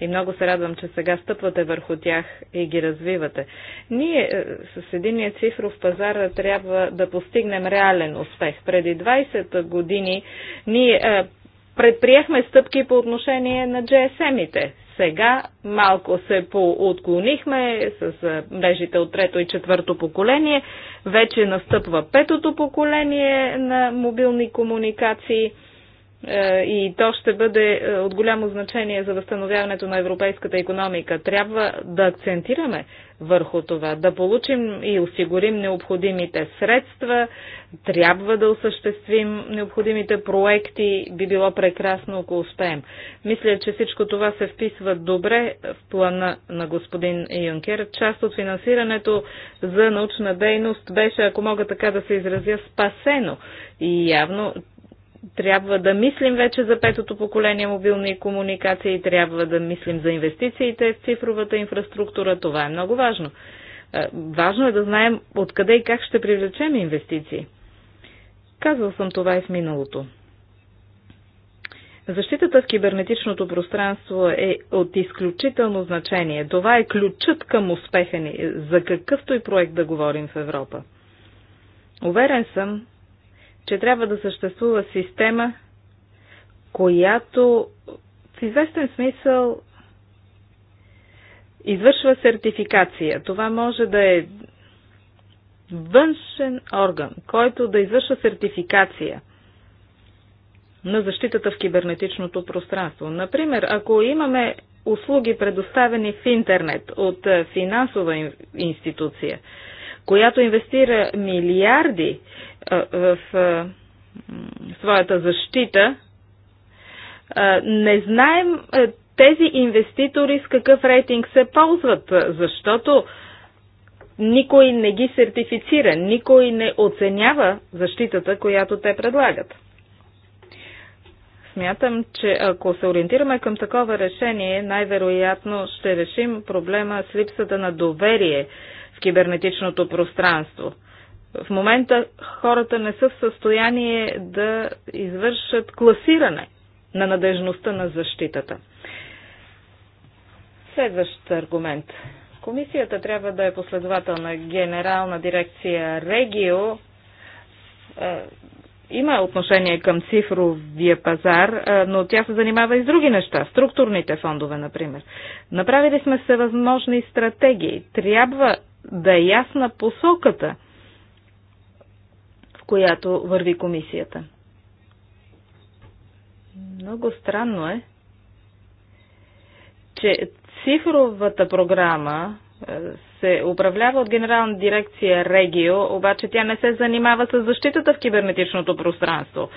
и много се радвам, че сега стъпвате върху тях и ги развивате. Ние с единия цифров пазар трябва да постигнем реален успех. Преди 20 години ние предприехме стъпки по отношение на GSM-ите. Сега малко се поотклонихме с мрежите от трето и четвърто поколение. Вече настъпва петото поколение на мобилни комуникации е, и то ще бъде е, от голямо значение за възстановяването на европейската економика. Трябва да акцентираме върху това, да получим и осигурим необходимите средства, трябва да осъществим необходимите проекти, би било прекрасно, ако успеем. Мисля, че всичко това се вписва добре в плана на господин Юнкер. Част от финансирането за научна дейност беше, ако мога така да се изразя, спасено. И явно трябва да мислим вече за петото поколение мобилни комуникации, трябва да мислим за инвестициите в цифровата инфраструктура. Това е много важно. Е, важно е да знаем откъде и как ще привлечем инвестиции. Казвал съм това и в миналото. Защитата в кибернетичното пространство е от изключително значение. Това е ключът към успеха ни, за какъвто и проект да говорим в Европа. Уверен съм, че трябва да съществува система, която в известен смисъл извършва сертификация. Това може да е външен орган, който да извърша сертификация на защитата в кибернетичното пространство. Например, ако имаме услуги предоставени в интернет от е, финансова институция, която инвестира милиарди е, в е, своята защита, не знаем тези инвеститори с какъв рейтинг се ползват, защото никой не ги сертифицира, никой не оценява защитата, която те предлагат. Смятам, че ако се ориентираме към такова решение, най-вероятно ще решим проблема с липсата на доверие в кибернетичното пространство. В момента хората не са в състояние да извършат класиране на надежността на защитата. Следващ аргумент Комисията трябва да е последователна. Генерална дирекция Регио е, има отношение към цифровия пазар, е, но тя се занимава и с други неща, структурните фондове, например. Направили сме всевъзможни стратегии. Трябва да е ясна посоката, в която върви комисията. Много странно е, че Цифровата програма е, се управлява от генерална дирекция Регио, обаче тя не се занимава с защитата в кибернетичното пространство.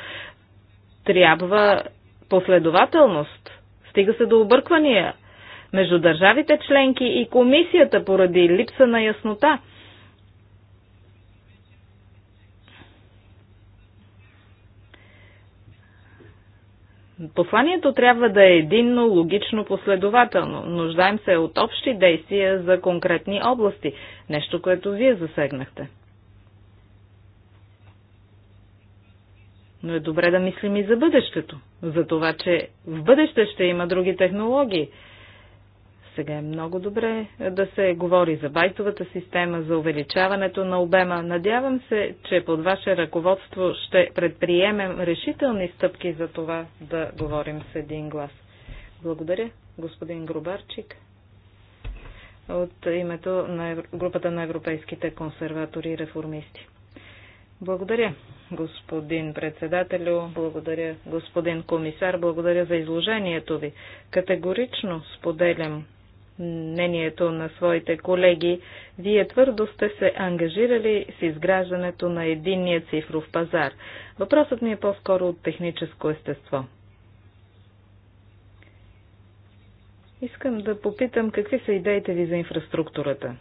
Трябва последователност. Стига се до обърквания между държавите членки и комисията поради липса на яснота – Посланието трябва да е единно, логично, последователно. Нуждаем се от общи действия за конкретни области, нещо, което вие засегнахте. Но е добре да мислим и за бъдещето, за това, че в бъдеще ще има други технологии – сега е много добре да се говори за байтовата система, за увеличаването на обема. Надявам се, че под ваше ръководство ще предприемем решителни стъпки за това да говорим с един глас. Благодаря, господин Грубарчик. От името на групата на европейските консерватори и реформисти. Благодаря, господин председателю, благодаря, господин комисар, благодаря за изложението ви. Категорично споделям мнението на своите колеги. Вие твърдо сте се ангажирали с изграждането на единния цифров пазар. Въпросът ми е по-скоро от техническо естество. Искам да попитам какви са идеите ви за инфраструктурата.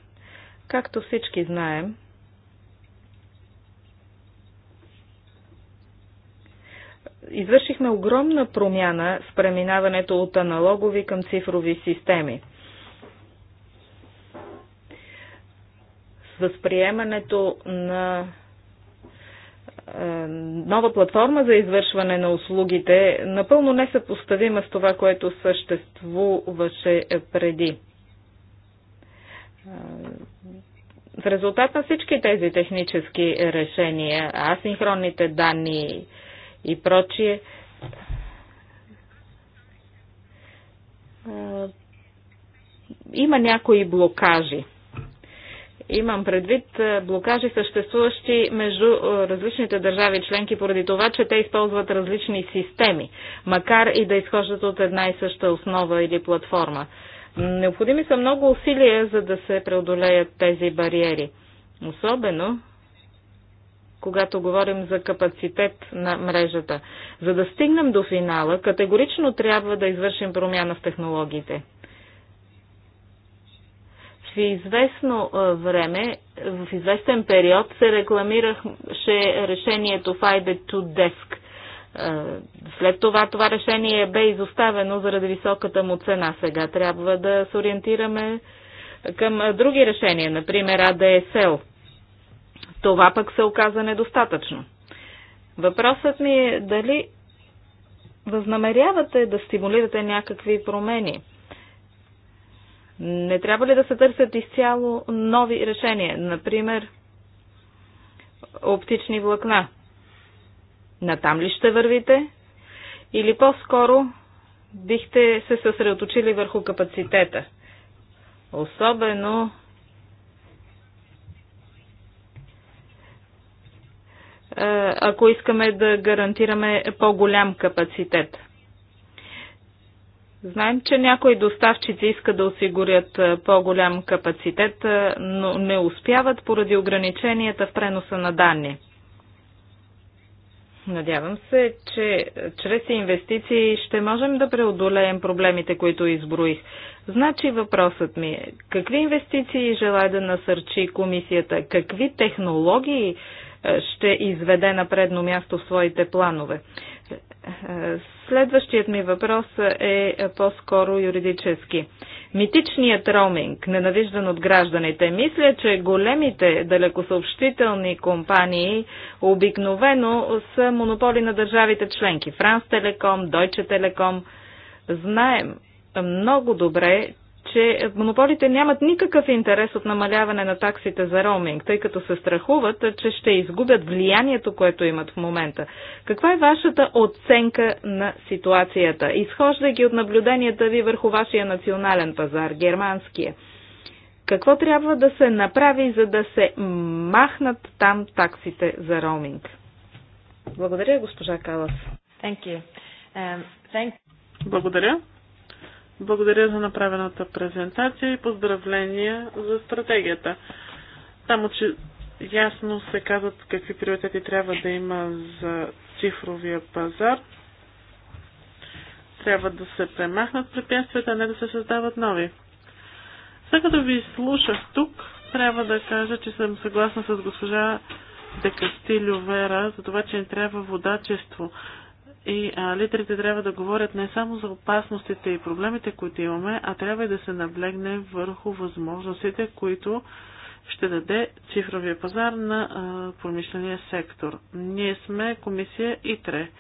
Както всички знаем, извършихме огромна промяна с преминаването от аналогови към цифрови системи – възприемането на е, нова платформа за извършване на услугите, напълно несъпоставима с това, което съществуваше преди. Е, в резултат на всички тези технически решения, асинхронните данни и прочие, е, има някои блокажи – Имам предвид е, блокажи съществуващи между е, различните държави членки поради това, че те използват различни системи, макар и да изхождат от една и съща основа или платформа. Необходими са много усилия, за да се преодолеят тези бариери. Особено когато говорим за капацитет на мрежата. За да стигнем до финала, категорично трябва да извършим промяна в технологиите известно време, в известен период се рекламираше решението Fiber to Desk. След това това решение бе изоставено заради високата му цена. Сега трябва да се ориентираме към други решения, например ADSL. Това пък се оказа недостатъчно. Въпросът ми е дали възнамерявате да стимулирате някакви промени не трябва ли да се търсят изцяло нови решения, например оптични влакна? Натам ли ще вървите? Или по-скоро бихте се съсредоточили върху капацитета? Особено е, ако искаме да гарантираме по-голям капацитет. Знаем, че някои доставчици искат да осигурят е, по-голям капацитет, е, но не успяват поради ограниченията в преноса на данни. Надявам се, че е, чрез инвестиции ще можем да преодолеем проблемите, които изброих. Значи въпросът ми е, какви инвестиции желая да насърчи комисията, какви технологии ще изведе на предно място в своите планове? Следващият ми въпрос е по-скоро юридически. Митичният роуминг, ненавиждан от гражданите. Мисля, че големите далекосъобщителни компании обикновено са монополи на държавите членки. Франс Телеком, Дойче Телеком. Знаем много добре, че монополите нямат никакъв интерес от намаляване на таксите за роуминг, тъй като се страхуват, че ще изгубят влиянието, което имат в момента. Каква е вашата оценка на ситуацията, изхождайки от наблюденията ви върху вашия национален пазар, германския? Какво трябва да се направи, за да се махнат там таксите за роуминг? Благодаря, госпожа Калас. Um, Благодаря. Благодаря за направената презентация и поздравления за стратегията. Само, че ясно се казват какви приоритети трябва да има за цифровия пазар. Трябва да се премахнат препятствията, а не да се създават нови. След като ви слушах тук, трябва да кажа, че съм съгласна с госпожа Декастилю Вера за това, че не трябва водачество. И а, лидерите трябва да говорят не само за опасностите и проблемите, които имаме, а трябва и да се наблегне върху възможностите, които ще даде цифровия пазар на а, промишления сектор. Ние сме комисия ИТРЕ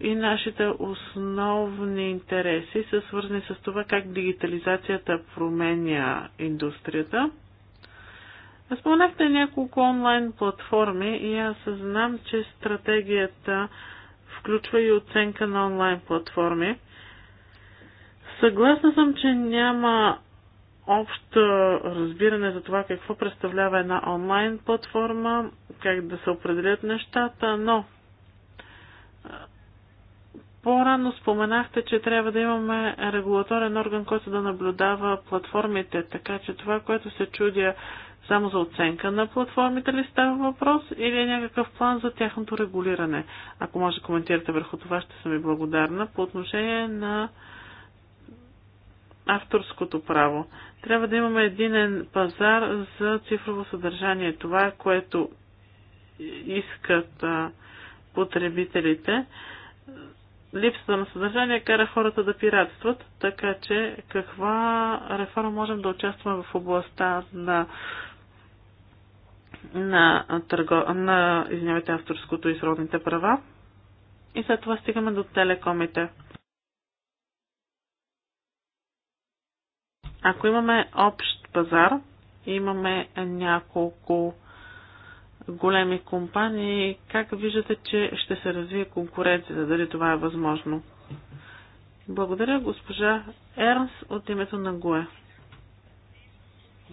и нашите основни интереси са свързани с това как дигитализацията променя индустрията. Споменахте няколко онлайн платформи и аз знам, че стратегията включва и оценка на онлайн платформи. Съгласна съм, че няма общо разбиране за това какво представлява една онлайн платформа, как да се определят нещата, но по-рано споменахте, че трябва да имаме регулаторен орган, който да наблюдава платформите, така че това, което се чудя само за оценка на платформите ли става въпрос или е някакъв план за тяхното регулиране? Ако може да коментирате върху това, ще съм ви благодарна. По отношение на авторското право. Трябва да имаме единен пазар за цифрово съдържание. Това е което искат а, потребителите. Липсата на съдържание кара хората да пиратстват, така че каква реформа можем да участваме в областта на на, търго... на извинявайте, авторското и сродните права. И след това стигаме до телекомите. Ако имаме общ пазар, имаме няколко големи компании, как виждате, че ще се развие конкуренцията? Дали това е възможно? Благодаря, госпожа Ернс, от името на ГУЕ.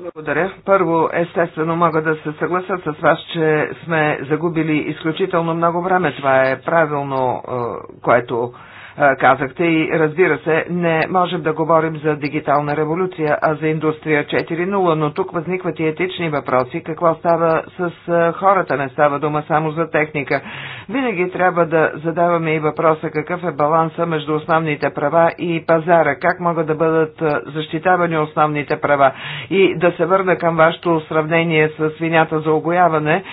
Благодаря. Първо, естествено, мога да се съглася с вас, че сме загубили изключително много време. Това е правилно, е, което казахте и разбира се, не можем да говорим за дигитална революция, а за индустрия 4.0, но тук възникват и етични въпроси. Какво става с хората? Не става дума само за техника. Винаги трябва да задаваме и въпроса какъв е баланса между основните права и пазара. Как могат да бъдат защитавани основните права? И да се върна към вашето сравнение с свинята за огояване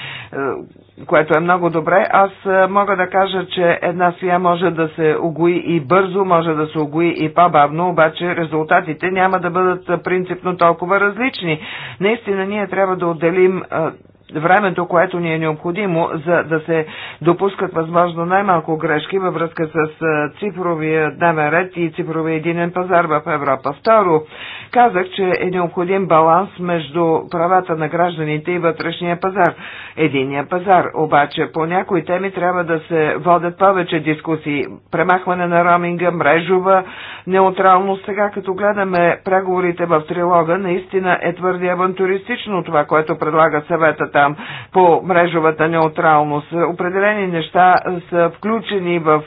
което е много добре. Аз е, мога да кажа, че една свия може да се огои и бързо, може да се огои и по-бавно, обаче резултатите няма да бъдат е, принципно толкова различни. Наистина ние трябва да отделим е, времето, което ни е необходимо, за да се допускат възможно най-малко грешки във връзка с цифровия дневен ред и цифровия единен пазар в Европа. Второ, казах, че е необходим баланс между правата на гражданите и вътрешния пазар. Единия пазар, обаче по някои теми трябва да се водят повече дискусии. Премахване на роминга, мрежова неутралност. Сега, като гледаме преговорите в трилога, наистина е твърде авантуристично това, което предлага съветът там по мрежовата неутралност. Определени неща са включени в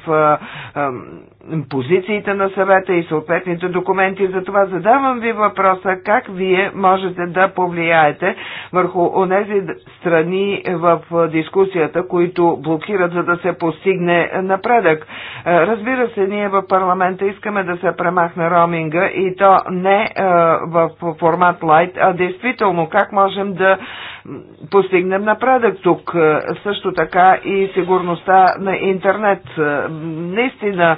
позициите на съвета и съответните документи. Затова задавам ви въпроса как вие можете да повлияете върху онези страни в дискусията, които блокират, за да се постигне напредък. Разбира се, ние в парламента искаме да се премахне роуминга и то не в формат лайт, а действително как можем да постигнем напредък тук. Също така и сигурността на интернет. Наистина,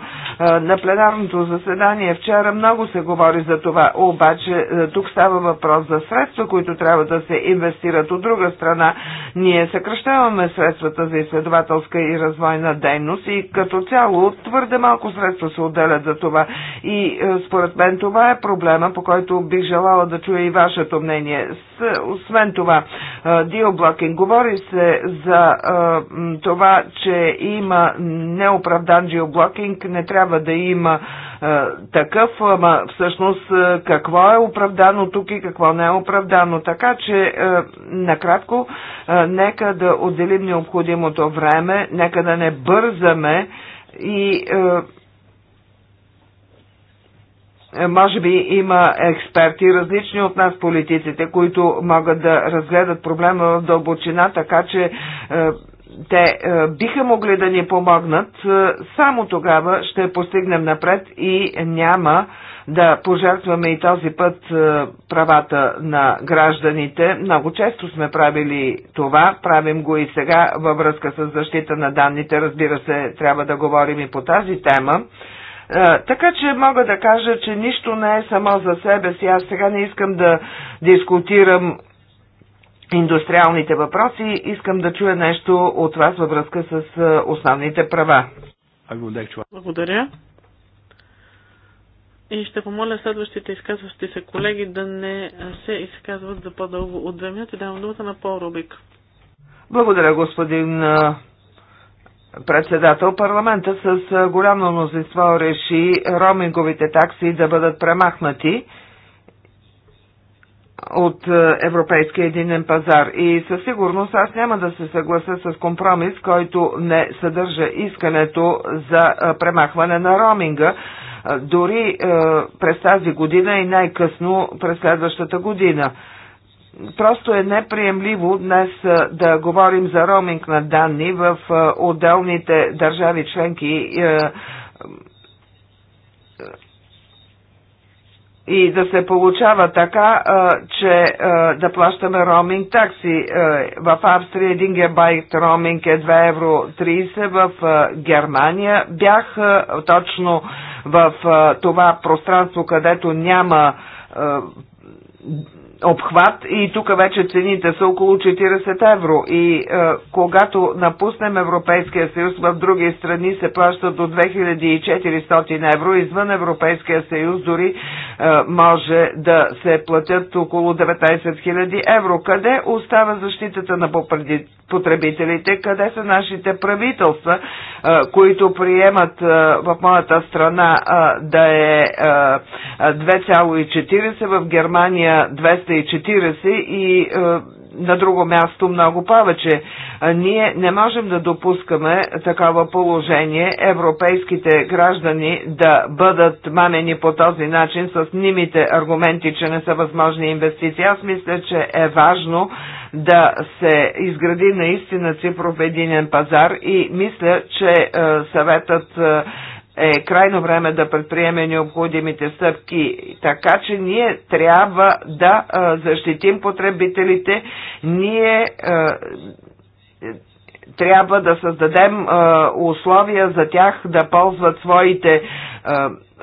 на пленарното заседание вчера много се говори за това, обаче тук става въпрос за средства, които трябва да се инвестират. От друга страна, ние съкръщаваме средствата за изследователска и развойна дейност и като цяло твърде малко средства се отделят за това. И според мен това е проблема, по който бих желала да чуя и вашето мнение. Е, освен това, диоблокинг. Е, говори се за е, това, че има неоправдан диоблокинг, не трябва да има такъв, ама всъщност какво е оправдано тук и какво не е оправдано. Така че, накратко, нека да отделим необходимото време, нека да не бързаме и е, е, може би има експерти, различни от нас политиците, които могат да разгледат проблема в дълбочина, така че е, те е, биха могли да ни помогнат. Само тогава ще постигнем напред и няма да пожертваме и този път правата на гражданите. Много често сме правили това, правим го и сега във връзка с защита на данните. Разбира се, трябва да говорим и по тази тема. Така че мога да кажа, че нищо не е само за себе си. Аз сега не искам да дискутирам индустриалните въпроси. Искам да чуя нещо от вас във връзка с основните права. Благодаря. И ще помоля следващите изказващи се колеги да не се изказват за по-дълго от две минути. Давам думата на Пол Рубик. Благодаря, господин председател, парламента с голямо мнозинство реши роминговите такси да бъдат премахнати от Европейския единен пазар. И със сигурност аз няма да се съглася с компромис, който не съдържа искането за премахване на роминга, дори през тази година и най-късно през следващата година. Просто е неприемливо днес да говорим за роуминг на данни в отделните държави членки и да се получава така, че да плащаме роуминг такси. В Австрия 1 гигабайт роминг е 2,30 евро, в Германия бях точно в това пространство, където няма обхват и тук вече цените са около 40 евро и е, когато напуснем Европейския съюз в други страни се плаща до 2400 евро, извън Европейския съюз дори е, може да се платят около 19 000 евро. Къде остава защитата на потребителите, къде са нашите правителства, е, които приемат е, в моята страна е, да е, е 2,40, в Германия 200 30 и е, на друго място много повече. Ние не можем да допускаме такова положение европейските граждани да бъдат манени по този начин с нимите аргументи, че не са възможни инвестиции. Аз мисля, че е важно да се изгради наистина цифров единен пазар и мисля, че е, съветът е, е крайно време да предприеме необходимите стъпки, така че ние трябва да защитим потребителите, ние трябва да създадем условия за тях да ползват своите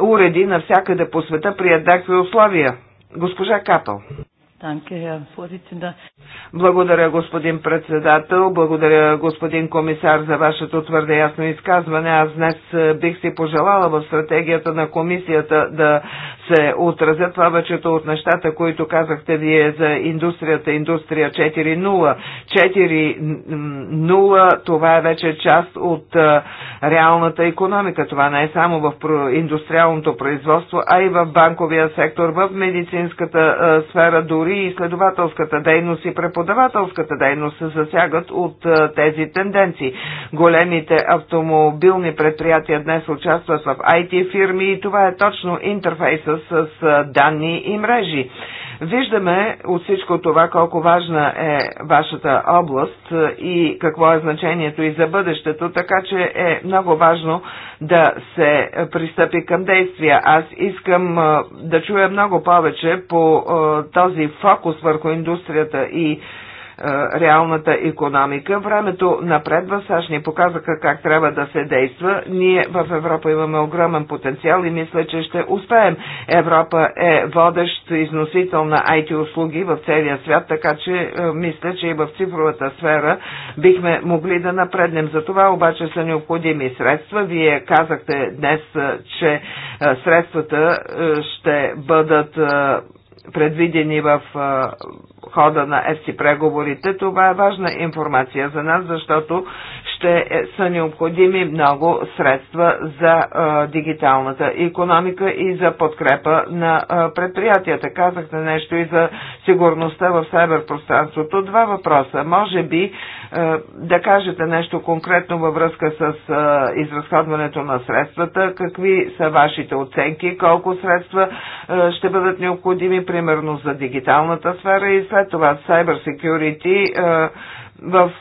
уреди навсякъде по света при еднакви условия. Госпожа Капъл. Благодаря, господин председател. Благодаря, господин комисар, за вашето твърде ясно изказване. Аз днес е, бих си пожелала в стратегията на комисията да се отразят това от нещата, които казахте вие за индустрията, индустрия 4.0. 4.0 това е вече част от реалната економика. Това не е само в индустриалното производство, а и в банковия сектор, в медицинската сфера, дори и следователската дейност и преподавателската дейност се засягат от тези тенденции. Големите автомобилни предприятия днес участват в IT фирми и това е точно интерфейса с данни и мрежи. Виждаме от всичко това колко важна е вашата област и какво е значението и за бъдещето, така че е много важно да се пристъпи към действия. Аз искам да чуя много повече по този фокус върху индустрията и е, реалната економика. Времето напредва, САЩ ни показаха как трябва да се действа. Ние в Европа имаме огромен потенциал и мисля, че ще успеем. Европа е водещ износител на IT услуги в целия свят, така че е, мисля, че и в цифровата сфера бихме могли да напреднем. За това обаче са необходими средства. Вие казахте днес, е, че средствата ще бъдат предвидени в хода на ЕСИ преговорите. Това е важна информация за нас, защото ще е, са необходими много средства за дигиталната економика и за подкрепа на предприятията. Казахте нещо и за сигурността в сайберпространството. Два въпроса. Може би е, да кажете нещо конкретно във връзка с е, изразходването на средствата, какви са вашите оценки, колко средства е, ще бъдат необходими, примерно за дигиталната сфера и след това Cyber Security в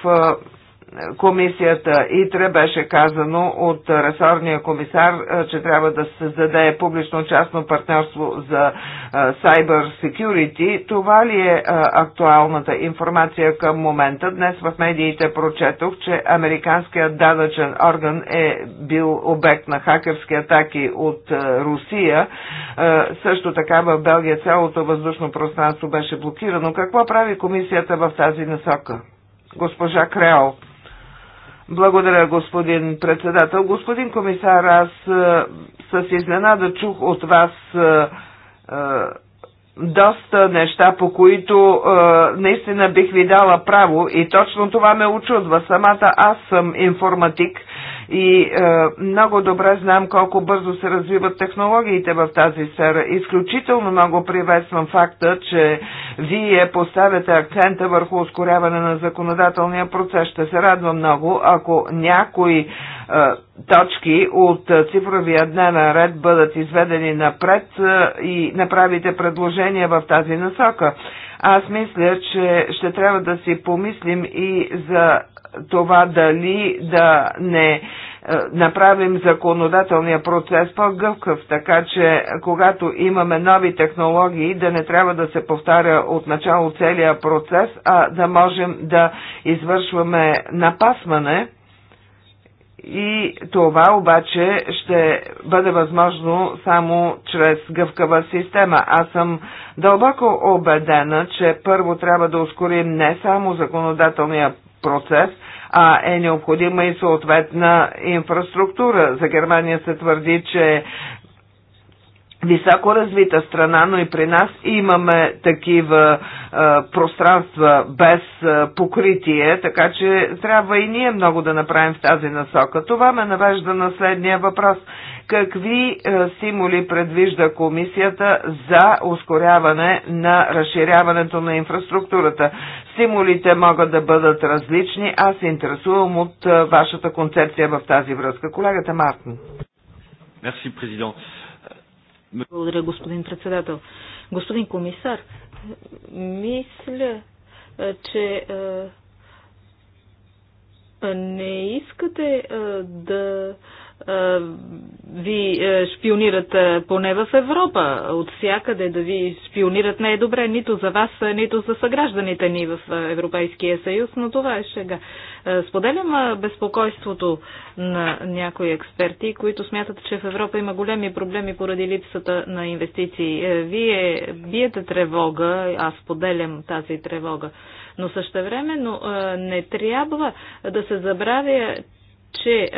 комисията ИТРЕ беше казано от ресорния комисар, че трябва да се създаде публично-частно партньорство за Cyber Security. Това ли е актуалната информация към момента? Днес в медиите прочетох, че американският данъчен орган е бил обект на хакерски атаки от Русия. Също така в Белгия цялото въздушно пространство беше блокирано. Какво прави комисията в тази насока? Госпожа Креол. Благодаря, господин председател. Господин комисар, аз е, с изненада чух от вас е, е, доста неща, по които наистина бих ви дала право и точно това ме очудва. Самата аз съм информатик и е, много добре знам колко бързо се развиват технологиите в тази сфера. Изключително много приветствам факта, че вие поставяте акцента върху ускоряване на законодателния процес. Ще се радвам много, ако някои е, точки от цифровия дневен ред бъдат изведени напред е, и направите предложения в тази насока. Аз мисля, че ще трябва да си помислим и за това дали да не е, направим законодателния процес по гъвкъв така че когато имаме нови технологии, да не трябва да се повтаря от начало целият процес, а да можем да извършваме напасване. И това обаче ще бъде възможно само чрез гъвкава система. Аз съм дълбоко убедена, че първо трябва да ускорим не само законодателния процес, а е необходима и съответна инфраструктура. За Германия се твърди, че високо развита страна, но и при нас имаме такива а, е, пространства без а, е, покритие, така че трябва и ние много да направим в тази насока. Това ме навежда на следния въпрос. Какви а, е, стимули предвижда комисията за ускоряване на разширяването на инфраструктурата? Стимулите могат да бъдат различни. Аз се интересувам от а, вашата концепция в тази връзка. Колегата Мартин. Мерси, президент. Благодаря, господин председател. Господин комисар, мисля, е, че е, не искате е, да е, ви е, шпионират е, поне в Европа. От всякъде да ви шпионират не е добре нито за вас, нито за съгражданите ни в Европейския съюз, но това е шега. Споделям безпокойството на някои експерти, които смятат, че в Европа има големи проблеми поради липсата на инвестиции. Вие биете тревога, аз споделям тази тревога, но същевременно не трябва да се забравя, че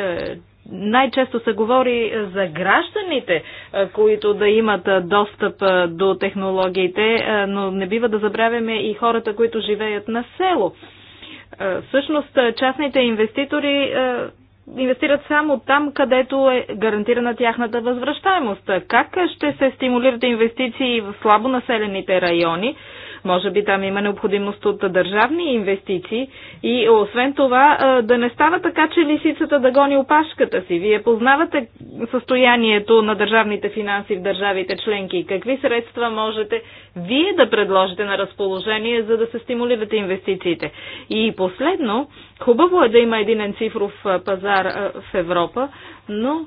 най-често се говори за гражданите, е, които да имат е, достъп е, до технологиите, но не бива да забравяме и хората, които живеят на село. Всъщност, частните инвеститори инвестират само там, където е гарантирана тяхната възвръщаемост. Как ще се стимулират инвестиции в слабо населените райони? Може би там има необходимост от държавни инвестиции и освен това да не става така, че лисицата да гони опашката си. Вие познавате състоянието на държавните финанси в държавите членки. Какви средства можете вие да предложите на разположение, за да се стимулирате инвестициите? И последно, хубаво е да има един цифров пазар в Европа, но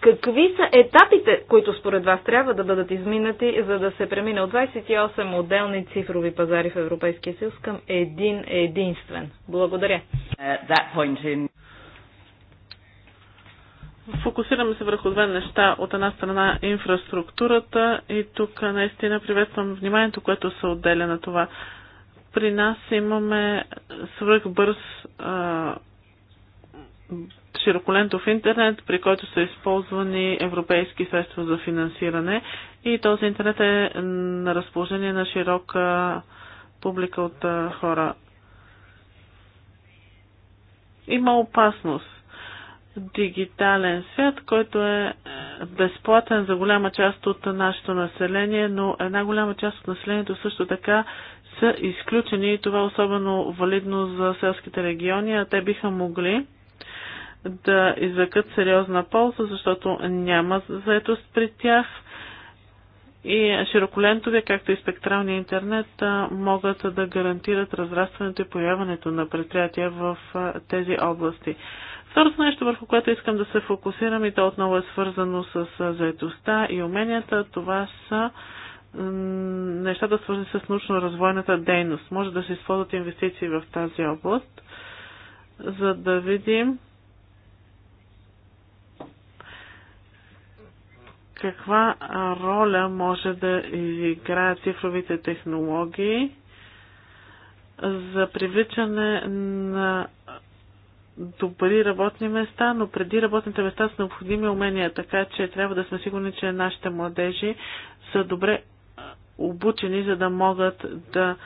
Какви са етапите, които според вас трябва да бъдат изминати, за да се премине от 28 отделни цифрови пазари в Европейския съюз към един единствен? Благодаря. Е, Фокусираме се върху две неща. От една страна инфраструктурата и тук наистина приветствам вниманието, което се отделя на това. При нас имаме свръхбърз широколентов интернет, при който са използвани европейски средства за финансиране и този интернет е на разположение на широка публика от хора. Има опасност. Дигитален свят, който е, е безплатен за голяма част от нашето население, но една голяма част от населението също така са изключени и това е особено валидно за селските региони, а те биха могли да извлекат сериозна полза, защото няма заетост при тях. И широколентовия, както и спектралния интернет, могат да гарантират разрастването и появането на предприятия в тези области. Второто нещо, върху което искам да се фокусирам и то отново е свързано с заетостта и уменията, това са нещата свързани с научно-развойната дейност. Може да се използват инвестиции в тази област, за да видим каква роля може да играят цифровите технологии за привличане на добри работни места, но преди работните места са необходими умения, така че трябва да сме сигурни, че нашите младежи са добре обучени, за да могат да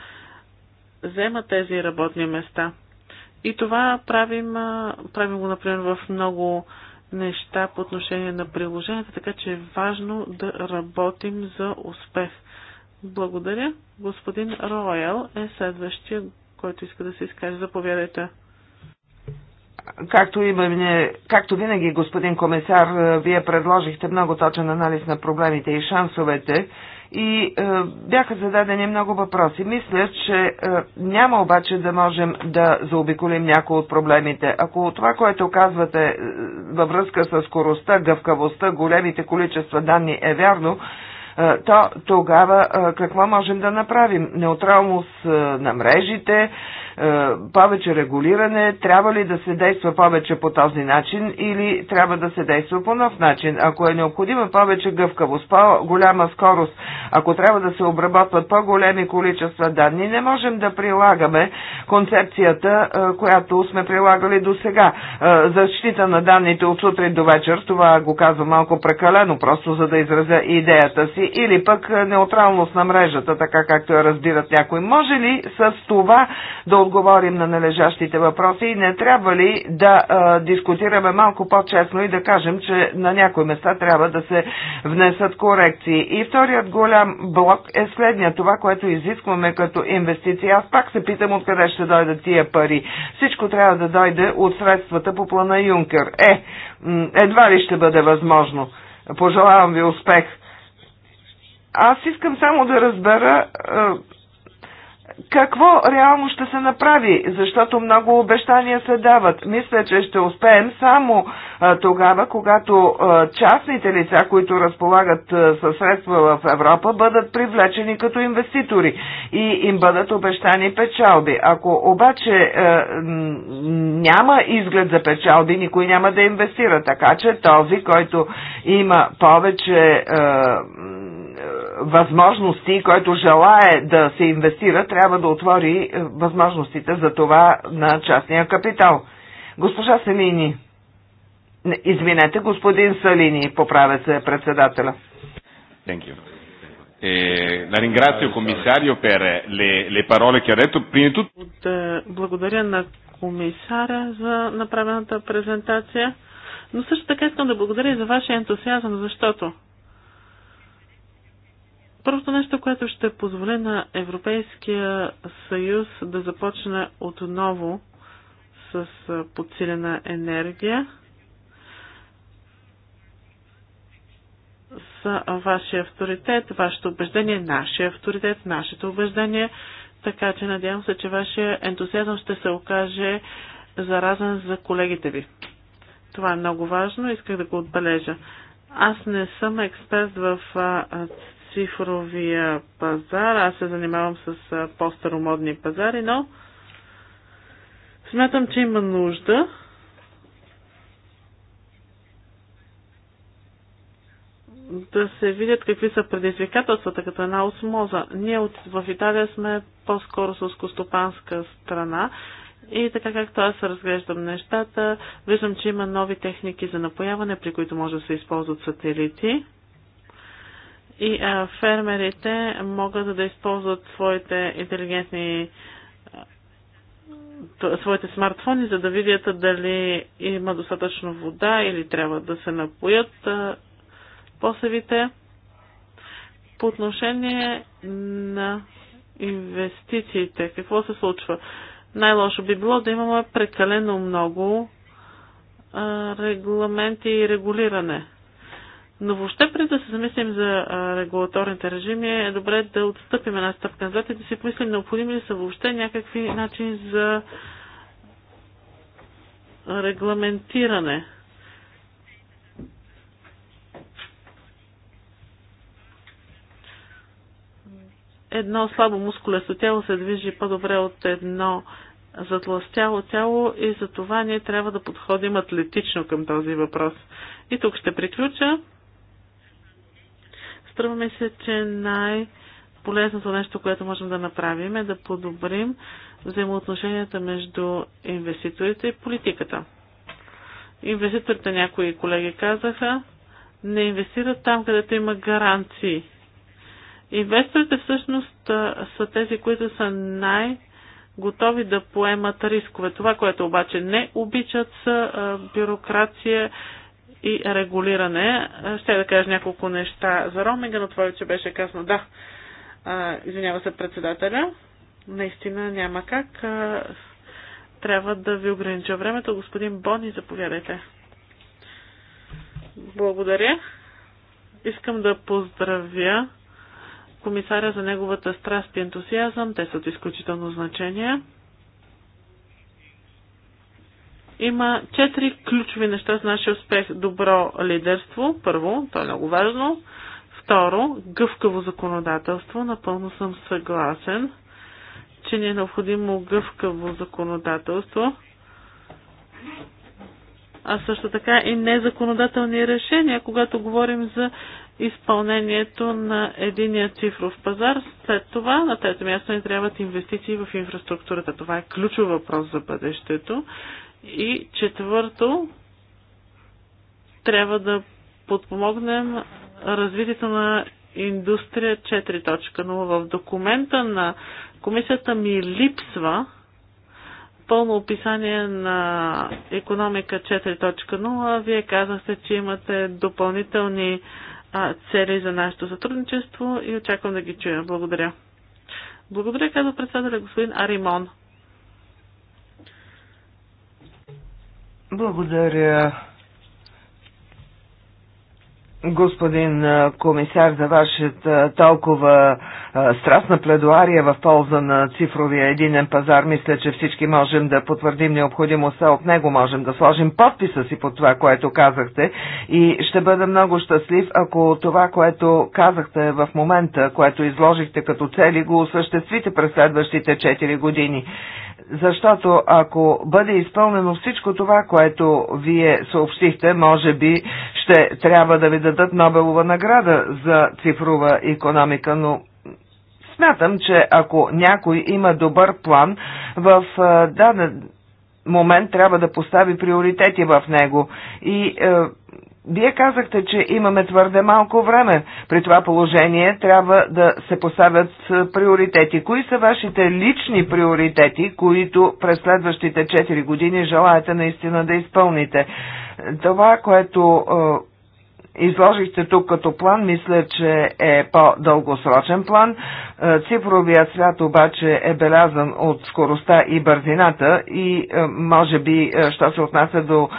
вземат тези работни места. И това правим, правим го, например, в много неща по отношение на приложенията, така че е важно да работим за успех. Благодаря. Господин Роял е следващия, който иска да се изкаже. Заповядайте. Както, имаме, както винаги, господин комисар, вие предложихте много точен анализ на проблемите и шансовете и е, бяха зададени много въпроси. Мисля, че е, няма обаче да можем да заобиколим някои от проблемите. Ако това, което казвате е, във връзка с скоростта, гъвкавостта, големите количества данни е вярно, е, то тогава е, какво можем да направим? Неутралност е, на мрежите, е, повече регулиране, трябва ли да се действа повече по този начин или трябва да се действа по нов начин? Ако е необходима повече гъвкавост, по-голяма скорост, ако трябва да се обработват по-големи количества данни, не можем да прилагаме концепцията, е, която сме прилагали до сега. Е, защита на данните от сутрин до вечер, това го казвам малко прекалено, просто за да изразя идеята си, или пък неутралност на мрежата, така както я разбират някои. Може ли с това да отговорим на належащите въпроси и не трябва ли да а, дискутираме малко по-честно и да кажем, че на някои места трябва да се внесат корекции. И вторият голям блок е следния, това, което изискваме като инвестиции. Аз пак се питам откъде ще дойдат тия пари. Всичко трябва да дойде от средствата по плана Юнкер. Е, едва ли ще бъде възможно. Пожелавам ви успех. Аз искам само да разбера какво реално ще се направи, защото много обещания се дават. Мисля, че ще успеем само а, тогава, когато а, частните лица, които разполагат а, със средства в Европа, бъдат привлечени като инвеститори и им бъдат обещани печалби. Ако обаче а, няма изглед за печалби, никой няма да инвестира. Така че този, който има повече. А, възможности, който желае да се инвестира, трябва да отвори е, възможностите за това на частния капитал. Госпожа Селини, извинете, господин Салини, поправя се председателя. Thank you. Eh, е, la ringrazio commissario per le, le parole che ha detto. Prima di tutto... Е, благодаря на комисаря за направената презентация, но също така искам да благодаря и за вашия ентусиазъм, защото Първото нещо, което ще позволи на Европейския съюз да започне отново с подсилена енергия. С вашия авторитет, вашето убеждение, нашия авторитет, нашето убеждение. Така че надявам се, че вашия ентусиазъм ще се окаже заразен за колегите ви. Това е много важно, исках да го отбележа. Аз не съм експерт в цифровия пазар. Аз се занимавам с по-старомодни пазари, но смятам, че има нужда да се видят какви са предизвикателствата като една осмоза. Ние от, в Италия сме по-скоро сълскостопанска страна и така както аз разглеждам нещата, виждам, че има нови техники за напояване, при които може да се използват сателити и а, фермерите могат да използват своите интелигентни своите смартфони, за да видят дали има достатъчно вода или трябва да се напоят посевите. По отношение на инвестициите, какво се случва? Най-лошо би било да имаме прекалено много а, регламенти и регулиране. Но въобще преди да се замислим за регулаторните режими, е добре да отстъпим една стъпка назад и да си помислим необходими ли са въобще някакви начини за регламентиране. Едно слабо мускулесто тяло се движи по-добре от едно затластяло тяло и за това ние трябва да подходим атлетично към този въпрос. И тук ще приключа. Струва ми се, че най- полезното нещо, което можем да направим е да подобрим взаимоотношенията между инвеститорите и политиката. Инвеститорите, някои колеги казаха, не инвестират там, където има гаранции. Инвесторите всъщност са тези, които са най- готови да поемат рискове. Това, което обаче не обичат са бюрокрация и регулиране. Ще да кажа няколко неща за роминга, но това вече беше казано. Да, извинява се председателя. Наистина няма как. Трябва да ви огранича времето. Господин Бони, заповядайте. Благодаря. Искам да поздравя комисаря за неговата страст и ентусиазъм. Те са от изключително значение. Има четири ключови неща за нашия успех. Добро лидерство, първо, то е много важно. Второ, гъвкаво законодателство. Напълно съм съгласен, че ни е необходимо гъвкаво законодателство. А също така и незаконодателни решения, когато говорим за изпълнението на единия цифров пазар. След това, на трето място, ни трябват инвестиции в инфраструктурата. Това е ключов въпрос за бъдещето. И четвърто, трябва да подпомогнем развитието на индустрия 4.0. В документа на комисията ми липсва пълно описание на економика 4.0. Вие казахте, че имате допълнителни цели за нашето сътрудничество и очаквам да ги чуя. Благодаря. Благодаря, казва председателя господин Аримон. Благодаря, господин комисар, за вашата толкова страстна пледуария в полза на цифровия единен пазар. Мисля, че всички можем да потвърдим необходимостта от него, можем да сложим подписа си под това, което казахте и ще бъда много щастлив, ако това, което казахте в момента, което изложихте като цели, го осъществите през следващите 4 години защото ако бъде изпълнено всичко това, което вие съобщихте, може би ще трябва да ви дадат Нобелова награда за цифрова економика, но смятам, че ако някой има добър план в даден момент трябва да постави приоритети в него и е, вие казахте, че имаме твърде малко време. При това положение трябва да се поставят приоритети. Кои са вашите лични приоритети, които през следващите 4 години желаете наистина да изпълните? Това, което е, изложихте тук като план, мисля, че е по-дългосрочен план. Е, цифровият свят обаче е белязан от скоростта и бързината и е, може би, е, що се отнася до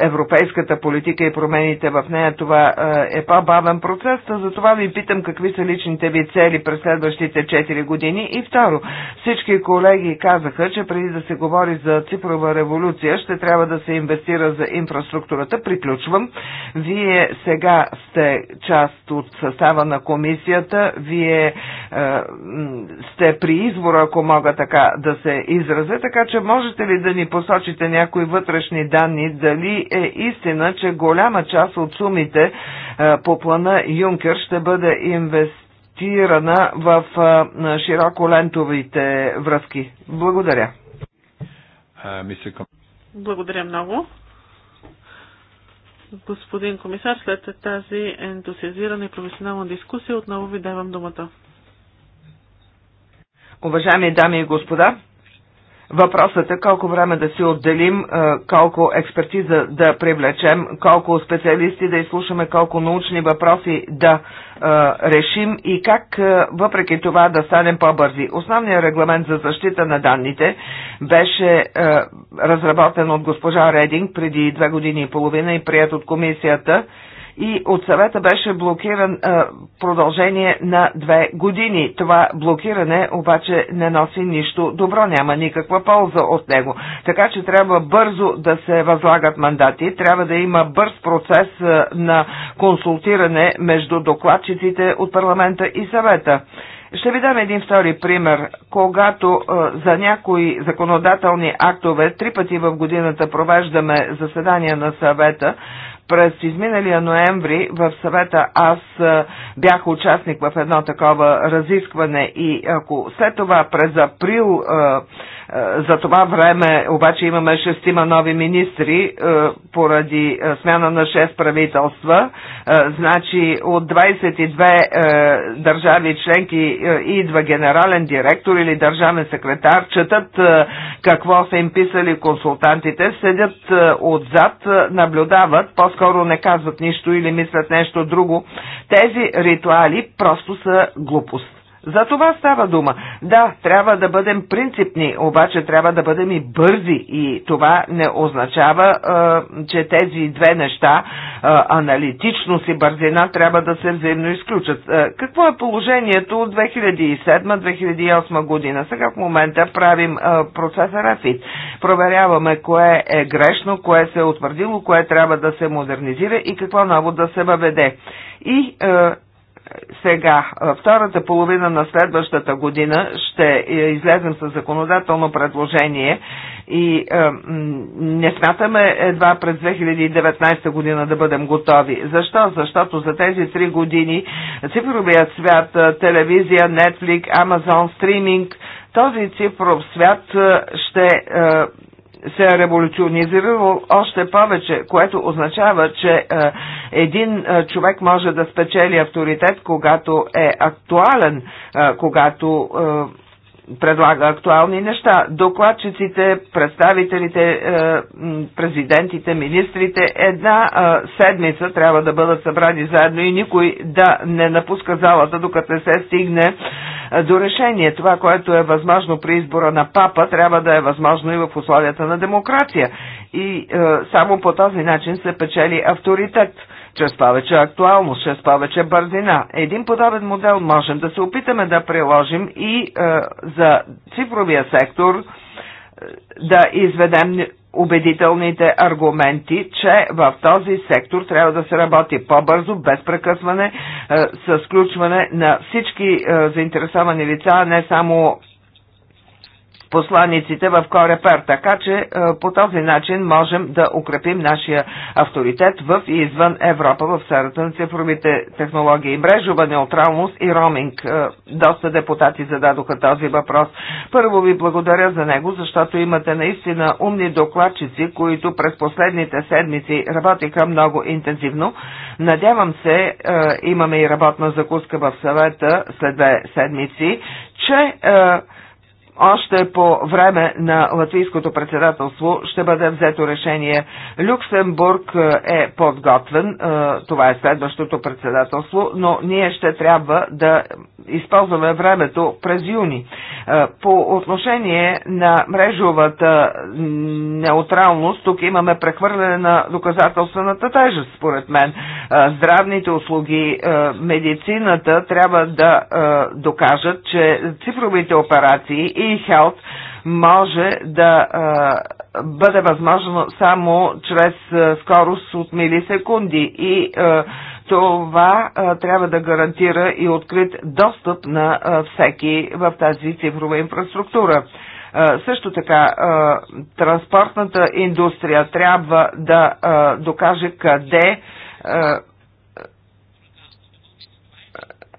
европейската политика и промените в нея, това е по-бавен процес. Затова ви питам какви са личните ви цели през следващите 4 години. И второ, всички колеги казаха, че преди да се говори за цифрова революция, ще трябва да се инвестира за инфраструктурата. Приключвам. Вие сега сте част от състава на комисията, вие е, сте при избора, ако мога така да се изразя, така че можете ли да ни посочите някои вътрешни данни, дали е истина, че голяма част от сумите е, по плана Юнкер ще бъде инвестирана в е, широколентовите връзки? Благодаря. Е, Благодаря много. Господин комисар, след тази ентусиазирана и професионална дискусия отново ви давам думата. Уважаеми дами и господа, Въпросът е колко време да си отделим, колко експертиза да привлечем, колко специалисти да изслушаме, колко научни въпроси да решим и как въпреки това да станем по-бързи. Основният регламент за защита на данните беше разработен от госпожа Рединг преди две години и половина и прият от комисията и от съвета беше блокиран а, продължение на две години. Това блокиране обаче не носи нищо добро, няма никаква полза от него. Така че трябва бързо да се възлагат мандати, трябва да има бърз процес а, на консултиране между докладчиците от парламента и съвета. Ще ви дам един втори пример. Когато а, за някои законодателни актове три пъти в годината провеждаме заседания на съвета, през изминалия ноември в съвета аз бях участник в едно такова разискване и ако след това през април за това време обаче имаме шестима нови министри поради смяна на шест правителства. Значи от 22 държави членки идва генерален директор или държавен секретар, четат какво са им писали консултантите, седят отзад, наблюдават, после по-скоро не казват нищо или мислят нещо друго. Тези ритуали просто са глупост. За това става дума. Да, трябва да бъдем принципни, обаче трябва да бъдем и бързи и това не означава, е, че тези две неща, е, аналитичност и бързина, трябва да се взаимно изключат. Е, какво е положението от 2007-2008 година? Сега в момента правим е, процеса РАФИД. Проверяваме кое е грешно, кое се е утвърдило, кое трябва да се модернизира и какво ново да се въведе. И е, сега, втората половина на следващата година ще е, излезем с законодателно предложение и е, не смятаме едва през 2019 година да бъдем готови. Защо? Защото за тези три години цифровият свят, телевизия, Netflix, Amazon, стриминг, този цифров свят ще е, се е революционизирал още повече, което означава, че е, един човек може да спечели авторитет, когато е актуален, когато предлага актуални неща. Докладчиците, представителите, президентите, министрите една седмица трябва да бъдат събрани заедно и никой да не напуска залата, докато не се стигне до решение. Това, което е възможно при избора на папа, трябва да е възможно и в условията на демокрация. И само по този начин се печели авторитет чрез повече актуалност, чрез повече бързина. Един подобен модел можем да се опитаме да приложим и е, за цифровия сектор е, да изведем убедителните аргументи, че в този сектор трябва да се работи по-бързо, без прекъсване, е, с включване на всички е, заинтересовани лица, не само посланиците в Корепер, така че е, по този начин можем да укрепим нашия авторитет в и извън Европа в сферата на цифровите технологии, мрежова неутралност и роминг. Е, доста депутати зададоха този въпрос. Първо ви благодаря за него, защото имате наистина умни докладчици, които през последните седмици работиха много интензивно. Надявам се, е, имаме и работна закуска в съвета след две седмици, че още по време на латвийското председателство ще бъде взето решение. Люксембург е, е подготвен, е, това е следващото председателство, но ние ще трябва да използваме времето през юни. Е, по отношение на мрежовата неутралност, тук имаме прехвърляне на доказателствената тежест, според мен. Здравните услуги, медицината трябва да докажат, че цифровите операции e-health може да бъде възможно само чрез скорост от милисекунди и това трябва да гарантира и открит достъп на всеки в тази цифрова инфраструктура. Също така, транспортната индустрия трябва да докаже къде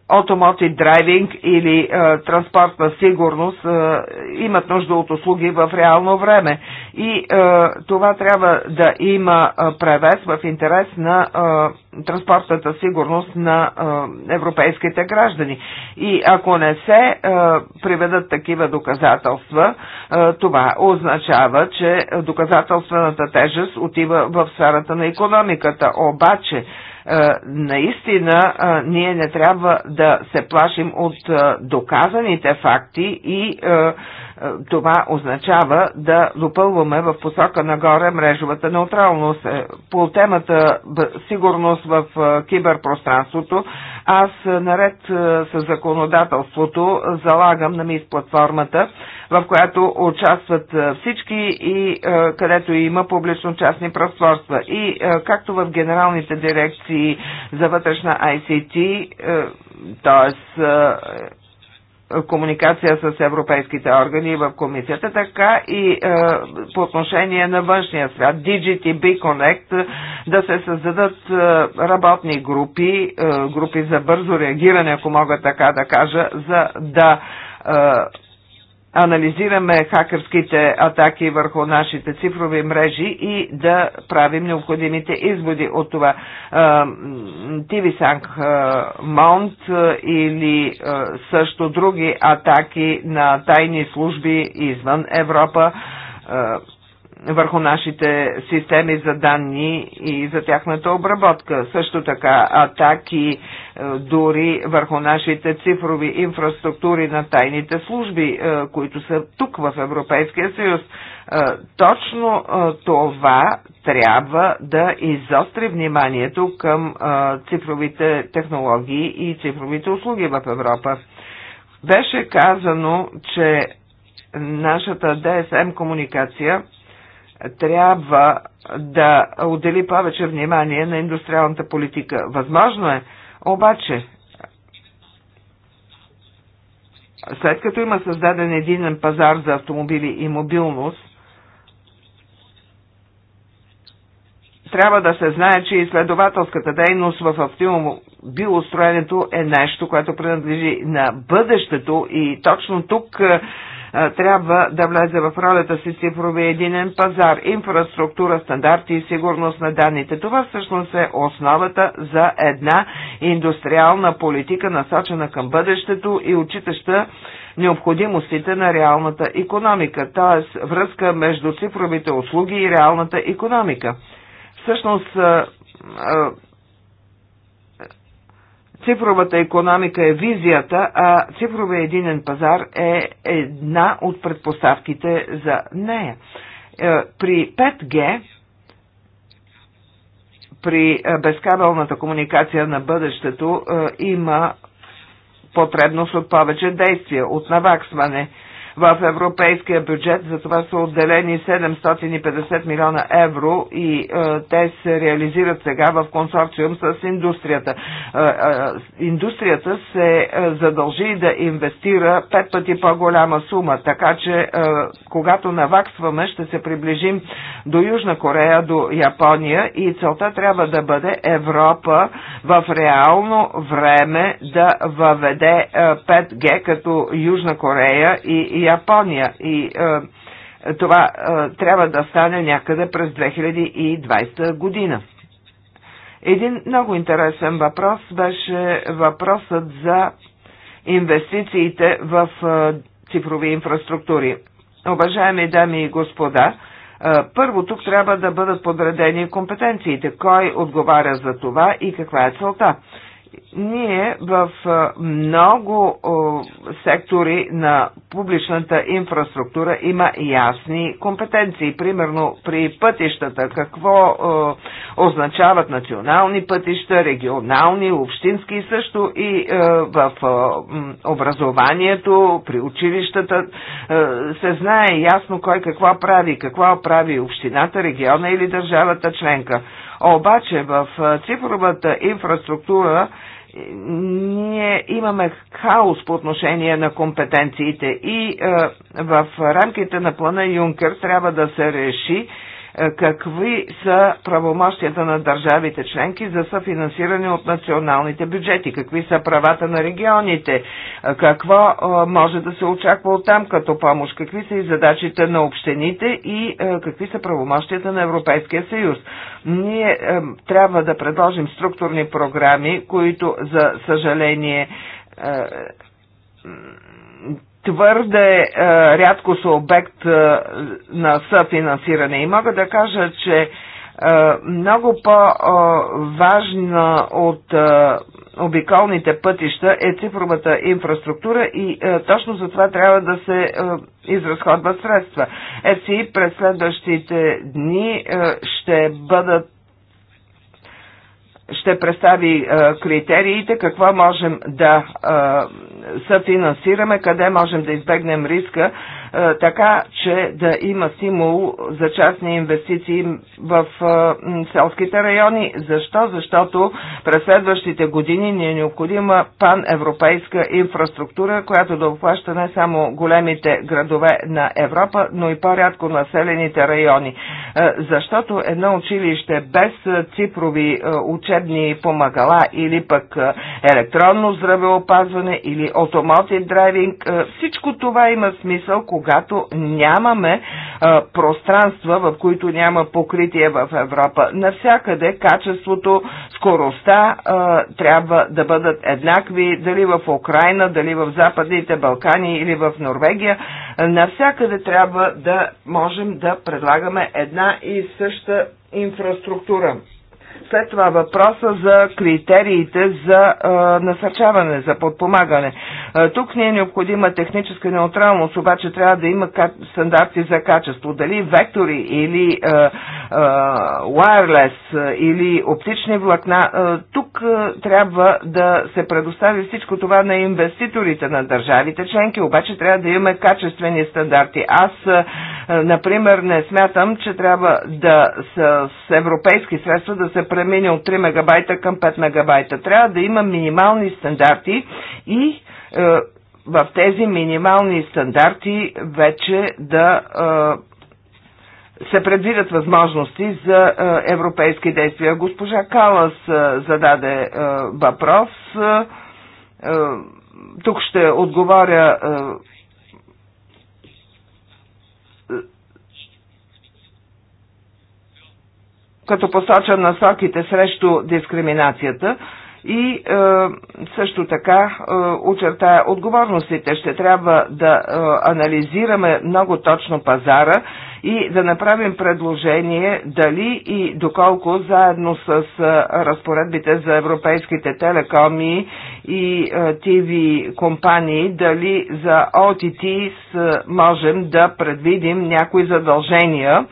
Automotive Driving или а, е, транспортна сигурност а, е, имат нужда от услуги в реално време. И а, е, това трябва да има е, превес в интерес на а, транспортната сигурност на а, европейските граждани. И ако не се а, приведат такива доказателства, а, това означава, че доказателствената тежест отива в сферата на економиката. Обаче, е, наистина е, ние не трябва да се плашим от е, доказаните факти и това означава да допълваме в посока нагоре мрежовата неутралност. По темата сигурност в киберпространството аз е, наред е, с законодателството залагам на МИС платформата, в която участват е, всички и където има публично-частни пространства. И както в генералните дирекции за вътрешна ICT, т.е комуникация с европейските органи в комисията, така и е, по отношение на външния свят. DGTB Connect е, да се създадат е, работни групи, е, групи за бързо реагиране, ако мога така да кажа, за да е, анализираме хакерските атаки върху нашите цифрови мрежи и да правим необходимите изводи от това. Тивисанг Маунт или също други атаки на тайни служби извън Европа върху нашите системи за данни и за тяхната обработка. Също така атаки е, дори върху нашите цифрови инфраструктури на тайните служби, е, които са тук в Европейския съюз. Е, точно това трябва да изостри вниманието към цифровите технологии и цифровите услуги в Европа. Беше казано, че нашата DSM комуникация – трябва да отдели повече внимание на индустриалната политика. Възможно е, обаче, след като има създаден единен пазар за автомобили и мобилност, трябва да се знае, че изследователската дейност в автомобилостроенето е нещо, което принадлежи на бъдещето и точно тук трябва да влезе в ролята си цифровия единен пазар, инфраструктура, стандарти и сигурност на данните. Това всъщност е основата за една индустриална политика, насочена към бъдещето и отчитаща необходимостите на реалната економика, т.е. връзка между цифровите услуги и реалната економика. Всъщност цифровата економика е визията, а цифровия единен пазар е една от предпоставките за нея. Е, при 5G, при е, безкабелната комуникация на бъдещето, е, има потребност от повече действия, от наваксване – в европейския бюджет, за това са отделени 750 милиона евро и е, те се реализират сега в консорциум с индустрията. Е, е, индустрията се задължи да инвестира пет пъти по-голяма сума, така че когато наваксваме, ще се приближим до Южна Корея, до Япония и целта трябва да бъде Европа в реално време да въведе 5G като Южна Корея и Япония и е, това е, трябва да стане някъде през 2020 година. Един много интересен въпрос беше въпросът за инвестициите в е, цифрови инфраструктури. Уважаеми дами и господа, е, първо тук трябва да бъдат подредени компетенциите, кой отговаря за това и каква е целта ние в много сектори на публичната инфраструктура има ясни компетенции. Примерно при пътищата, какво означават национални пътища, регионални, общински също и е, в образованието, при училищата е, се знае ясно кой какво прави, какво прави общината, региона или държавата членка. Обаче в цифровата инфраструктура е, ние имаме хаос по отношение на компетенциите и е, в рамките на плана Юнкер трябва да се реши е, какви са правомощията на държавите членки за съфинансиране от националните бюджети, какви са правата на регионите, е, какво е, може да се очаква от там като помощ, какви са и задачите на общините и какви са правомощията на Европейския съюз. Ние трябва да предложим структурни програми, които за съжаление твърде е, рядко са обект е, на съфинансиране. И мога да кажа, че е, много по-важна от е, обиколните пътища е цифровата инфраструктура и е, точно за това трябва да се е, изразходват средства. ЕЦИ през следващите дни е, ще бъдат ще представи а, е, критериите, какво можем да а, е, съфинансираме, къде можем да избегнем риска е, така че да има стимул за частни инвестиции в е, селските райони. Защо? Защото през следващите години ни е необходима паневропейска инфраструктура, която да обхваща не само големите градове на Европа, но и по-рядко населените райони. Е, защото едно училище без цифрови учебни помагала или пък електронно здравеопазване или автоматен драйвинг, всичко това има смисъл, когато нямаме а, пространства, в които няма покритие в Европа. Навсякъде качеството, скоростта а, трябва да бъдат еднакви, дали в Украина, дали в Западните Балкани или в Норвегия. Навсякъде трябва да можем да предлагаме една и съща инфраструктура. След това въпроса за критериите за а, насърчаване, за подпомагане. А, тук не е необходима техническа неутралност, обаче трябва да има стандарти за качество. Дали вектори или wireless или оптични влакна, а, тук а, трябва да се предостави всичко това на инвеститорите на държавите членки, обаче трябва да имаме качествени стандарти. Аз, а, например, не смятам, че трябва да с, с европейски средства да се пред премине от 3 мегабайта към 5 мегабайта. Трябва да има минимални стандарти и е, в тези минимални стандарти вече да е, се предвидят възможности за е, европейски действия. Госпожа Калас е, зададе е, въпрос. Е, тук ще отговоря като посоча насоките срещу дискриминацията и е, също така е, очертая отговорностите. Ще трябва да е, анализираме много точно пазара и да направим предложение дали и доколко заедно с е, разпоредбите за европейските телекоми и TV компании, дали за OTT можем да предвидим някои задължения,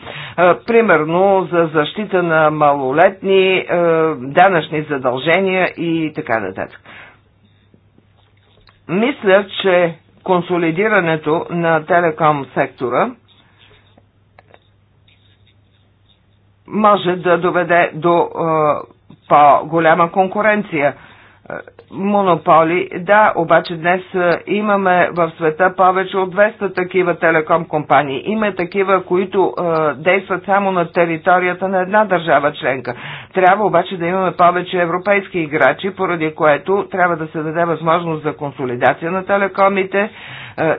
примерно за защита на малолетни, данъчни задължения и така нататък. Мисля, че консолидирането на телеком сектора може да доведе до по-голяма конкуренция монополи. Да, обаче днес имаме в света повече от 200 такива телеком компании. Има такива, които е, действат само на територията на една държава членка. Трябва обаче да имаме повече европейски играчи, поради което трябва да се даде възможност за консолидация на телекомите. Е,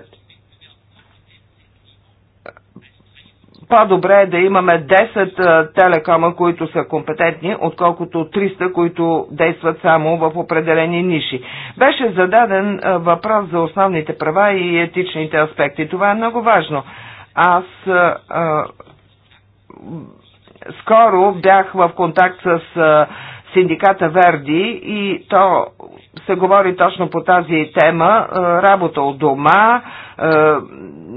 по-добре е да имаме 10 телекома, които са компетентни, отколкото 300, които действат само в определени ниши. Беше зададен въпрос за основните права и етичните аспекти. Това е много важно. Аз а, скоро бях в контакт с а, синдиката Верди и то се говори точно по тази тема. Работа от дома,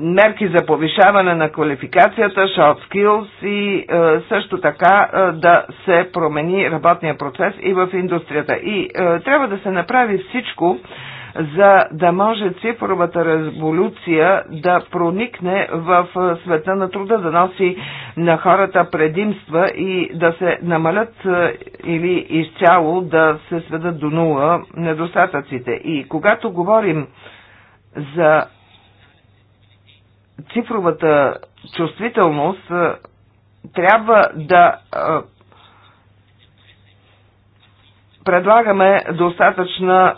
мерки за повишаване на квалификацията, short skills и е, също така е, да се промени работния процес и в индустрията. И е, трябва да се направи всичко, за да може цифровата революция да проникне в е, света на труда, да носи на хората предимства и да се намалят е, или изцяло да се сведат до нула недостатъците. И когато говорим за цифровата чувствителност трябва да предлагаме достатъчна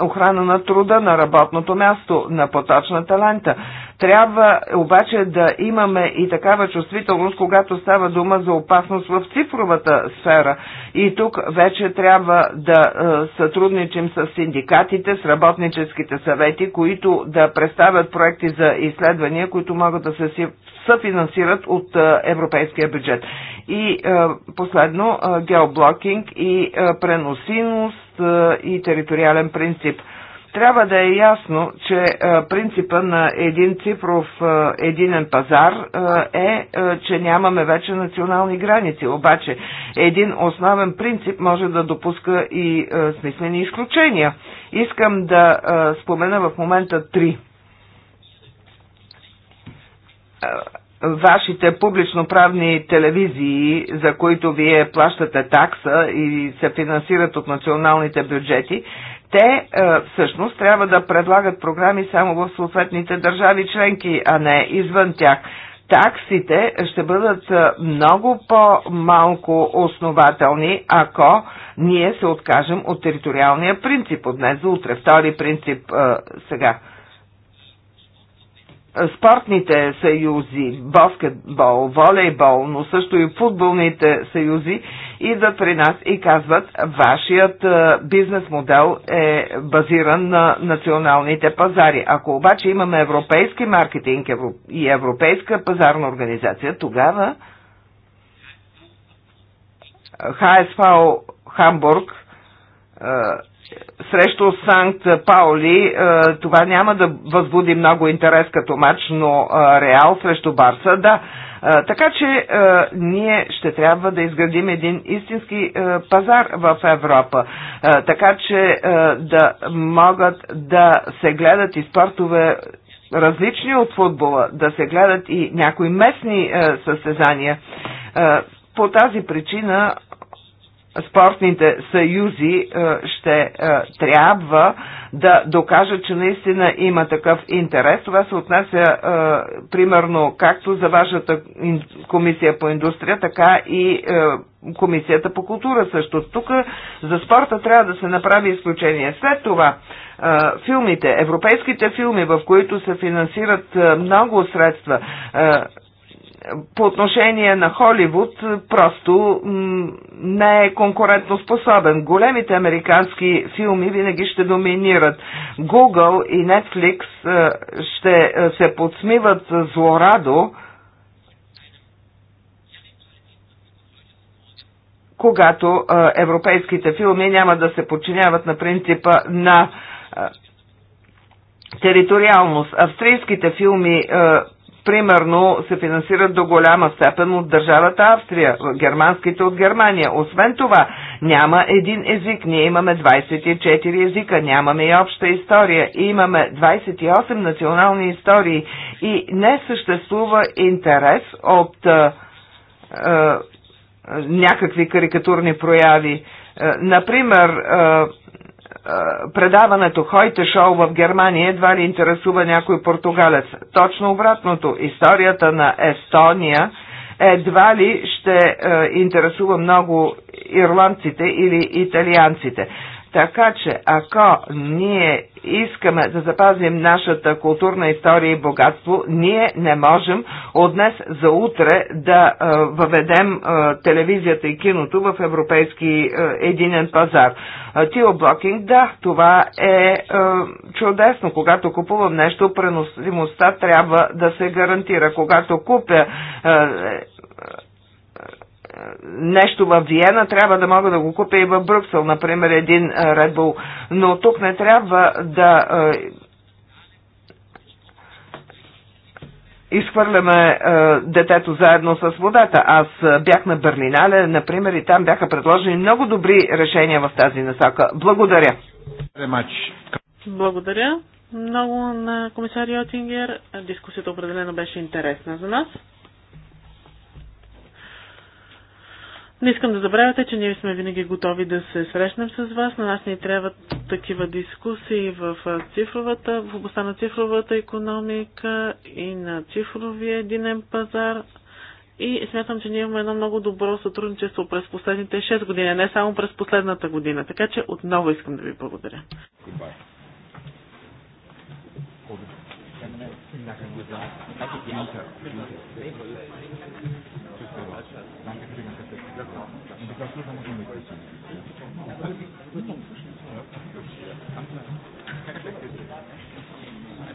охрана на труда на работното място, на поточна лента. Трябва обаче да имаме и такава чувствителност, когато става дума за опасност в цифровата сфера. И тук вече трябва да е, сътрудничим с синдикатите, с работническите съвети, които да представят проекти за изследвания, които могат да се съфинансират от е, европейския бюджет. И е, последно, геоблокинг и преносимост и териториален принцип – трябва да е ясно, че е, принципа на един цифров е, единен пазар е, е, че нямаме вече национални граници. Обаче един основен принцип може да допуска и смислени изключения. Искам да спомена в момента три вашите публично правни телевизии, за които вие плащате такса и се финансират от националните бюджети, те е, всъщност трябва да предлагат програми само в съответните държави членки, а не извън тях таксите ще бъдат е, много по-малко основателни, ако ние се откажем от териториалния принцип от днес за утре. Втори принцип е, сега спортните съюзи, баскетбол, волейбол, но също и футболните съюзи, идват при нас и казват, вашият бизнес модел е базиран на националните пазари. Ако обаче имаме европейски маркетинг и европейска пазарна организация, тогава ХСВ Хамбург срещу Санкт Паули е, това няма да възбуди много интерес като матч, но е, Реал срещу Барса да. Е, така че ние ще трябва да изградим един истински пазар в Европа, така че да могат да се гледат и спортове различни от футбола, да се гледат и някои местни състезания. По тази причина спортните съюзи е, ще е, трябва да докажат, че наистина има такъв интерес. Това се отнася е, примерно както за вашата комисия по индустрия, така и комисията по култура също. Тук за спорта трябва да се направи изключение. След това филмите, европейските филми, в които се финансират много средства, по отношение на Холивуд просто не е конкурентно способен. Големите американски филми винаги ще доминират. Google и Netflix е, ще е, се подсмиват злорадо, когато е, европейските филми няма да се подчиняват на принципа на териториалност. Австрийските филми примерно, се финансират до голяма степен от държавата Австрия, германските от Германия. Освен това, няма един език, ние имаме 24 езика, нямаме и обща история, имаме 28 национални истории и не съществува интерес от а, а, някакви карикатурни прояви. Например, а, предаването Хойте Шоу в Германия едва ли интересува някой португалец. Точно обратното, историята на Естония едва ли ще е, интересува много ирландците или италианците. Така че, ако ние искаме да запазим нашата културна история и богатство, ние не можем от днес за утре да е, въведем е, телевизията и киното в европейски е, единен пазар. Тио блокинг, да, това е чудесно. Когато купувам нещо, преносимостта трябва да се гарантира. Когато купя нещо в Виена, трябва да мога да го купя и в Брюксел, например, един Red Bull. Но тук не трябва да изхвърляме детето заедно с водата. Аз бях на Берлинале, например, и там бяха предложени много добри решения в тази насока. Благодаря. Благодаря много на комисария Отингер. Дискусията определено беше интересна за нас. Не искам да забравяте, че ние сме винаги готови да се срещнем с вас. На нас ни трябват такива дискусии в цифровата, в областта на цифровата економика и на цифровия единен пазар. И смятам, че ние имаме едно много добро сътрудничество през последните 6 години, не само през последната година. Така че отново искам да ви благодаря. Danke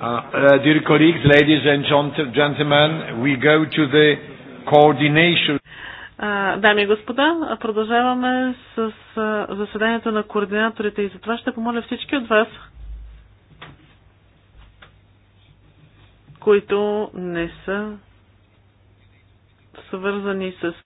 Uh, uh, dear colleagues, ladies and gentlemen, we go to the coordination. Uh, дами и господа, продължаваме с uh, заседанието на координаторите и затова ще помоля всички от вас, които не са свързани с